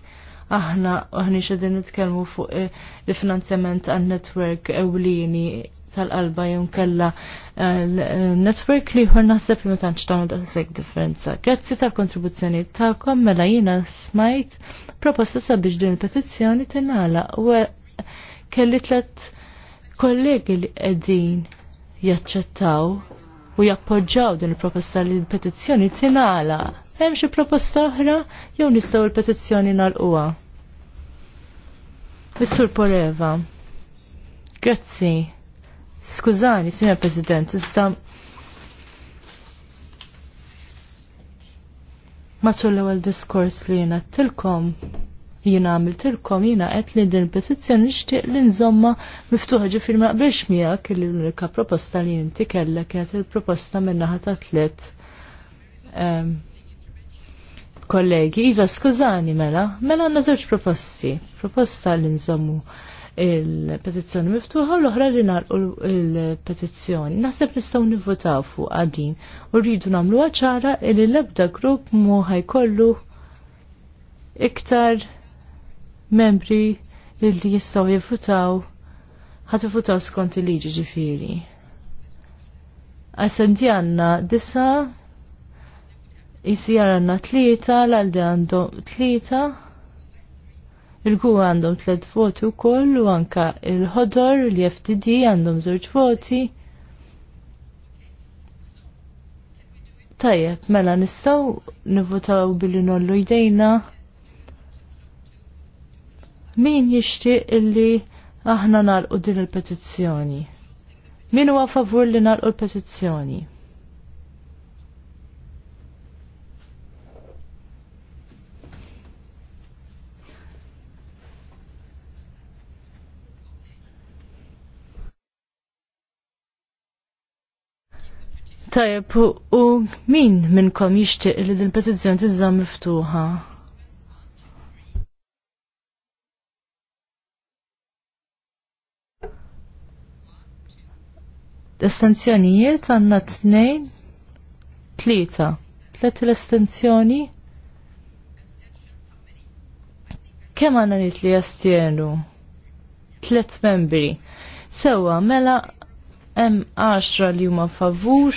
aħna aħni xedin nitkellmu fuq il-finanzjament għan netwerk ewlieni tal-qalba jew kella eh, network li jħor naħseb li ma tantx tagħmel daqshekk differenza. Grazzi tal-kontribuzzjoni ta' mela jiena smajt proposta sabiex din il-petizzjoni tingħalaq u kelli tlet kollegi li qegħdin jaċċettaw u jappoġġaw din il-proposta li l-petizzjoni tingħala. Hemm xi proposta oħra jew nistgħu l-petizzjoni nagħlquha. Is-Sur Poreva. Grazzi. Skużani, signor President, iżda matul l-ewwel diskors li jiena tilkom jiena għamiltilkom jiena għet li din petizzjoni nixtieq li nżomma miftuħa ġifier ma biex miegħek kelli l-unika proposta li inti kellek kienet il-proposta min-naħa ta' tliet ehm, kollegi. Iva, skużani mela, mela għandna żewġ proposti. Proposta li nżommu il-petizzjoni miftuħa u l-oħra li narqu il-petizzjoni. Naħseb nistgħu nivvotaw fuq għadin u rridu nagħmlu ċara li l-ebda grupp mu ħajkollu iktar membri li jistgħu jivvotaw ħat votaw skont il-liġi ġifieri. Għasendi għanna disa, jisijar għanna tlieta, l-għaldi għandu tlieta, Il-gu għandhom tlet voti u koll u anka il-ħodor, l-FTD għandhom żewġ voti. Tajjeb, mela nistaw nivotaw billi nollu jdejna. Min jishti illi aħna narqu din il-petizzjoni? Min huwa favur li narqu l-petizzjoni? Tajab, u min minnkom jixtieq li din petizzjoni tiżżamm miftuħa? estenzjonijiet għanna t-nejn, Tlieta, tlet l-estenzjoni. Kem għanna nis li jastjenu? Tlet membri. Sewa, mela, M10 li huma favur,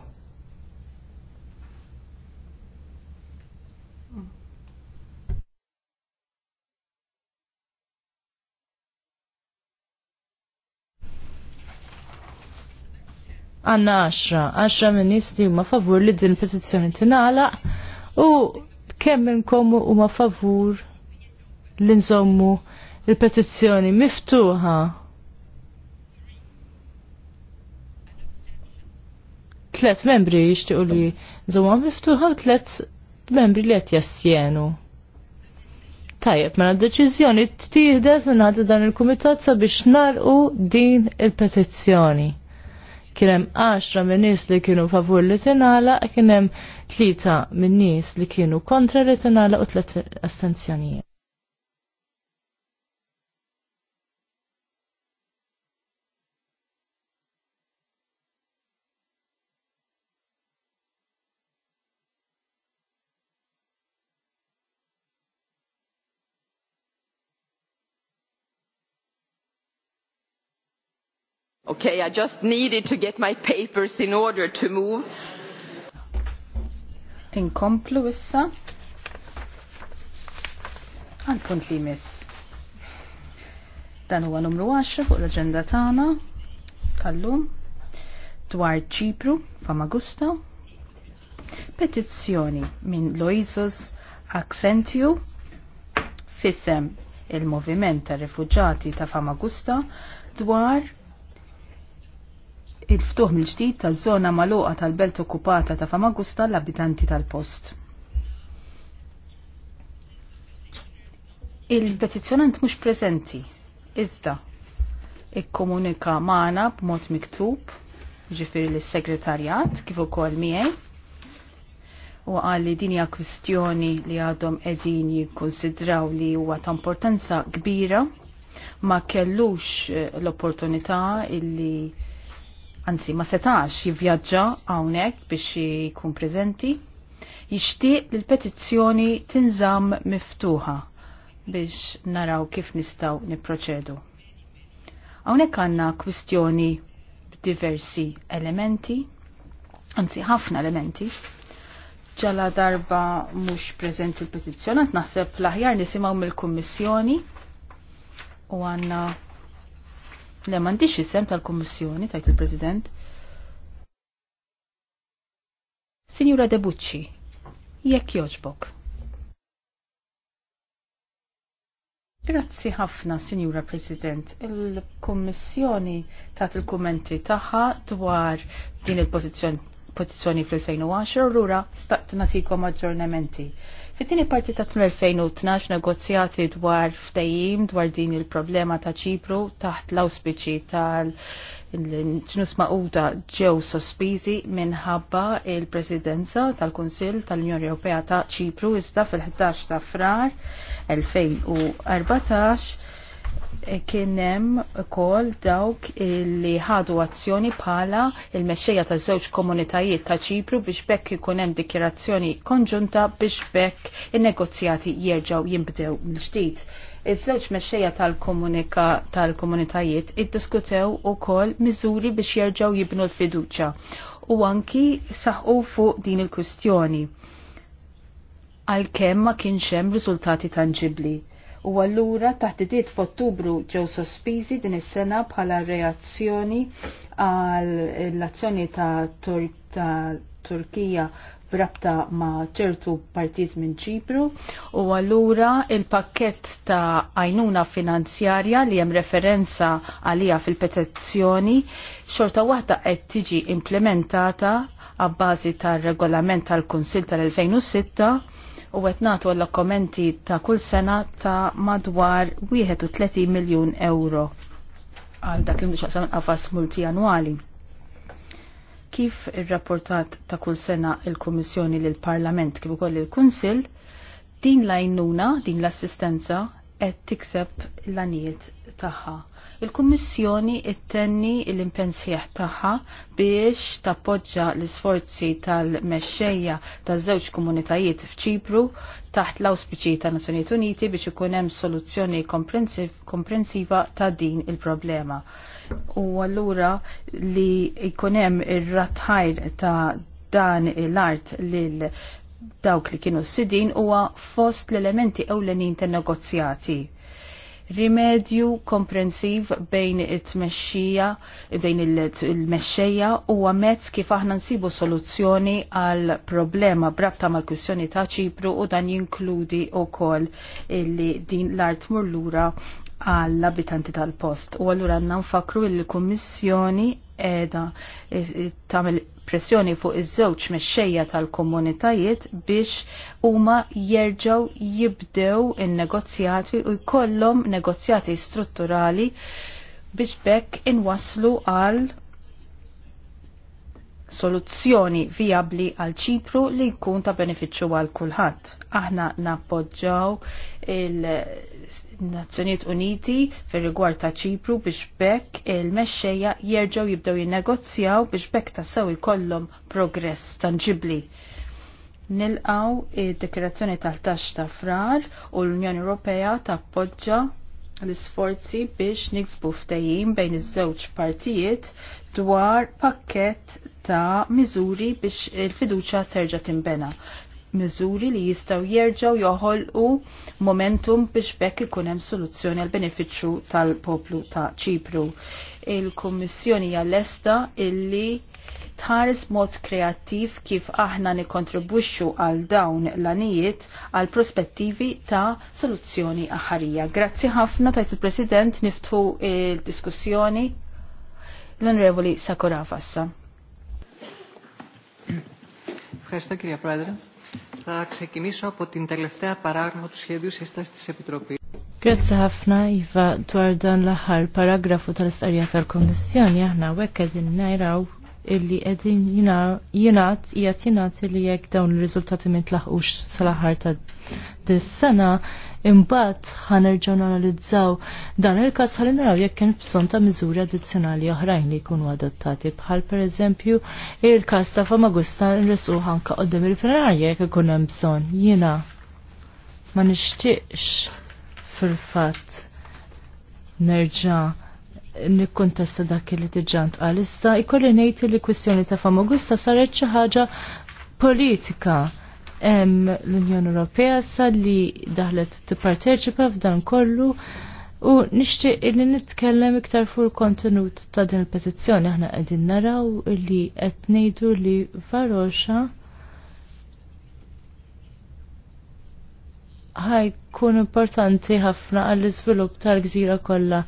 għanna 10, 10 ministri huma favur li din petizzjoni tinala u kemm minnkom huma favur li nżommu il-petizzjoni miftuħa. Tlet membri jixtiequ li nżommu miftuħa u tlet membri li qed jassjenu. Tajjeb, mela d-deċiżjoni t-tieħdet minn dan il-kumitat sabiex narqu din il-petizzjoni kienem 10 minn nis li kienu favur li tinala, kienem 3 minn nis li kienu kontra li tinala u 3 astenzjonijiet. Okay, I just needed to get my papers in order to move. Inkomplu issa. Għal-punt li miss. Dan huwa numru 10 fuq l-aġenda tagħna tal-lum dwar Ċipru, Famagusta. Petizzjoni minn Loisos Accentiu fissem il-Moviment tar Rifuġati ta' Famagusta dwar il-ftuħ mill-ġdid taż-żona maluqa tal-belt okkupata ta' Famagusta l-abitanti tal-post. Il-petizzjonant mhux preżenti, iżda ikkomunika magħna b'mod miktub ġifir l segretarjat kif ukoll miegħi u qal li din hija kwistjoni li għadhom qegħdin jikkonsidraw li huwa ta' importanza kbira ma kellux l-opportunità illi anzi ma setax jivvjaġġa hawnhekk biex jkun prezenti jixtieq li l-petizzjoni tinżam miftuħa biex naraw kif nistgħu nipproċedu. Hawnhekk għandna kwistjoni diversi elementi, anzi ħafna elementi, ġala darba mhux preżenti l-petizzjonant naħseb l-aħjar nisimgħu mill-Kummissjoni u għandna Le m'għandix isem tal-Kummissjoni tajt il-President. De Debucci, jekk joġbok. Grazzi ħafna, Sinjura President. Il-Kommissjoni tat il-kummenti tagħha dwar din il-pożizzjoni fl-2010 u lura staqt natikom aġġornamenti. Fit-tieni parti ta' 2012 negozjati dwar ftajim dwar din il-problema ta' Ċipru taħt l-auspiċi tal ġnus maquda ġew sospiżi minħabba il-Presidenza tal-Kunsill tal-Unjoni Ewropea ta' Ċipru iżda fil-11 ta' frar 2014 kienem kol dawk li ħadu azzjoni bħala il-mexxejja ta' żewġ komunitajiet ta' Ċipru biex bekk ikun hemm dikjerazzjoni konġunta biex bekk in-negozjati jerġgħu jinbdew mill-ġdid. Iż-żewġ mexxejja tal-komunika tal-komunitajiet iddiskutew ukoll miżuri biex jerġgħu jibnu l-fiduċja u anki saħqu fuq din il-kwistjoni għalkemm ma kienx hemm riżultati tanġibli u allura diet f'Ottubru ġew sospiżi din is-sena bħala reazzjoni għal l-azzjoni ta', Turkija b'rabta ma' ċertu partijiet minn Ċipru u allura il-pakkett ta' għajnuna finanzjarja li hemm referenza għalija fil-petizzjoni xorta waħda qed tiġi implementata għabbażi tar-regolament tal-Kunsil tal-2006 u qed nagħtu kommenti ta' kull sena ta' madwar 31 miljun euro għal dak li mhux qafas multianwali. Kif il rapportat ta' kull sena il-Kummissjoni l parlament kif ukoll il-Kunsill, din lajnuna, din l-assistenza qed tikseb l-anijiet tagħha Il-Kummissjoni ittenni l-impensjeħ tagħha biex tappoġġa l-isforzi tal-mexxejja taż-żewġ komunitajiet f'Ċipru taħt l-auspiċi ta' Nazzjonijiet Uniti biex ikun hemm soluzzjoni komprensiva ta' din il-problema. U allura li jkun hemm ir-ratħajr ta' dan l-art lil dawk li kienu s-sidin huwa fost l-elementi ewlenin tan negozjati rimedju komprensiv bejn it-tmexxija, bejn il-mexxejja u mezz kif aħna nsibu soluzzjoni għal problema brabta mal kwistjoni ta' ċipru u dan jinkludi u koll illi din l-art murlura għall-abitanti tal-post. U għallura għanna nfakru il kummissjoni qiegħda tamil pressjoni fuq iż-żewġ mexxejja tal-komunitajiet biex huma jerġgħu jibdew in-negozjati u jkollhom negozjati strutturali biex bekk inwaslu għal soluzzjoni viabli għal ċipru li jkun ta' beneficju għal kulħadd. Aħna nappoġġaw il-Nazzjonijiet Uniti fir rigward ta' ċipru biex bekk il-mexxejja jerġgħu jibdew jinnegozjaw biex bekk tassew ikollhom progress tanġibli. Nilqaw id-Dikrazzjoni tal-Tax ta' Frar u l-Unjoni Ewropea tappoġġa l-isforzi biex niksbu ftehim bejn iż-żewġ partijiet dwar pakket ta' miżuri biex il-fiduċa terġa' timbena. Miżuri li jistgħu jerġgħu joħolqu momentum biex bekk ikun hemm soluzzjoni għal benefiċċju tal-poplu ta' Ċipru. Il-Kummissjoni hija lesta illi tħares mod kreativ kif aħna nikontribuxxu għal dawn l-anijiet għal prospettivi ta' soluzzjoni aħarija. Grazzi ħafna tajt il-President niftu il-diskussjoni l-Onorevoli Sakura Fassa. Ευχαριστώ κυρία Πρόεδρε. Θα ξεκινήσω από την τελευταία παράγραφο του σχέδιου σύσταση της Επιτροπής. Grazzi ħafna Iva dwar dan l-aħħar paragrafu tal-istarja tal-Kommissjoni aħna wekk qegħdin ngħiraw illi edin jinat, jgħat jinat illi jgħak dawn il-rizultati minn tlaħqux sal-ħar ta' dis-sena, imbat ħanerġaw analizzaw dan il-kas ħalli naraw jekk kien bżonn ta' miżuri addizzjonali oħrajn li jkunu adottati bħal per eżempju il-kas ta' Famagusta nresu anke qoddim il-plenarja jekk ikun hemm bżonn. Jiena ma nixtieqx fil-fatt nerġa' nikkontesta dak li tiġant għalissa, issa ikolli ngħid li kwistjoni ta' famogusta saret xi ħaġa politika hemm l-Unjoni Ewropea sa li daħlet tipparteċipa f'dan kollu u nixtieq li nitkellem iktar fuq il-kontenut ta' din il-petizzjoni aħna qegħdin naraw li qed ngħidu li Varoxa ħajkun importanti ħafna għall-iżvilupp tal-gżira kollha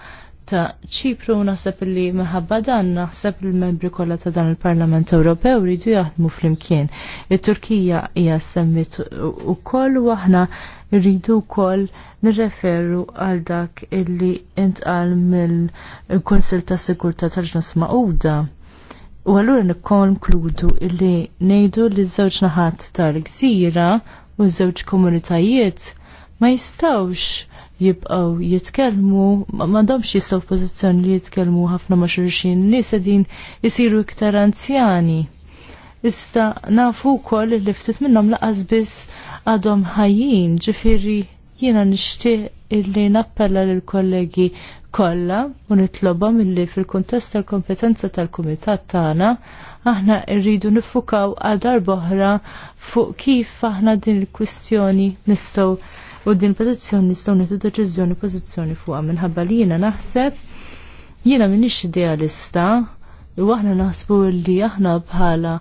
ta' ċipru naħseb li meħabba dan naħseb il-membri kollha ta' dan il-Parlament Ewropew rridu jaħdmu flimkien. Il-Turkija hija semmit ukoll u aħna rridu wkoll nirreferu għal dak illi intqal mill-Kunsil ta' Sigurtà tal-Ġnus Mauda. U allura nikkonkludu illi ngħidu li ż-żewġ naħat tal-gżira u ż-żewġ komunitajiet ma jistawx jibqaw jitkellmu, m'għandhomx jistgħu pożizzjoni li jitkellmu ħafna ma' xurxin li sedin isiru iktar anzjani. Issa nafu wkoll li ftit minnhom laqas biss għadhom ħajjin, ġifieri jiena nixtieq illi nappella l kollegi kollha u nitlobhom illi fil-kuntest tal-kompetenza tal-kumitat tagħna aħna rridu nifukaw għal darboħra fuq kif aħna din il-kwistjoni nistgħu u din petizzjoni nistgħu nieħdu deċiżjoni pożizzjoni fuqha minħabba li jiena naħseb jiena m'iniex idealista u aħna naħsbu li aħna bħala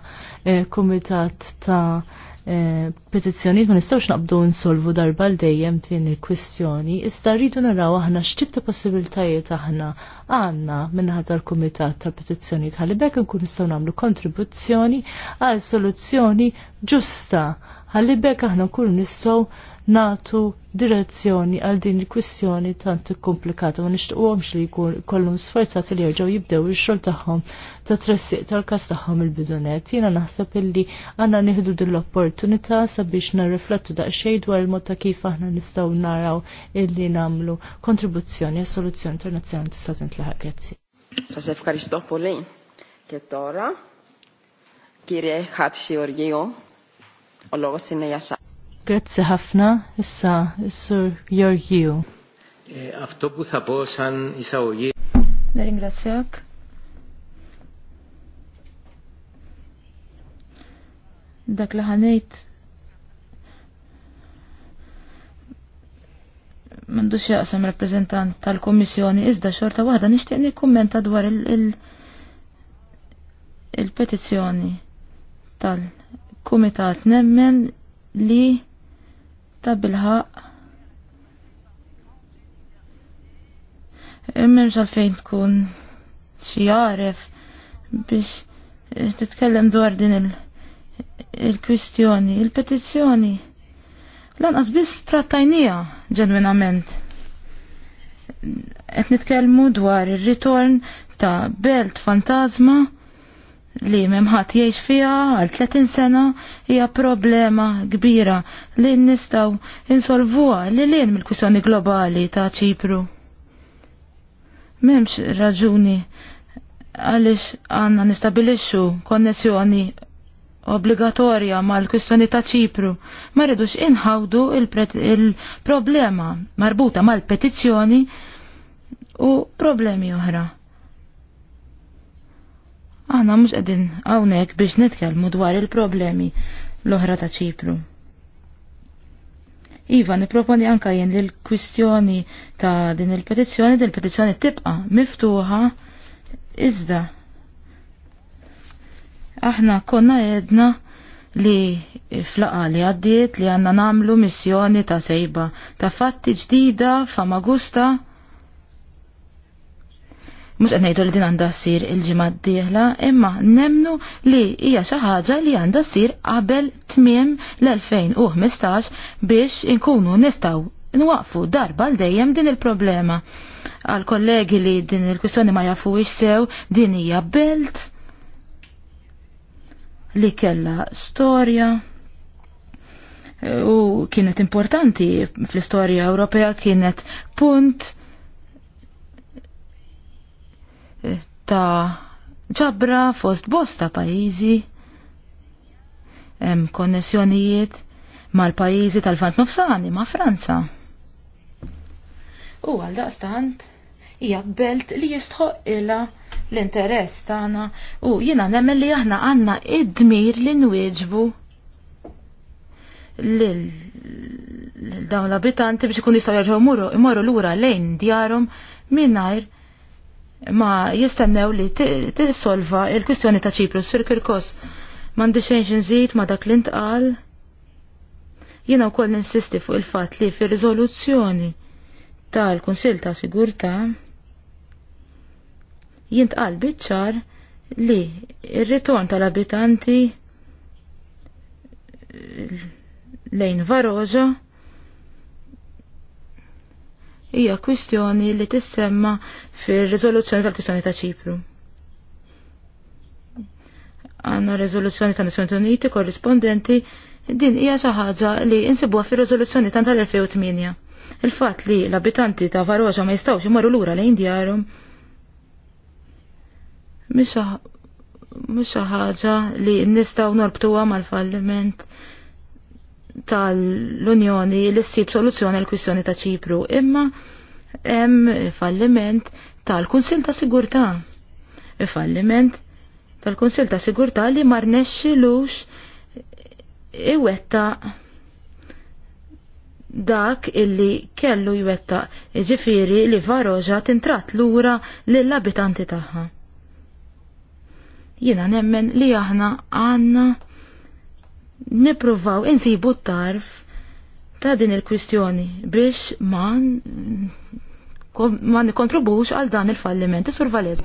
eh, kumitat ta' eh, petizzjoniet ma nistgħux naqbdu nsolvu darba l dejjem din il-kwistjoni, iżda rridu naraw aħna x'tip ta' possibiltajiet aħna għandna minnaħat tal-Kumitat tal-Petizzjonijiet ħalibek nkun nistgħu nagħmlu kontribuzzjoni għal soluzzjoni ġusta ħalli aħna nkunu nistgħu natu direzzjoni għal din il-kwistjoni tant komplikata ma xli li jkollhom sforzat li jerġgħu jibdew ix-xogħol tagħhom ta' tressiq tal-każ tagħhom il-bidunet. Jiena naħseb illi għandna nieħdu din l-opportunità sabiex nirriflettu daqsxejn dwar il-mod ta' kif aħna nistgħu naraw illi nagħmlu kontribuzzjoni għas soluzzjoni internazzjonali sa tintlaħaq. Grazzi. Sasef Karistopoli, Kettora kirje ħadd xi orjiju, u l-ogħos jasa. Grazzi ħafna, issa, Sir sur Jorgiju. Αυτό που θα πω σαν εισαγωγή. Dak li ħanejt mandu xaqsam reprezentant tal-Komissjoni iżda xorta waħda nixtieq nikkummenta dwar il-petizzjoni tal-Kumitat nemmen li ta' bilħaq. Immerġ għalfejn tkun xjaref biex titkellem dwar din il-kwistjoni, il il-petizzjoni. Lanqas biss trattajnija ġenwinament. Qed nitkellmu dwar ir-ritorn ta' belt fantasma li memħat jiex fija għal 30 sena hija problema kbira li nistaw insolvuha li lien mill-kwissjoni globali ta' Ċipru. Memx raġuni għalix għanna nistabilixxu konnessjoni obbligatorja mal-kwistjoni ta' ċipru, ma rridux inħawdu il-problema il marbuta mal-petizzjoni u problemi oħra. Aħna mhux qegħdin hawnhekk biex nitkellmu dwar il-problemi l-oħra ta' Ċipru. Iva, niproponi anka jien li l-kwistjoni ta' din il-petizzjoni, din il-petizzjoni tibqa miftuħa iżda. Aħna konna jedna li flaqa li għaddiet li għanna namlu missjoni ta' sejba ta' fatti ġdida famagusta mux għanajdu li din għanda s-sir il-ġimma d-dihla, imma nemnu li hija xi ħaġa li għanda s-sir qabel tmiem l-2015 biex inkunu nistaw nwaqfu darba l-dejjem din il-problema. Għal kollegi li din il-kwistjoni ma jafu sew, din hija belt li kella storja eh, u kienet importanti fl-istorja Ewropea kienet punt ta' ġabra fost bosta pajizi, hemm konnessjonijiet mal-pajizi tal-Fant Nofsani ma' Franza. U għal daqstant hija belt li jistħoq ilha l-interess tagħna u jiena nemmen li aħna għandna id-dmir li nwieġbu lil dawn l-abitanti biex ikun jistgħu jarġgħu imorru lura lejn djarhom mingħajr ma jistennew li tissolva il-kwistjoni ta' Ċiprus fir kirkos. Mandi xejn nżid ma dak l-intqal. Jiena wkoll insisti fuq il-fatt li fir-riżoluzzjoni tal-Kunsill ta' Sigurtà jintqal biċċar li ir-ritorn tal-abitanti lejn Varoġa hija kwistjoni li tissemma fir-riżoluzzjoni tal-kwistjoni ta' Ċipru. Għanna riżoluzzjoni ta' Nazzjoni Uniti korrispondenti din hija xi ħaġa li insibuha fir-riżoluzzjoni ta' tal-2008. Il-fatt li l-abitanti ta' Varoġa ma jistgħux imorru lura lejn djarhom mhix ħaġa li nistgħu norbtuha mal-falliment tal-Unjoni li ssib soluzzjoni l kwistjoni ta' Ċipru, imma hemm falliment tal-Kunsil ta' Sigurtà. Falliment tal-Kunsil ta' Sigurtà li mar nexxilux iwetta dak illi kellu jwetta ġifiri li varoġa tintrat lura lill-abitanti tagħha. Jiena nemmen li aħna għanna nipruvaw insibu t-tarf ta' din il-kwistjoni biex man ma nikontribux għal dan il-falliment. Isur Valez.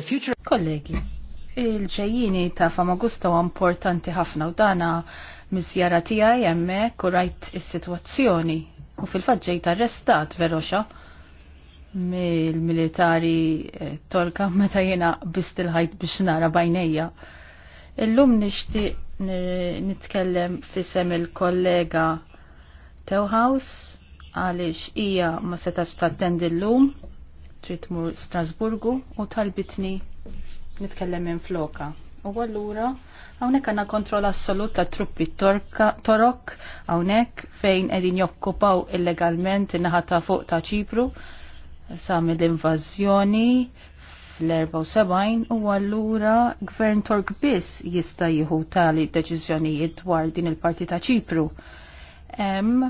Future... Kollegi, il-ġejjini ta' Famagusta u importanti ħafna u dana mizjara tiegħi hemmhekk u rajt il-situazzjoni u fil-fadġej ta' arrestat veroxa mill-militari eh, tolka meta jena bist il-ħajt biex nara bajnejja. Illum nixtieq nitkellem fisem il-kollega Tewhaus għalix ija ma setax tendi l-lum trid Strasburgu u talbitni nitkellem minn floka. U għallura hawnhekk għandna kontroll assolut ta' truppi torok hawnhekk fejn qegħdin jokkupaw illegalment in fuq ta' Ċipru sa mill-invażjoni fl-74 u allura gvern Tork biss jista' jieħu tali deċiżjonijiet dwar din il-Parti ta' Ċipru. Hemm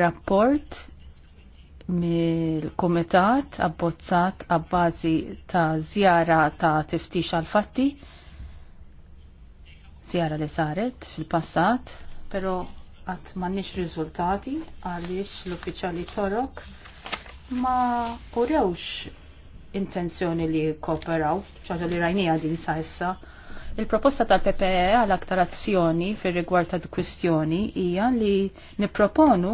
rapport mill-Kumitat abbozzat abbażi ta' żjara ta' tiftix għal fatti zjara li saret fil-passat, pero għat mannix rizultati għalix l-uffiċali torok ma urewx intenzjoni li kooperaw, ċaġa li rajnija din sa' issa. Il-proposta tal-PPE għal aktar azzjoni fir rigward ta' kwistjoni hija li nipproponu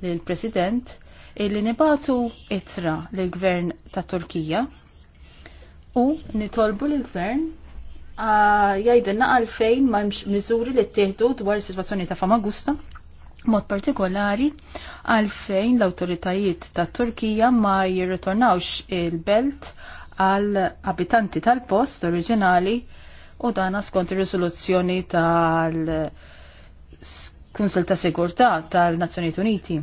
li l-President li nibatu itra l gvern ta' Turkija u nitolbu l gvern jgħidilna għalfejn ma' miżuri li ttieħdu dwar is-sitwazzjoni ta' Famagusta mod partikolari għalfejn l-autoritajiet ta' Turkija ma jirritornawx il-belt għal abitanti tal-post oriġinali u dana skont ir-riżoluzzjoni tal-Kunsel ta' Sigurtà tal-Nazzjonijiet Uniti.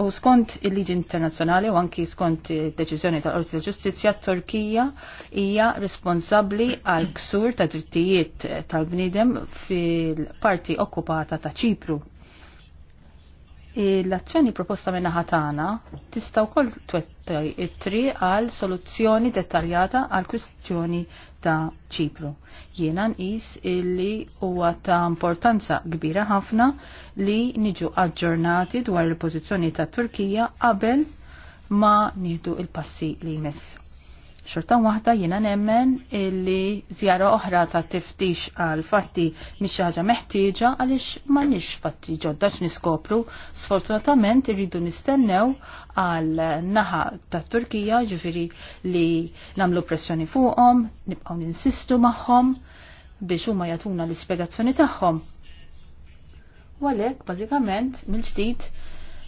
U skont il-liġi internazzjonali u anki skont il-deċiżjoni tal-Qorti ta' Ġustizzja, Turkija hija responsabbli għal ksur ta' drittijiet tal-bniedem fil-parti okkupata ta' Ċipru L-azzjoni proposta minna ħatana tista' wkoll twettaj tri għal soluzzjoni dettaljata għal kwistjoni ta' Ċipru. Jiena nqis illi huwa ta' importanza kbira ħafna li niġu aġġornati dwar il-pożizzjoni ta' Turkija qabel ma nieħdu il-passi li jmiss. Xorta waħda jiena nemmen illi zjara oħra ta' tiftix għal fatti mhix xi ħaġa meħtieġa għaliex nix fatti ġoddax niskopru. Sfortunatament irridu nistennew għal naħa ta' Turkija ġifieri li nagħmlu pressjoni fuqhom, nibqgħu ninsistu magħhom biex huma jagħtuna l-ispjegazzjoni tagħhom. U għalhekk bażikament mill-ġdid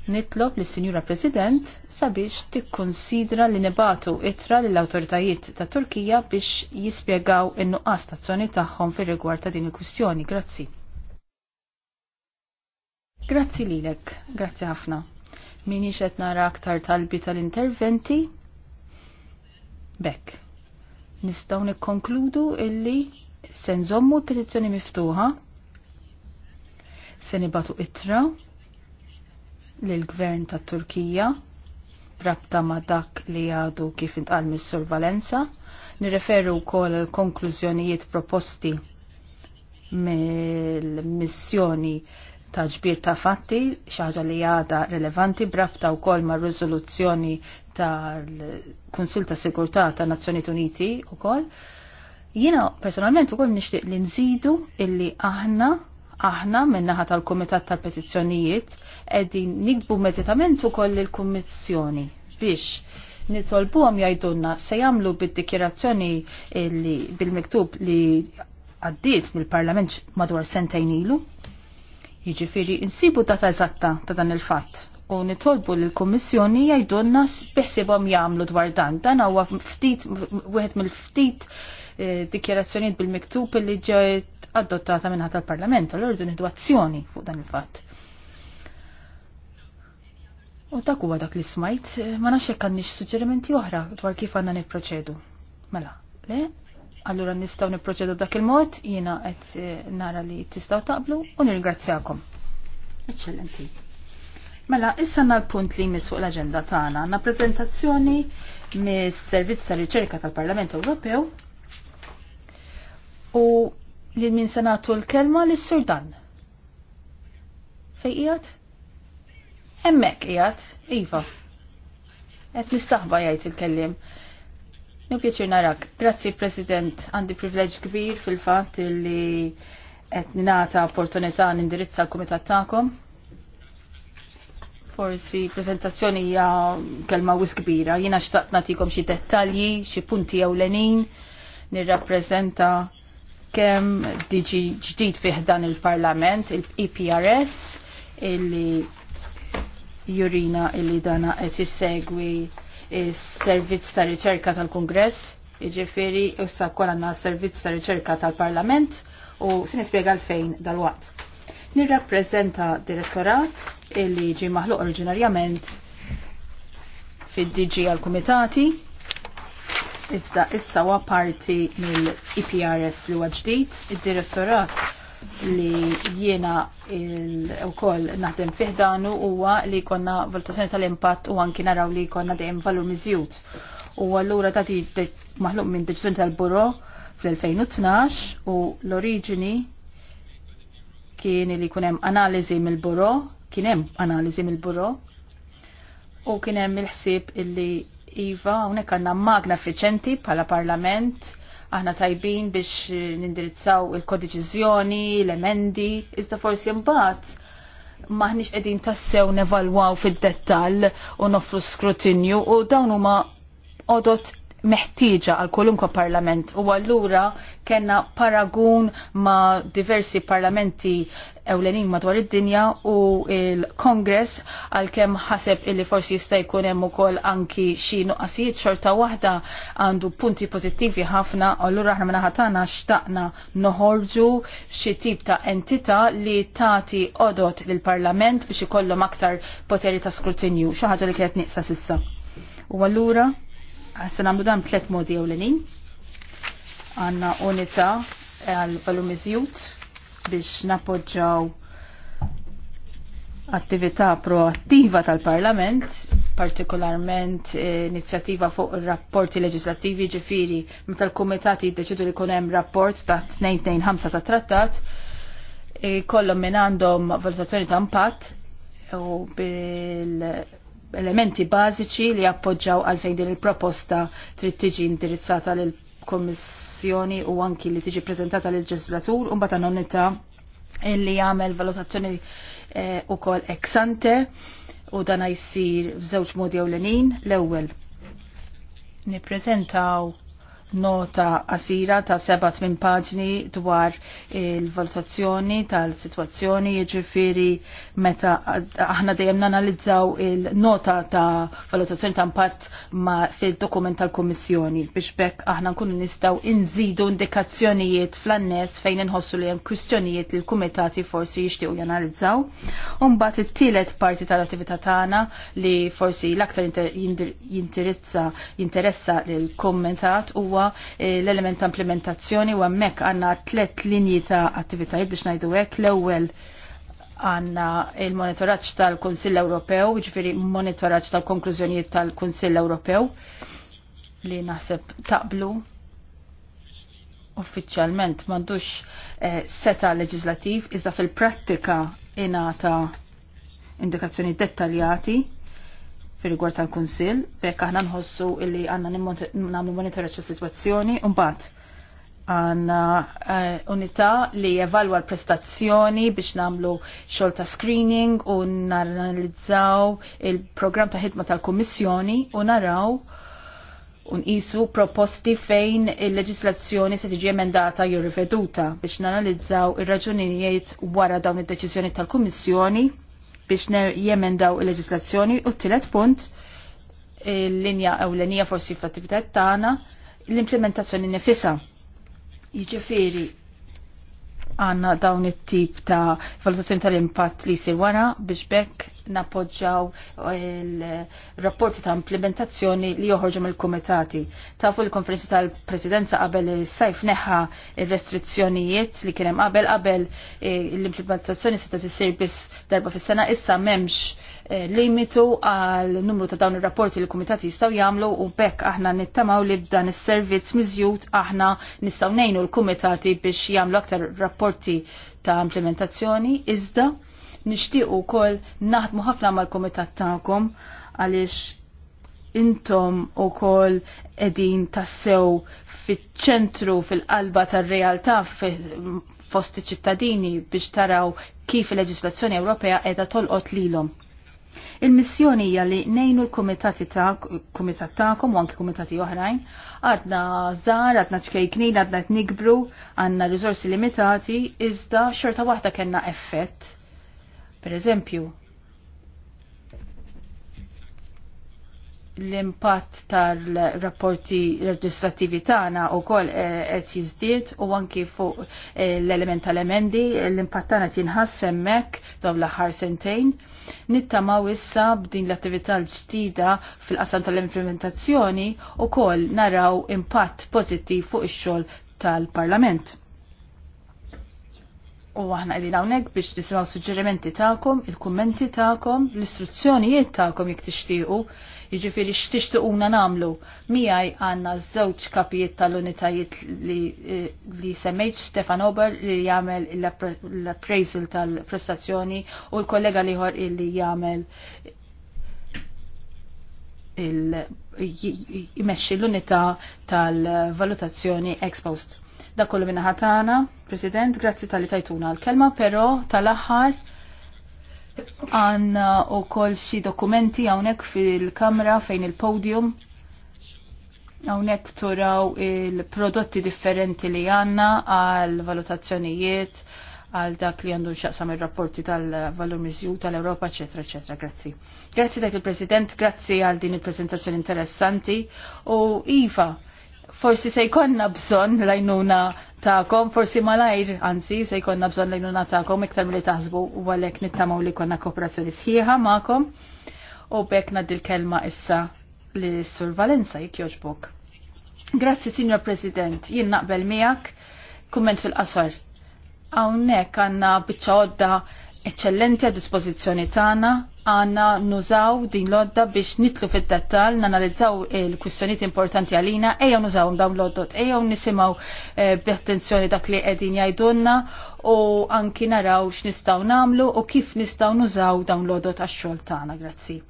nitlob li sinjura President sabiex tikkonsidra li nebatu itra l awtoritajiet ta' Turkija biex jispjegaw in-nuqqas tazzjoni tagħhom fir rigward ta' din il-kwistjoni. Grazzi. Grazzi lilek, grazzi ħafna. Min qed nara aktar talbi tal-interventi? Bekk. Nistgħu nikkonkludu illi se nżommu l-petizzjoni miftuħa, se nibatu itra lill-Gvern tat Turkija rabta ma' dak li għadu kif intqal mis-Sur Valenza. Nirreferu wkoll għal konklużjonijiet proposti mill-missjoni ta' ġbir ta' fatti, xaħġa li għada relevanti brabta u kol ma' rizoluzzjoni tal-Kunsil ta' Sigurtà ta' Nazzjoniet Uniti u kol. Jina personalment u kol nishtiq li nżidu illi aħna aħna minnaħat tal-Komitat tal-Petizzjonijiet qegħdin nikbu meditament ukoll il-Kummissjoni biex nitolbuhom jgħidulna se jagħmlu bid-dikjerazzjoni bil-miktub li għaddiet mill-Parlament madwar sentejn ilu. Jiġifieri insibu data eżatta ta' dan il-fatt u nitolbu lill l-Kommissjoni jgħidulna biħsibhom jagħmlu dwar dan. Dan huwa ftit wieħed mill-ftit eh, dikjerazzjonijiet bil-miktub li ġew adottata ad minna tal-Parlament, l-ordu nidu fuq dan il-fatt. U dak huwa dak li smajt, eh, ma nafx hekk nix suġġerimenti oħra dwar kif għandna nipproċedu. Mela, le? Allura nistgħu nipproċedu b'dak il-mod, jiena qed eh, nara li tistgħu taqblu u nirgrazzjakom. Eċċellenti. Mela, issa għanna l-punt li jmiss fuq l-agenda tagħna għandna prezentazzjoni mis Servizza tal-Riċerka tal-Parlament Ewropew u li min senatu l-kelma li s-surdan. Fej ijat? Emmek ijat, Iva. Et nistaħba jajt il-kellim. Nupjaċir narak. Grazzi, President. Għandi privileġ kbir fil-fat li et nata opportunità nindirizza l-komitat ta'kom. Forsi prezentazzjoni hija kelma wis kbira. Jiena xtaqt natikom xi dettalji, xi punti ewlenin, nirrappreżenta kemm diġi ġdid fih dan il-Parlament, il-EPRS, illi jurina illi dana qed issegwi is-servizz ta' riċerka tal-Kungress, jiġifieri issa wkoll għandna s-servizz ta' riċerka tal-Parlament u se nispjega l-fejn dal-waqt. Nirrappreżenta direttorat illi ġi maħluq oriġinarjament fid-DG għal-Kumitati iżda issa huwa parti mill-IPRS li huwa ġdid, id-direttorat li jiena wkoll naħdem fih danu huwa li konna valutazzjoni tal-impatt u anki naraw li konna dejjem valur miżjud. U allura ta' maħluq minn deċiżjoni tal-Buro fl-2012 u l-oriġini kien li hemm analiżi mill-buro, kien hemm analiżi mill-buro u kien hemm il-ħsieb illi Iva, unek għanna magna effiċenti bħala parlament, aħna tajbin biex nindirizzaw il-kodiċizjoni, l-emendi, iżda forsi mbagħad maħniġ qegħdin tassew nevalwaw fid-dettall u nofru skrutinju u dawn huma odot meħtieġa għal kolunkwa parlament u allura kena paragun ma' diversi parlamenti ewlenin madwar id-dinja u il-Kongress għal kem ħaseb illi forsi jista' jkun hemm ukoll anki xi nuqqasijiet xorta waħda għandu punti pożittivi ħafna u allura aħna minaħa tagħna xtaqna noħorġu xi tip ta' entità li tagħti odot lill-Parlament biex ikollhom aktar poteri ta' skrutinju xi ħaġa li kienet nieqsa sissa. U allura Se nagħmlu dan tliet modi ewlenin. Għandna unità għal valum iżjud biex nappoġġaw attività proattiva tal-Parlament, partikolarment eh, inizjativa fuq rapporti leġislativi ġifiri meta l-kumitati jiddeċidu li kunem rapport ta' 225 ta' trattat, eh, minn għandhom valutazzjoni ta' impatt u bil elementi bażiċi li appoġġaw għalfejn din il-proposta trid tiġi indirizzata lil kommissjoni u anki li tiġi prezentata lil ġeslatur u mbagħad nonnita li jagħmel valutazzjoni eh, ukoll ex ante u dan jsir f'żewġ modi ewlenin l-ewwel nippreżentaw nota qasira ta' 7-8 paġni dwar il-valutazzjoni tal-situazzjoni jiġifieri meta aħna dejjem nanalizzaw il-nota ta' valutazzjoni ta' impatt ma' fil-dokument tal-Kummissjoni biex bekk aħna nkunu nistgħu inżidu indikazzjonijiet fl-annes fejn inħossu li hemm kwistjonijiet li l-kumitati forsi jixtiequ janalizzaw. mbagħad it-tielet parti tal-attività tagħna li forsi l-aktar jinteressa jinteressa lil kummentat huwa huwa eh, l-element ta' implementazzjoni u hemmhekk għandna tliet linji ta' attivitajiet biex ngħidu hekk l-ewwel għanna il-monitoraċ tal-Konsill Ewropew, ġifiri monitoraċ tal-konklużjonijiet tal-Konsill Ewropew li naħseb taqblu uffiċjalment mandux eh, seta leġislativ iżda fil-prattika inata indikazzjoni dettaljati fil-rigward tal-Kunsill, fekk aħna nħossu illi għanna nagħmlu monitoraġġ is-sitwazzjoni u mbagħad għanna eh, unità li jevalwa l-prestazzjoni biex namlu xolta screening u naranalizzaw il-programm ta' ħidma tal-Kummissjoni u naraw isu proposti fejn il-leġislazzjoni se tiġi emendata jew riveduta biex nanalizzaw ir-raġunijiet wara dawn id-deċiżjoni tal-Kummissjoni biex jemendaw il-leġislazzjoni u t-tielet punt l-linja ewlenija forsi fl-attività tagħna l-implementazzjoni nifisa. Jiġifieri għandna dawn it-tip ta' valutazzjoni tal-impatt li jsir wara biex bekk nappoġġaw eh, il-rapporti ta' implementazzjoni li joħorġu mill-kumitati. Tafu l-konferenzi tal-presidenza qabel sajf neħħa il-restrizzjonijiet li kienem qabel qabel eh, l-implementazzjoni se tisir biss darba fis-sena issa memx eh, limitu għal numru ta' dawn ir-rapporti li l-kumitati jistgħu jagħmlu u bekk aħna nittamaw li b'dan is-servizz miżjud aħna nistgħu ngħinu l-kumitati biex jagħmlu aktar rapporti ta' implementazzjoni iżda nixtieq ukoll naħdmu ħafna mal-kumitat tagħkom għaliex intom ukoll qegħdin tassew fiċ-ċentru fil-qalba tar-realtà fost ċittadini biex taraw kif il-leġislazzjoni Ewropea qiegħda tolqot lilhom. Il-missjoni hija li nejnu l-kumitati ta' kumitat ta'kom u anki kumitati oħrajn, għadna żar, għadna ċkejknin, għadna nikbru, għandna rizorsi limitati, iżda xorta waħda kellna effett. Per eżempju, l-impatt tal-rapporti reġistrativi tagħna wkoll eh, qed jiżdied u anki fuq eh, l-element tal-emendi l-impatt tagħna jinħass hemmhekk dawn l-aħħar sentejn. Nittamaw issa b'din l-attività l-ġdida fil-qasam tal-implementazzjoni ukoll naraw impatt pożittiv fuq ix-xogħol tal-Parlament. U aħna għedin hawnhekk biex nisimgħu suġġerimenti tagħkom, il-kummenti tagħkom, l-istruzzjonijiet tagħkom jekk tixtiequ, jiġifieri x'tixtiequna nagħmlu. Mijaj għandna żewġ kapijiet tal-unitajiet eh, li, semmejt Stefan Ober li jagħmel l-appraisal tal-prestazzjoni u l-kollega liħor li jagħmel il-imexxi l-unità tal-valutazzjoni ex post. Da kollu minna ħatana, President, grazzi tal-li tajtuna għal-kelma, pero tal-axħar għanna u koll xi dokumenti għawnek fil-kamra fejn il-podium għawnek turaw il-prodotti differenti li għanna għal-valutazzjonijiet għal dak li għandu xaqsam il-rapporti tal-valur mizju tal-Europa, ecc. ecc. Grazzi. Grazzi dak il-President, grazzi għal din il-prezentazzjoni interessanti u Iva, forsi se jkonna bżonn lajnuna ta'kom, forsi malajr, anzi, se jkonna bżonn lajnuna ta'kom, iktar mill taħsbu u għalek nittamaw li konna kooperazzjoni sħiħa ma'kom. U bekk naddil kelma issa li Sur Valenza jek Grazzi, Signor President, jien naqbel miegħek, kumment fil-qasar. Hawnhekk għandna biċċa għodda eċċellenti a dispożizzjoni tagħna għanna nużaw din lodda biex nitlu fil-dettal, nanalizzaw il-kwistjoniet importanti għalina, eja nużaw dawn loddot, eja nisimaw eh, b'attenzjoni dak li edin jajdunna u anki naraw x'nistgħu namlu u kif nistgħu nużaw dawn loddot għax-xogħol tagħna, grazzi.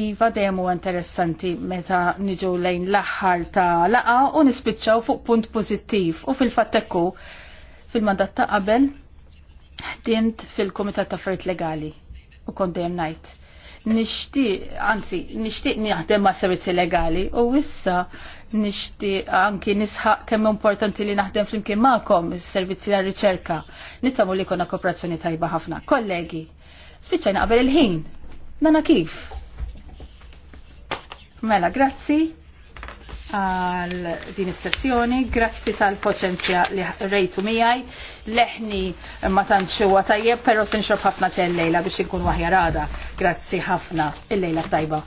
Iva dejjem huwa interessanti meta niġu lejn l-aħħar ta' laqa u nispiċċaw fuq punt pożittiv u fil-fattekku fil-mandat ta' qabel Tint fil-Komitat ta' Affarijiet Legali u kont dejjem ngħid. Nixtieq, anzi, nixtieq niħdem ma' servizzi legali u issa nixtieq anki nisħaq kemm importanti li naħdem flimkien magħkom is-servizzi la' riċerka. Nittamu li jkollna kooperazzjoni tajba ħafna. Kollegi, spiċċajna qabel il-ħin. Nana kif? Mela, grazzi għal din is-sessjoni. Grazzi tal poċenzja li rejtu miegħi. Leħni ma tantx huwa tajjeb, però se nxrob ħafna tellejla biex inkun waħjar rada. Grazzi ħafna il-lejla tajba.